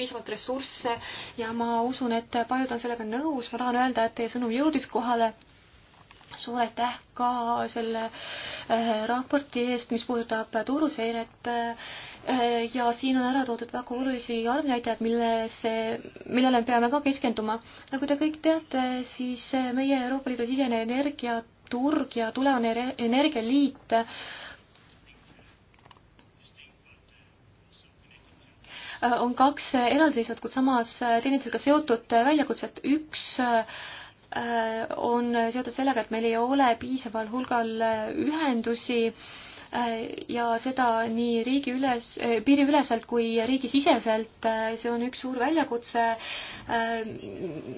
piisavalt ressursse ja ma usun, et paljud on sellega nõus. ma tahan öelda, et teie sõnum jõudis kohale suur aitäh ka selle äh, raporti eest, mis puudutab turuseiret äh, ja siin on ära toodud väga olulisi arvnäitajaid, millesse, millele me peame ka keskenduma. nagu te kõik teate, siis äh, meie Euroopa Liidu sisene energiaturg ja tulevane energialiit on kaks eraldiseisvat, kuid samas teineteisega seotud väljakutset. üks äh, Äh, on seotud sellega, et meil ei ole piisaval hulgal äh, ühendusi äh, ja seda nii riigi üles, piiriüleselt kui riigisiseselt, see on üks suur väljakutse,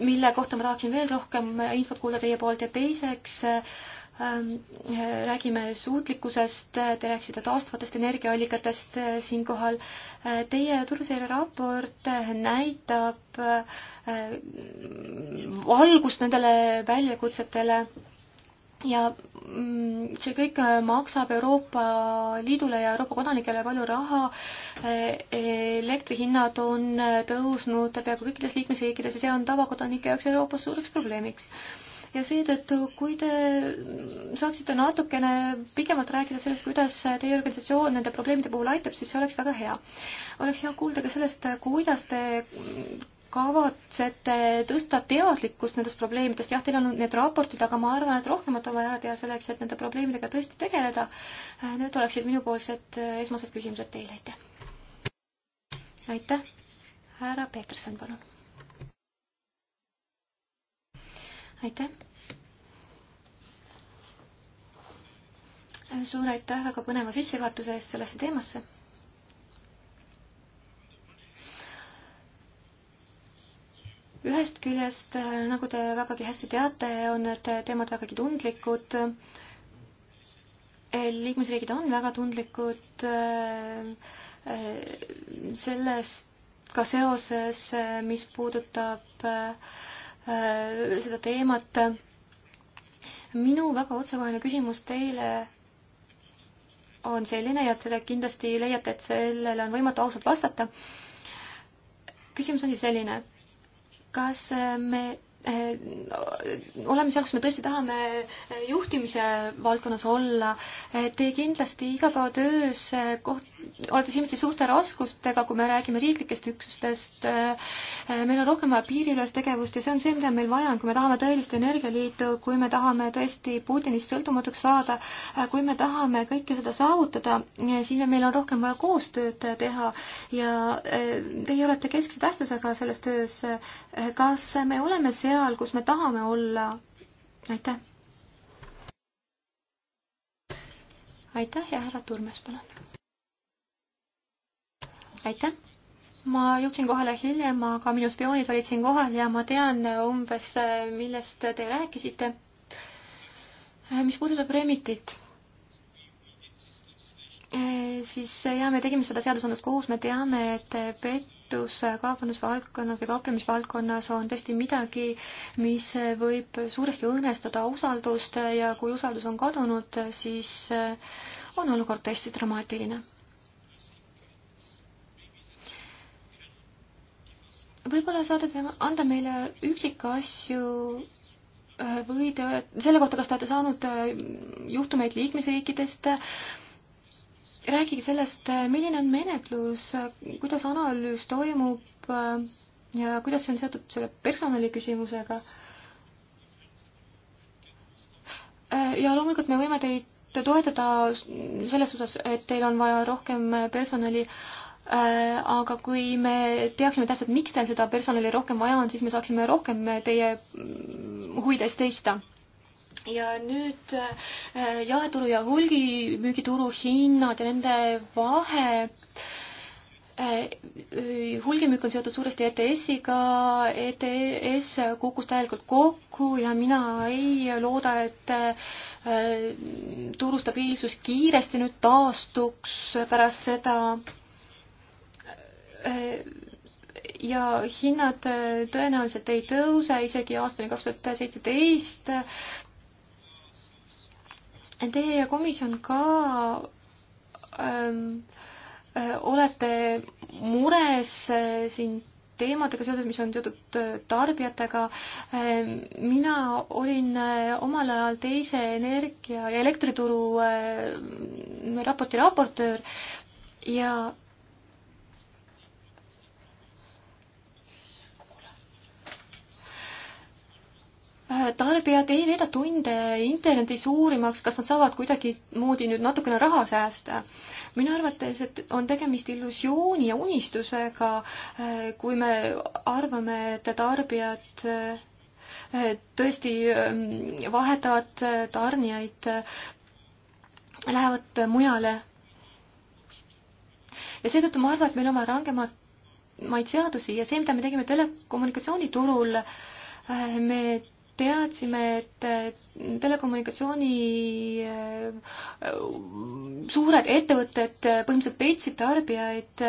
mille kohta ma tahaksin veel rohkem infot kuulda teie poolt ja teiseks äh, Ähm, äh, räägime suutlikkusest, te rääkisite taastuvatest energiaallikatest äh, siinkohal. Äh, teie turuseire raport näitab valgust nendele väljakutsetele ja mm, see kõik maksab Euroopa Liidule ja Euroopa kodanikele palju raha. elektrihinnad on tõusnud peaaegu kõikides liikmesriikides ja see on tavakodanike jaoks Euroopas suureks probleemiks ja seetõttu, kui te saaksite natukene pikemalt rääkida sellest, kuidas teie organisatsioon nende probleemide puhul aitab, siis see oleks väga hea. oleks hea kuulda ka sellest, kuidas te kavatsete tõsta teadlikkust nendest probleemidest, jah, teil on need raportid, aga ma arvan, et rohkemat on vaja teha selleks, et nende probleemidega tõesti tegeleda. Need oleksid minupoolsed esmased küsimused teile, aitäh. aitäh, härra Peterson, palun aitäh. suur aitäh väga põneva sissejuhatuse eest sellesse teemasse. ühest küljest, nagu te vägagi hästi teate, on need teemad vägagi tundlikud. liikmesriigid on väga tundlikud äh, äh, sellest ka seoses, mis puudutab äh, Äh, seda teemat. minu väga otsekohene küsimus teile on selline ja te kindlasti leiate, et sellele on võimatu ausalt vastata. küsimus on siis selline, kas me Äh, oleme seal, kus me tõesti tahame äh, juhtimise valdkonnas olla. Äh, te kindlasti igapäevatöös koht-, olete silmitsi suurte raskustega, kui me räägime riiklikest üksustest. meil on rohkem vaja piiriülest tegevust ja see on see, mida meil vaja on, kui me tahame tõelist energialiitu, kui me tahame tõesti Putinist sõltumatuks saada, kui me tahame kõike seda saavutada, siis meil on rohkem vaja koostööd teha ja teie olete keskse tähtsusega selles töös. kas me oleme seal seal, kus me tahame olla. aitäh. aitäh ja härra Turmes, palun. aitäh ma jõudsin kohale hiljem, aga minu spioonid olid siin kohal ja ma tean umbes, millest te rääkisite. mis puudutab Remitit, eh, siis jah, me tegime seda seadusandlust kohus, me teame, et PET Liidus kaubandusvaldkonnas või kauplemisvaldkonnas on tõesti midagi, mis võib suuresti õõnestada usaldust ja kui usaldus on kadunud, siis on olukord tõesti dramaatiline. võib-olla saate te anda meile üksikasju äh, või te, selle kohta, kas te olete saanud äh, juhtumeid liikmesriikidest, rääkige sellest, milline on menetlus, kuidas analüüs toimub ja kuidas see on seotud selle personali küsimusega. ja loomulikult me võime teid toetada selles osas, et teil on vaja rohkem personali, aga kui me teaksime täpselt, miks teil seda personali rohkem vaja on, siis me saaksime rohkem teie huvides teista ja nüüd äh, jaeturu ja hulgimüügituru hinnad ja nende vahe. Äh, äh, hulgimüük on seotud suuresti ETS-iga, ETS kukkus täielikult kokku ja mina ei looda, et turu stabiilsus kiiresti nüüd taastuks pärast seda ja hinnad tõenäoliselt ei tõuse isegi aastani kaks tuhat seitseteist Teie komisjon ka ähm, äh, olete mures äh, siin teemadega seotud, mis on seotud äh, tarbijatega. Ähm, mina olin omal ajal teise energia ja elektrituru raporti raportöör ja Äh, tarbijad ei veeda tunde internetis uurimaks, kas nad saavad kuidagimoodi nüüd natukene raha säästa. minu arvates, et on tegemist illusiooni ja unistusega, äh, kui me arvame, et tarbijad äh, tõesti ähm, vahetavad tarnijaid, lähevad mujale. ja seetõttu ma arvan, et meil on vaja rangemat maid seadusi ja see, mida me tegime telekommunikatsiooniturul, me teadsime, et telekommunikatsiooni äh, suured ettevõtted põhimõtteliselt petsid tarbijaid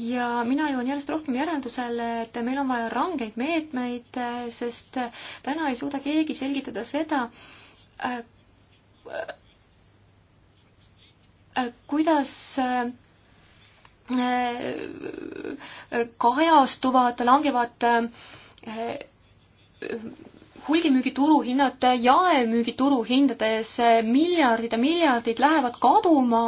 ja mina jõuan järjest rohkem järeldusele, et meil on vaja rangeid meetmeid, sest täna ei suuda keegi selgitada seda, äh, äh, kuidas kajastuvad, langevad hulgimüügi turuhinnad jaemüügi turuhindades, eh, miljardid ja miljardid lähevad kaduma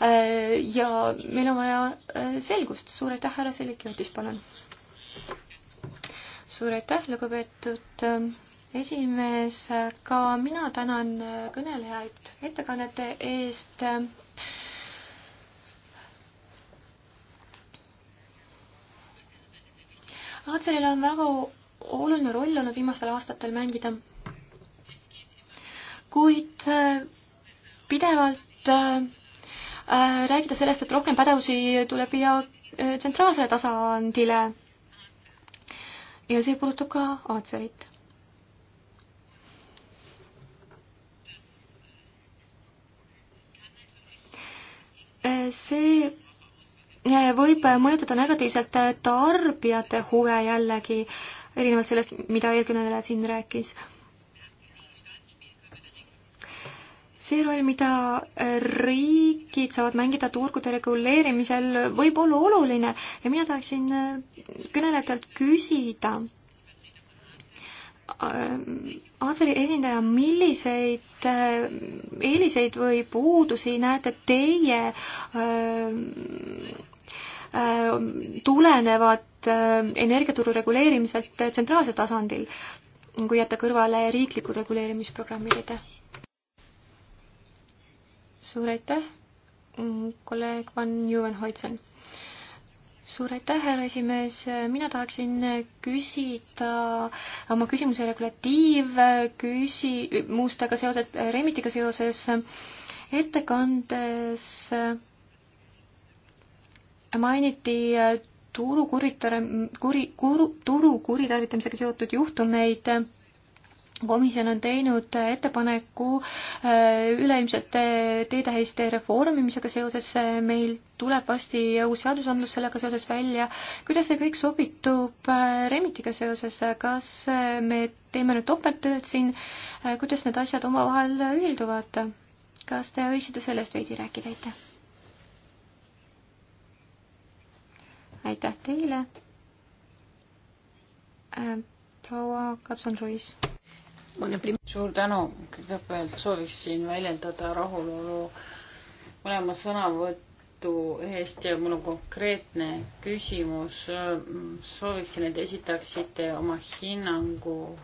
eh, ja meil on vaja eh, selgust. suur aitäh, härra Selikiotis, palun. suur aitäh, lugupeetud esimees, ka mina tänan kõnelejaid ettekannete eest. Aatselil on väga oluline roll olnud viimastel aastatel mängida. kuid äh, pidevalt äh, äh, rääkida sellest, et rohkem pädevusi tuleb viia tsentraalsele tasandile. ja see puudutab ka Aatserit see võib mõjutada negatiivselt tarbijate huve jällegi erinevalt sellest, mida eelkõneleja siin rääkis. see roll, mida riigid saavad mängida turgude reguleerimisel, võib olla oluline ja mina tahaksin äh, kõnelejatelt küsida äh, Aseri esindaja, milliseid äh, eeliseid või puudusi näete teie äh, äh, tulenevad Äh, energiaturu reguleerimiselt äh, tsentraalsel tasandil, kui jätta kõrvale riiklikud reguleerimisprogrammid, aitäh! suur aitäh, kolleeg Van Juvenhoitsen! suur aitäh, härra esimees, mina tahaksin küsida oma küsimuse regulatiivküsimustega seoses, Remitiga seoses. ettekandes mainiti turu kuritare-, kuri, kuru, turu kuritarvitamisega seotud juhtumeid. komisjon on teinud ettepaneku äh, üleilmsete teetähiste reformimisega seoses, meil tuleb varsti uus seadusandlus sellega seoses välja. kuidas see kõik sobitub äh, Remitiga seoses, kas äh, me teeme nüüd topelttööd siin, kuidas need asjad omavahel ühilduvad? kas te võiksite sellest veidi rääkida, aitäh? aitäh teile. Äh, proua Kapson-Ruiz. suur tänu, kõigepealt sooviksin väljendada rahulolu mõlema sõnavõtu eest ja mul on konkreetne küsimus. sooviksin, et esitaksite oma hinnangu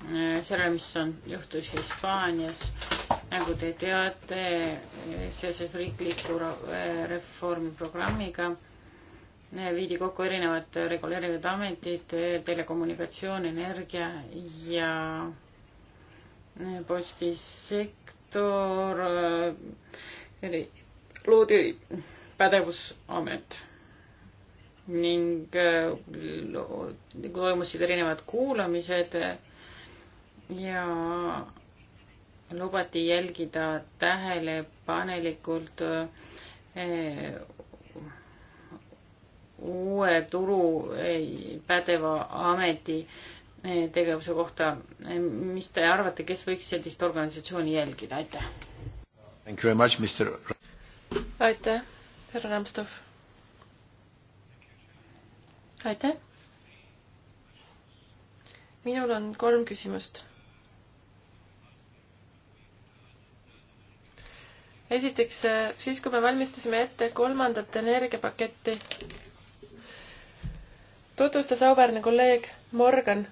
äh, sellele, mis on, juhtus Hispaanias nagu te teate, seoses riikliku eh, reformiprogrammiga eh, viidi kokku erinevad reguleerivad ametid, eh, telekommunikatsioon, energia ja postisektor, loodi pädevusamet ning toimusid erinevad kuulamised ja lubati jälgida tähelepanelikult eh, uue turu eh, pädeva ameti eh, tegevuse kohta. mis te arvate, kes võiks sellist organisatsiooni jälgida, aitäh? aitäh, härra Ramstov. aitäh. minul on kolm küsimust esiteks äh, siis, kui me valmistasime ette kolmandat energiapaketti, tutvustas auväärne kolleeg Morgan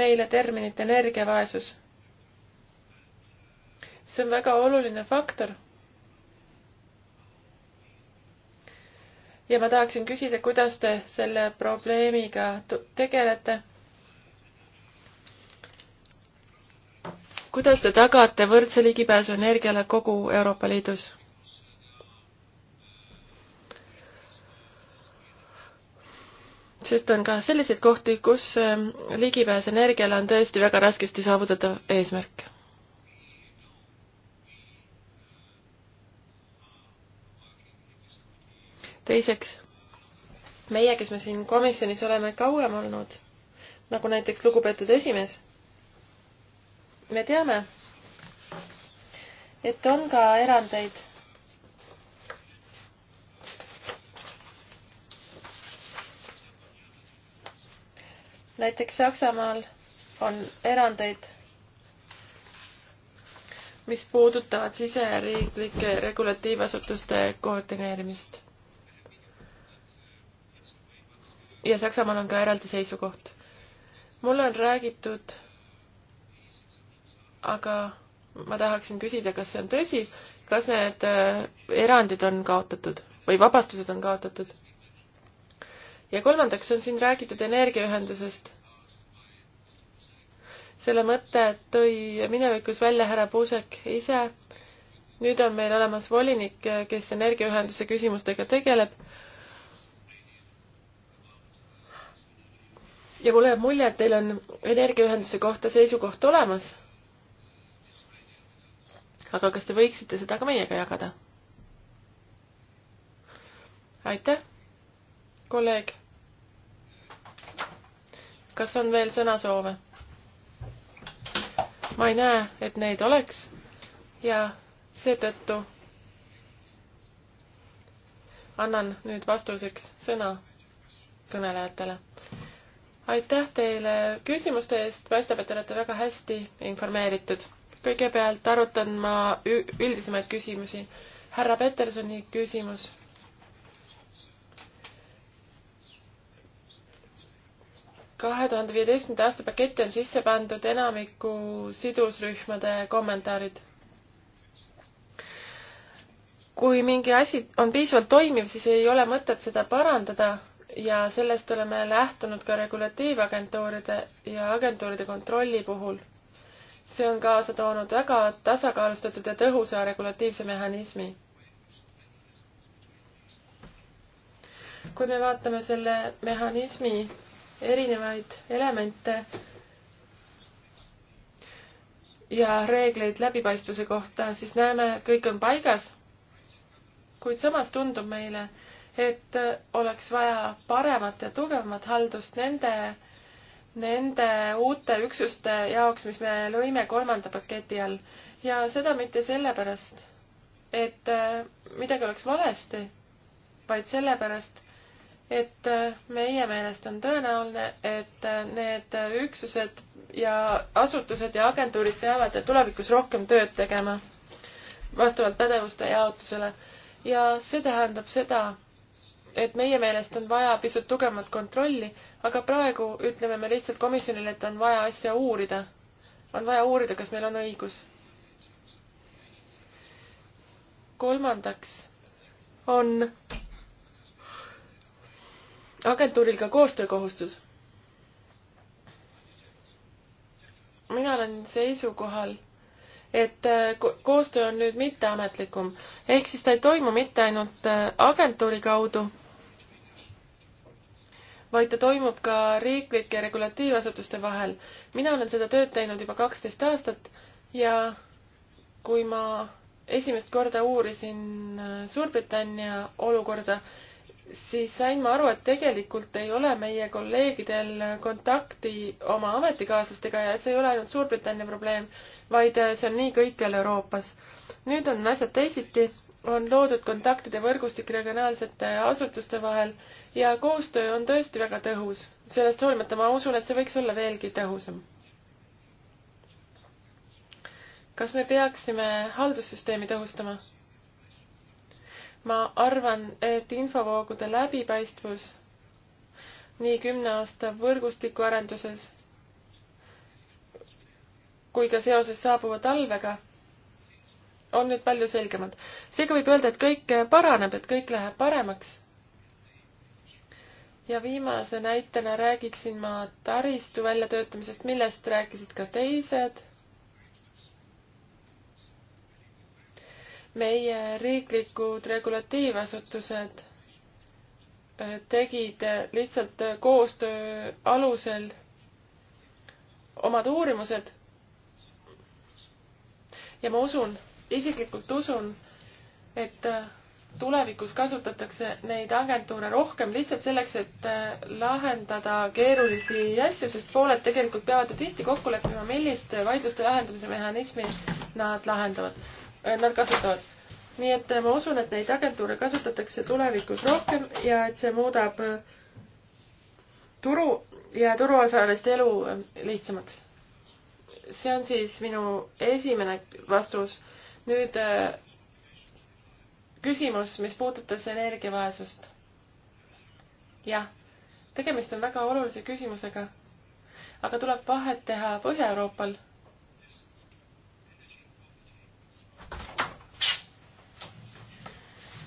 meile terminit energiavaesus. see on väga oluline faktor. ja ma tahaksin küsida, kuidas te selle probleemiga tegelete kuidas te tagate võrdse ligipääsu energiale kogu Euroopa Liidus? sest on ka selliseid kohti, kus ähm, ligipääs energiale on tõesti väga raskesti saavutatav eesmärk. teiseks, meie, kes me siin komisjonis oleme kauem olnud, nagu näiteks lugupeetud esimees me teame, et on ka erandeid. näiteks Saksamaal on erandeid, mis puudutavad siseriiklike regulatiivasutuste koordineerimist. ja Saksamaal on ka eraldi seisukoht. mulle on räägitud aga ma tahaksin küsida, kas see on tõsi, kas need äh, erandid on kaotatud või vabastused on kaotatud? ja kolmandaks on siin räägitud energiaühendusest. selle mõtte tõi minevikus välja härra Puusek ise. nüüd on meil olemas volinik, kes energiaühenduse küsimustega tegeleb ja mulle jääb mulje, et teil on energiaühenduse kohta seisukoht olemas aga kas te võiksite seda ka meiega jagada? aitäh, kolleeg. kas on veel sõnasoove? ma ei näe, et neid oleks ja seetõttu annan nüüd vastuseks sõna kõnelejatele. aitäh teile küsimuste eest, paistab, et te olete väga hästi informeeritud kõigepealt arutan ma üldisemaid küsimusi. härra Petersoni küsimus. kahe tuhande viieteistkümnenda aasta paketti on sisse pandud enamiku sidusrühmade kommentaarid kui mingi asi on piisavalt toimiv, siis ei ole mõtet seda parandada ja sellest oleme lähtunud ka regulatiivagentuuride ja agentuuride kontrolli puhul see on kaasa toonud väga tasakaalustatud ja tõhusa regulatiivse mehhanismi. kui me vaatame selle mehhanismi erinevaid elemente ja reegleid läbipaistvuse kohta, siis näeme, et kõik on paigas. kuid samas tundub meile, et oleks vaja paremat ja tugevamat haldust nende nende uute üksuste jaoks, mis me lõime kolmanda paketi all ja seda mitte sellepärast, et äh, midagi oleks valesti, vaid sellepärast, et äh, meie meelest on tõenäoline, et äh, need üksused ja asutused ja agentuurid peavad tulevikus rohkem tööd tegema vastavalt pädevuste jaotusele. ja see tähendab seda, et meie meelest on vaja pisut tugevamat kontrolli aga praegu ütleme me lihtsalt komisjonile, et on vaja asja uurida. on vaja uurida, kas meil on õigus. kolmandaks on agentuuril ka koostöökohustus. mina olen seisukohal, et äh, koostöö on nüüd mitteametlikum, ehk siis ta ei toimu mitte ainult äh, agentuuri kaudu vaid ta toimub ka riiklike regulatiivasutuste vahel. mina olen seda tööd teinud juba kaksteist aastat ja kui ma esimest korda uurisin äh, Suurbritannia olukorda, siis sain ma aru, et tegelikult ei ole meie kolleegidel kontakti oma ametikaaslastega ja et see ei ole ainult Suurbritannia probleem, vaid äh, see on nii kõikjal Euroopas. nüüd on asjad teisiti on loodud kontaktide võrgustik regionaalsete asutuste vahel ja koostöö on tõesti väga tõhus. sellest hoolimata ma usun, et see võiks olla veelgi tõhusam. kas me peaksime haldussüsteemi tõhustama? ma arvan, et infovoogude läbipaistvus nii kümne aasta võrgustiku arenduses kui ka seoses saabuva talvega on nüüd palju selgemad. seega võib öelda, et kõik paraneb, et kõik läheb paremaks. ja viimase näitena räägiksin ma taristu väljatöötamisest, millest rääkisid ka teised. meie riiklikud regulatiivasutused äh, tegid lihtsalt koostöö alusel omad uurimused. ja ma usun, isiklikult usun, et äh, tulevikus kasutatakse neid agentuure rohkem lihtsalt selleks, et äh, lahendada keerulisi asju, sest pooled tegelikult peavad ju tihti kokku leppima, millist vaidluste lahendamise mehhanismi nad lahendavad, äh, nad kasutavad. nii et ma usun, et neid agentuure kasutatakse tulevikus rohkem ja et see muudab turu ja turuosaliste elu lihtsamaks. see on siis minu esimene vastus nüüd äh, küsimus, mis puudutas energiavaesust. jah, tegemist on väga olulise küsimusega, aga tuleb vahet teha Põhja-Euroopal.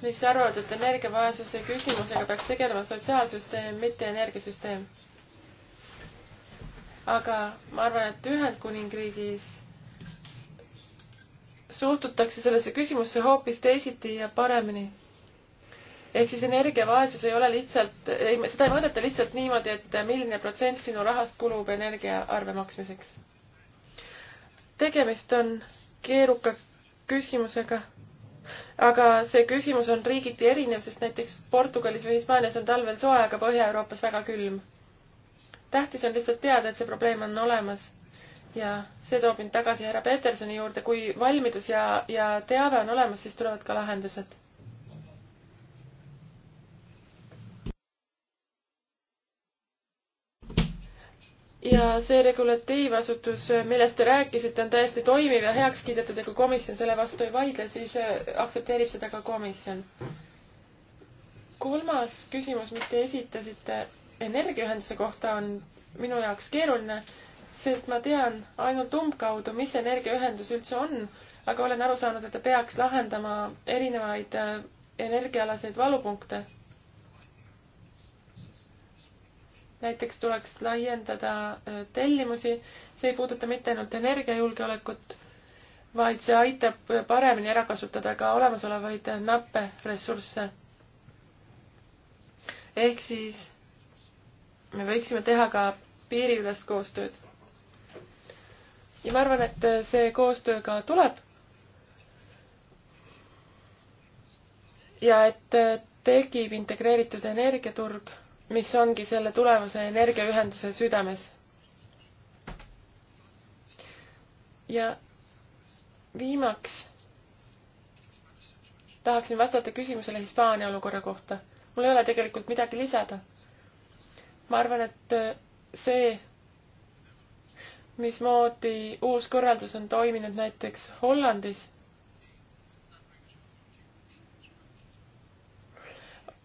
mis arvavad, et energiavaesuse küsimusega peaks tegelema sotsiaalsüsteem, mitte energiasüsteem. aga ma arvan, et Ühendkuningriigis suhtutakse sellesse küsimusse hoopis teisiti ja paremini. ehk siis energiavaesus ei ole lihtsalt, ei, seda ei mõõdeta lihtsalt niimoodi, et milline protsent sinu rahast kulub energiaarve maksmiseks. tegemist on keeruka küsimusega. aga see küsimus on riigiti erinev, sest näiteks Portugalis või Hispaanias on talvel soe, aga Põhja-Euroopas väga külm. tähtis on lihtsalt teada, et see probleem on olemas ja see toob mind tagasi härra Petersoni juurde, kui valmidus ja, ja teave on olemas, siis tulevad ka lahendused. ja see regulatiivasutus, millest te rääkisite, on täiesti toimiv ja heaks kiidetud ja kui komisjon selle vastu ei vaidle, siis äh, aktsepteerib seda ka komisjon. kolmas küsimus, mis te esitasite energiaühenduse kohta, on minu jaoks keeruline sest ma tean ainult umbkaudu, mis energiaühendus üldse on, aga olen aru saanud, et ta peaks lahendama erinevaid äh, energiaalaseid valupunkte. näiteks tuleks laiendada äh, tellimusi, see ei puuduta mitte ainult energiajulgeolekut, vaid see aitab paremini ära kasutada ka olemasolevaid nappe ressursse. ehk siis me võiksime teha ka piiriülest koostööd ja ma arvan, et see koostöö ka tuleb. ja et tekib integreeritud energiaturg, mis ongi selle tulevase energiaühenduse südames. ja viimaks tahaksin vastata küsimusele Hispaania olukorra kohta. mul ei ole tegelikult midagi lisada. ma arvan, et see mismoodi uus korraldus on toiminud näiteks Hollandis,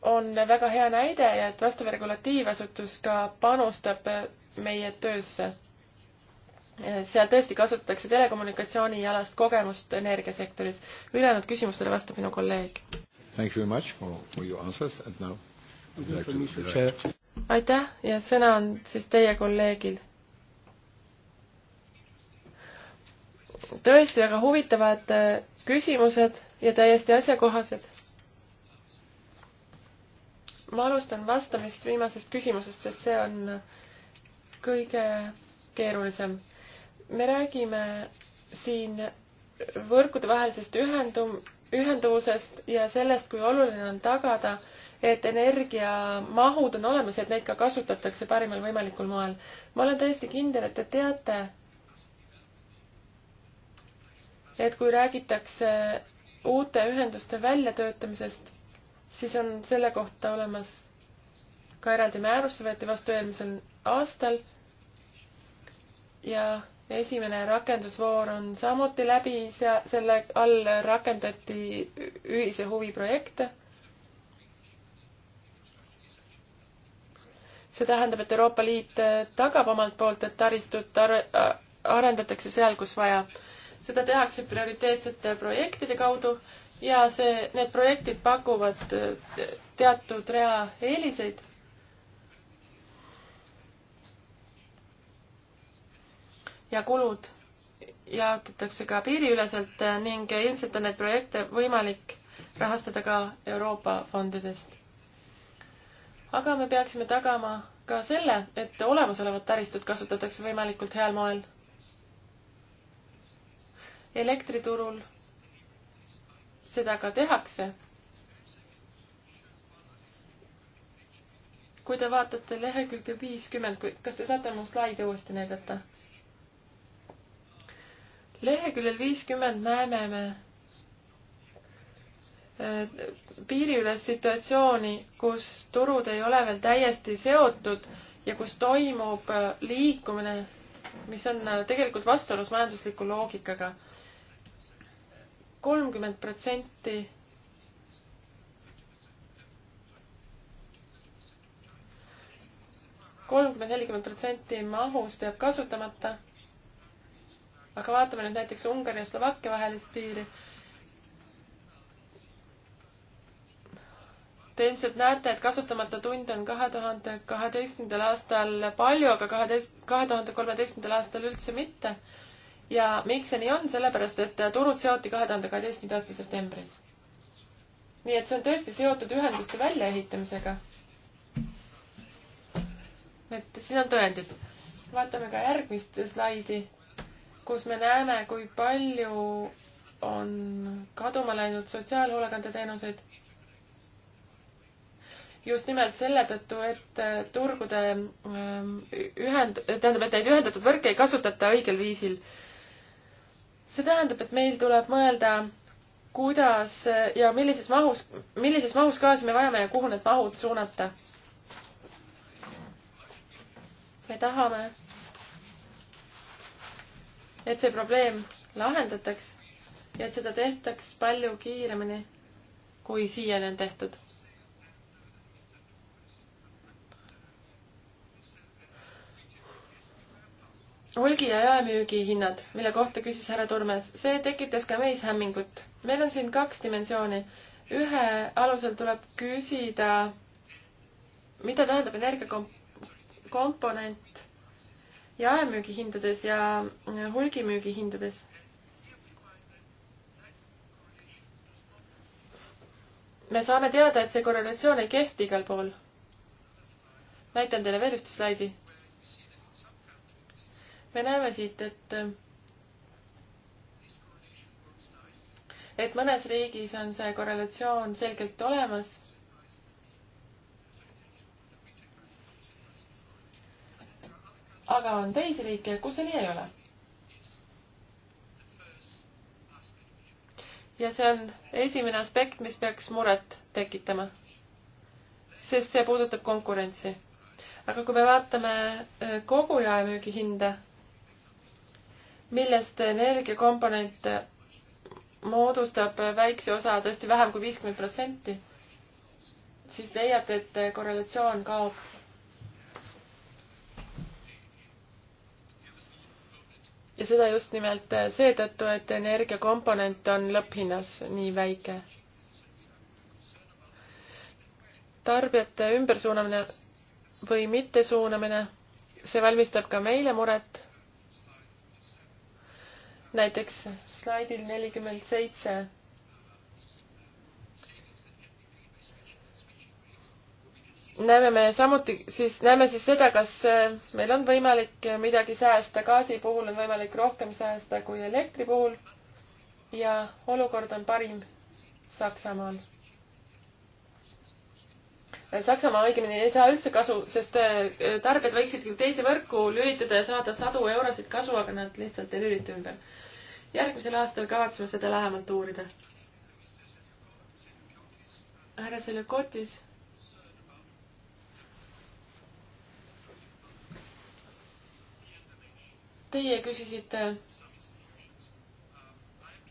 on väga hea näide ja et vastav regulatiivasutus ka panustab meie töösse. seal tõesti kasutatakse telekommunikatsiooni jalast kogemust energiasektoris. ülejäänud küsimustele vastab minu kolleeg. aitäh ja sõna on siis teie kolleegil tõesti väga huvitavad äh, küsimused ja täiesti asjakohased. ma alustan vastamist viimasest küsimusest, sest see on äh, kõige keerulisem. me räägime siin võrkude vahelisest ühendum-, ühenduvusest ja sellest, kui oluline on tagada, et energiamahud on olemas ja et neid ka kasutatakse parimal võimalikul moel. ma olen täiesti kindel, et te teate, et kui räägitakse uute ühenduste väljatöötamisest, siis on selle kohta olemas ka eraldi määrus, see võeti vastu eelmisel aastal. ja esimene rakendusvoor on samuti läbi, selle all rakendati ühise huvi projekte. see tähendab, et Euroopa Liit tagab omalt poolt, et taristut arendatakse seal, kus vaja seda tehakse prioriteetsete projektide kaudu ja see, need projektid pakuvad eh, teatud rea eeliseid. ja kulud jaotatakse ka piiriüleselt eh, ning ilmselt on neid projekte võimalik rahastada ka Euroopa fondidest. aga me peaksime tagama ka selle, et olemasolevat taristut kasutatakse võimalikult heal moel elektriturul seda ka tehakse. kui te vaatate lehekülge viiskümmend, kas te saate mu slaide uuesti näidata? leheküljel viiskümmend näeme me äh, piiriüles situatsiooni, kus turud ei ole veel täiesti seotud ja kus toimub äh, liikumine, mis on äh, tegelikult vastuolus majandusliku loogikaga kolmkümmend protsenti kolmkümmend, nelikümmend protsenti mahust jääb kasutamata. aga vaatame nüüd näiteks Ungari ja Slovakkia vahelist piiri. Te ilmselt näete, et kasutamata tunde on kahe tuhande kaheteistkümnendal aastal palju, aga kaheteist, kahe tuhande kolmeteistkümnendal aastal üldse mitte ja miks see nii on, sellepärast et turud seoti kahe tuhande kaheteistkümnenda aasta septembris. nii et see on tõesti seotud ühenduste väljaehitamisega. et siin on tõendid. vaatame ka järgmist slaidi, kus me näeme, kui palju on kaduma läinud sotsiaalhoolekandeteenuseid. just nimelt selle tõttu, et turgude ähm, ühend-, tähendab, et neid ühendatud võrke ei kasutata õigel viisil see tähendab, et meil tuleb mõelda, kuidas ja millises mahus, millises mahus gaasi me vajame ja kuhu need mahud suunata. me tahame, et see probleem lahendataks ja et seda tehtaks palju kiiremini, kui siiani on tehtud hulgi- ja jaemüügihinnad, mille kohta küsis härra Turmes, see tekitas ka meis hämmingut. meil on siin kaks dimensiooni. ühe alusel tuleb küsida, mida tähendab energiakomponent jaemüügihindades ja hulgimüügihindades me saame teada, et see korrelatsioon ei kehti igal pool. näitan teile veel ühte slaidi me näeme siit, et et mõnes riigis on see korrelatsioon selgelt olemas. aga on teisi riike, kus see nii ei ole. ja see on esimene aspekt, mis peaks muret tekitama. sest see puudutab konkurentsi. aga kui me vaatame äh, kogu jaemüügi hinda millest energiakomponent moodustab väikse osa tõesti vähem kui viiskümmend protsenti, siis leiate, et korrelatsioon kaob. ja seda just nimelt seetõttu, et energiakomponent on lõpphinnas nii väike. tarbijate ümbersuunamine või mittesuunamine, see valmistab ka meile muret näiteks slaidil nelikümmend seitse. näeme me samuti, siis näeme siis seda, kas eh, meil on võimalik midagi säästa, gaasi puhul on võimalik rohkem säästa kui elektri puhul ja olukord on parim Saksamaal. Eh, Saksamaa õigemini ei saa üldse kasu, sest eh, tarbijad võiksid küll teise võrku lülitada ja saada sadu eurosid kasu, aga nad lihtsalt ei lülita ümber järgmisel aastal kavatseme seda lähemalt uurida. härra Seljakotis. Teie küsisite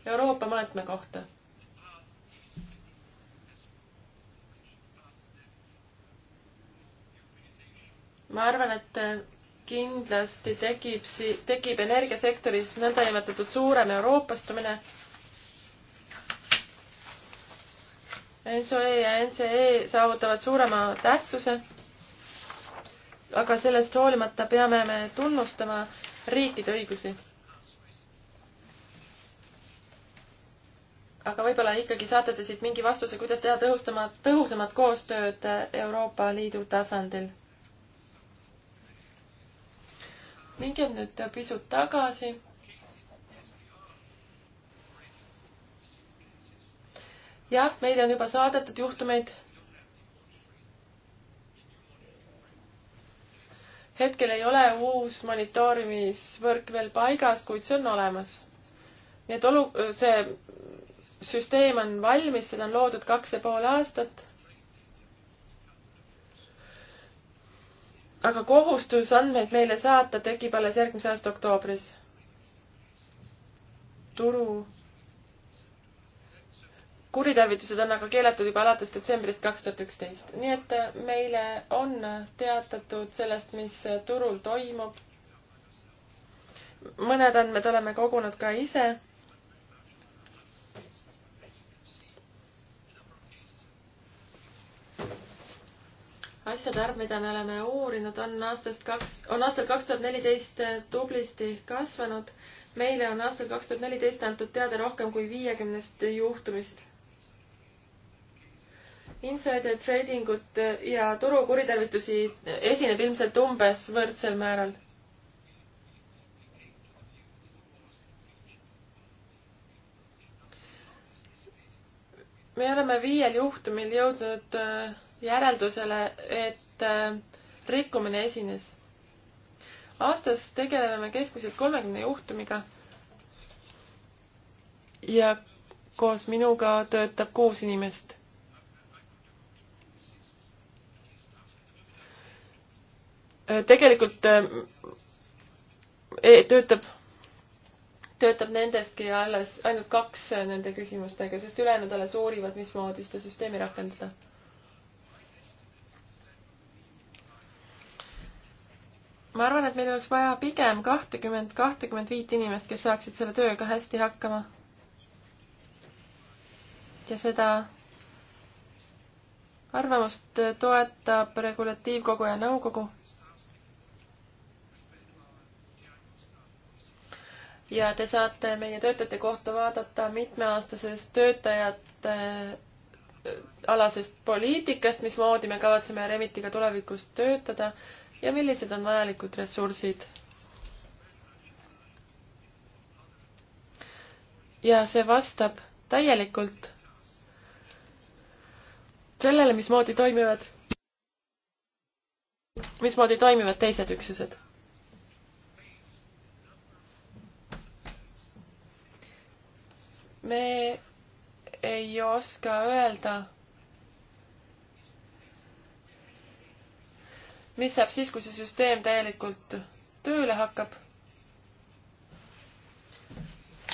Euroopa mõõtme kohta. ma arvan, et kindlasti tekib, tekib energiasektoris nõndanimetatud suurem euroopastumine. NSOE ja NCE saavutavad suurema tähtsuse. aga sellest hoolimata peame me tunnustama riikide õigusi. aga võib-olla ikkagi saate te siit mingi vastuse, kuidas teha tõhustama, tõhusamat koostööd Euroopa Liidu tasandil mingem nüüd pisut tagasi. jah, meile on juba saadetud juhtumeid. hetkel ei ole uus monitoorimisvõrk veel paigas, kuid see on olemas. nii et olu-, see süsteem on valmis, seda on loodud kaks ja pool aastat aga kohustus andmeid meile saata tekib alles järgmise aasta oktoobris. turu kuritarvitused on aga keelatud juba alates detsembrist kaks tuhat üksteist, nii et äh, meile on teatatud sellest, mis äh, turul toimub. mõned andmed oleme kogunud ka ise asjade arv, mida me oleme uurinud, on aastast kaks, on aastal kaks tuhat neliteist äh, tublisti kasvanud. meile on aastal kaks tuhat neliteist antud teada rohkem kui viiekümnest juhtumist. Insider trading ut äh, ja turu kuritarvitusi äh, esineb ilmselt umbes võrdsel määral me oleme viiel juhtumil jõudnud järeldusele, et äh, rikkumine esines. aastas tegeleme me keskmiselt kolmekümne juhtumiga. ja koos minuga töötab kuus inimest äh, tegelikult äh, e, töötab, töötab nendestki alles ainult kaks nende küsimustega, sest ülejäänud alles uurivad, mismoodi seda süsteemi rakendada ma arvan, et meil oleks vaja pigem kahtekümmend, kahtekümmend viit inimest, kes saaksid selle tööga hästi hakkama. ja seda arvamust toetab regulatiivkogu ja nõukogu. ja te saate meie töötajate kohta vaadata mitmeaastasest töötajate äh, alasest poliitikast, mismoodi me kavatseme Remitiga tulevikus töötada ja millised on vajalikud ressursid. ja see vastab täielikult sellele, mismoodi toimivad, mismoodi toimivad teised üksused. me ei oska öelda mis saab siis, kui see süsteem täielikult tööle hakkab?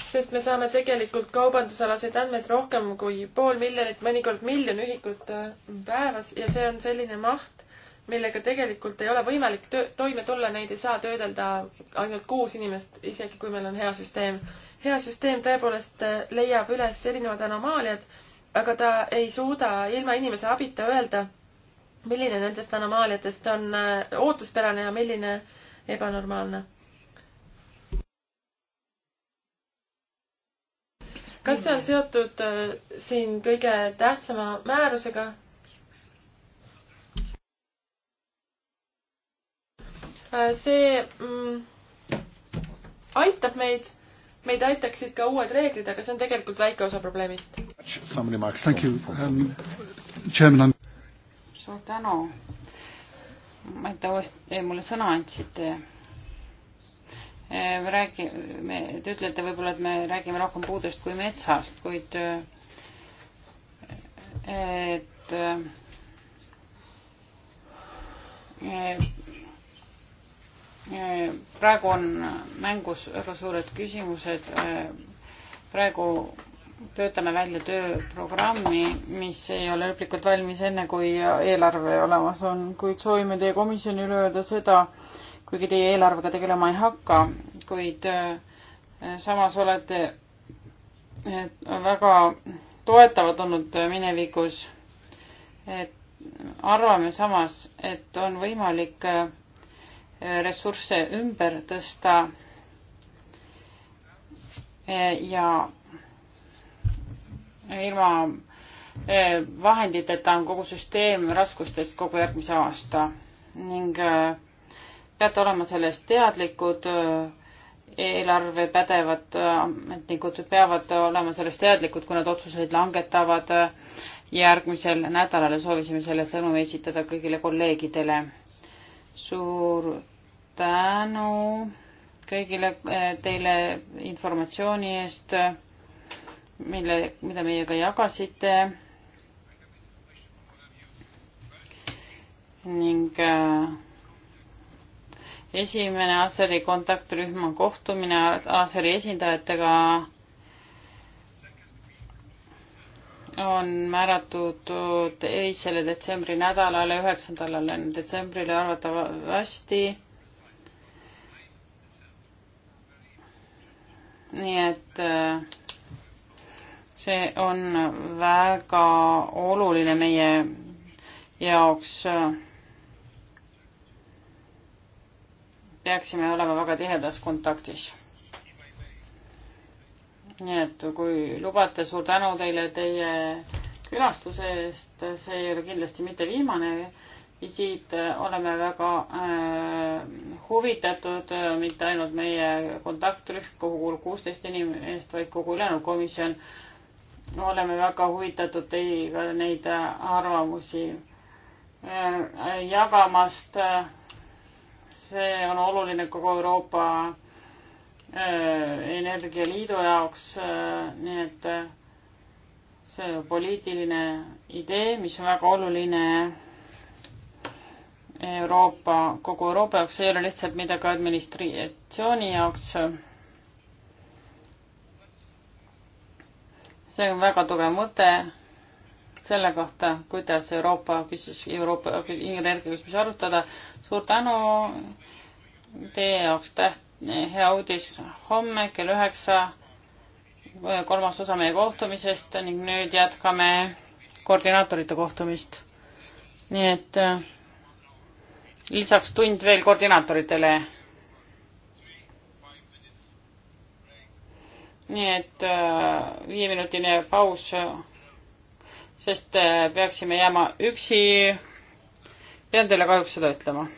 sest me saame tegelikult kaubandusalaseid andmeid rohkem kui pool miljonit, mõnikord miljon ühikut äh, päevas ja see on selline maht, millega tegelikult ei ole võimalik töö, toime tulla, neid ei saa töödelda ainult kuus inimest, isegi kui meil on hea süsteem. hea süsteem tõepoolest äh, leiab üles erinevad anomaaliad, aga ta ei suuda ilma inimese abita öelda milline nendest anomaaliatest on äh, ootuspärane ja milline ebanormaalne? kas see on seotud äh, siin kõige tähtsama määrusega? Äh, see mm, aitab meid, meid aitaksid ka uued reeglid, aga see on tegelikult väike osa probleemist. Um, chairman, I'm suur tänu, et te uuesti mulle sõna andsite. Eh, räägime, te ütlete võib-olla, et me räägime rohkem puudest kui metsast, kuid eh, et eh, praegu on mängus väga suured küsimused. praegu töötame välja tööprogrammi, mis ei ole lõplikult valmis enne, kui eelarve olemas on, kuid soovime teie komisjonile öelda seda, kuigi teie eelarvega tegelema ei hakka, kuid äh, samas olete äh, väga toetavad olnud minevikus. et arvame samas, et on võimalik äh, ressursse ümber tõsta ja ilma eh, vahenditeta on kogu süsteem raskustes kogu järgmise aasta ning eh, peate olema sellest teadlikud, eh, eelarve pädevad ametnikud peavad olema sellest teadlikud, kui nad otsuseid langetavad. järgmisel nädalal soovisime selle sõnumi esitada kõigile kolleegidele. suur tänu kõigile teile informatsiooni eest mille, mida meiega jagasite. ning äh, esimene Aseri kontaktrühma kohtumine Aseri esindajatega on määratud erisele detsembri nädalale, üheksandale detsembrile arvatavasti nii et äh, see on väga oluline meie jaoks. peaksime olema väga tihedas kontaktis. nii et kui lubate, suur tänu teile teie külastuse eest, see ei ole kindlasti mitte viimane visiit, oleme väga äh, huvitatud äh, mitte ainult meie kontaktrühm, kuhu kuulub kuusteist inimest, vaid kogu ülejäänud komisjon äh, oleme väga huvitatud teiega neid äh, arvamusi äh, jagamast. Äh, see on oluline kogu Euroopa Energialiidu jaoks, nii et see poliitiline idee, mis on väga oluline Euroopa, kogu Euroopa jaoks, see ei ole lihtsalt midagi administratsiooni jaoks see on väga tugev mõte selle kohta, kuidas Euroopa küsis, Euroopa energiaküsimusi arutada. suur tänu teie jaoks täht-, hea uudis homme kell üheksa, äh, kolmas osa meie kohtumisest ning nüüd jätkame koordinaatorite kohtumist. nii et äh, lisaks tund veel koordinaatoritele nii et äh, viieminutine paus, sest äh, peaksime jääma üksi. pean teile kahjuks seda ütlema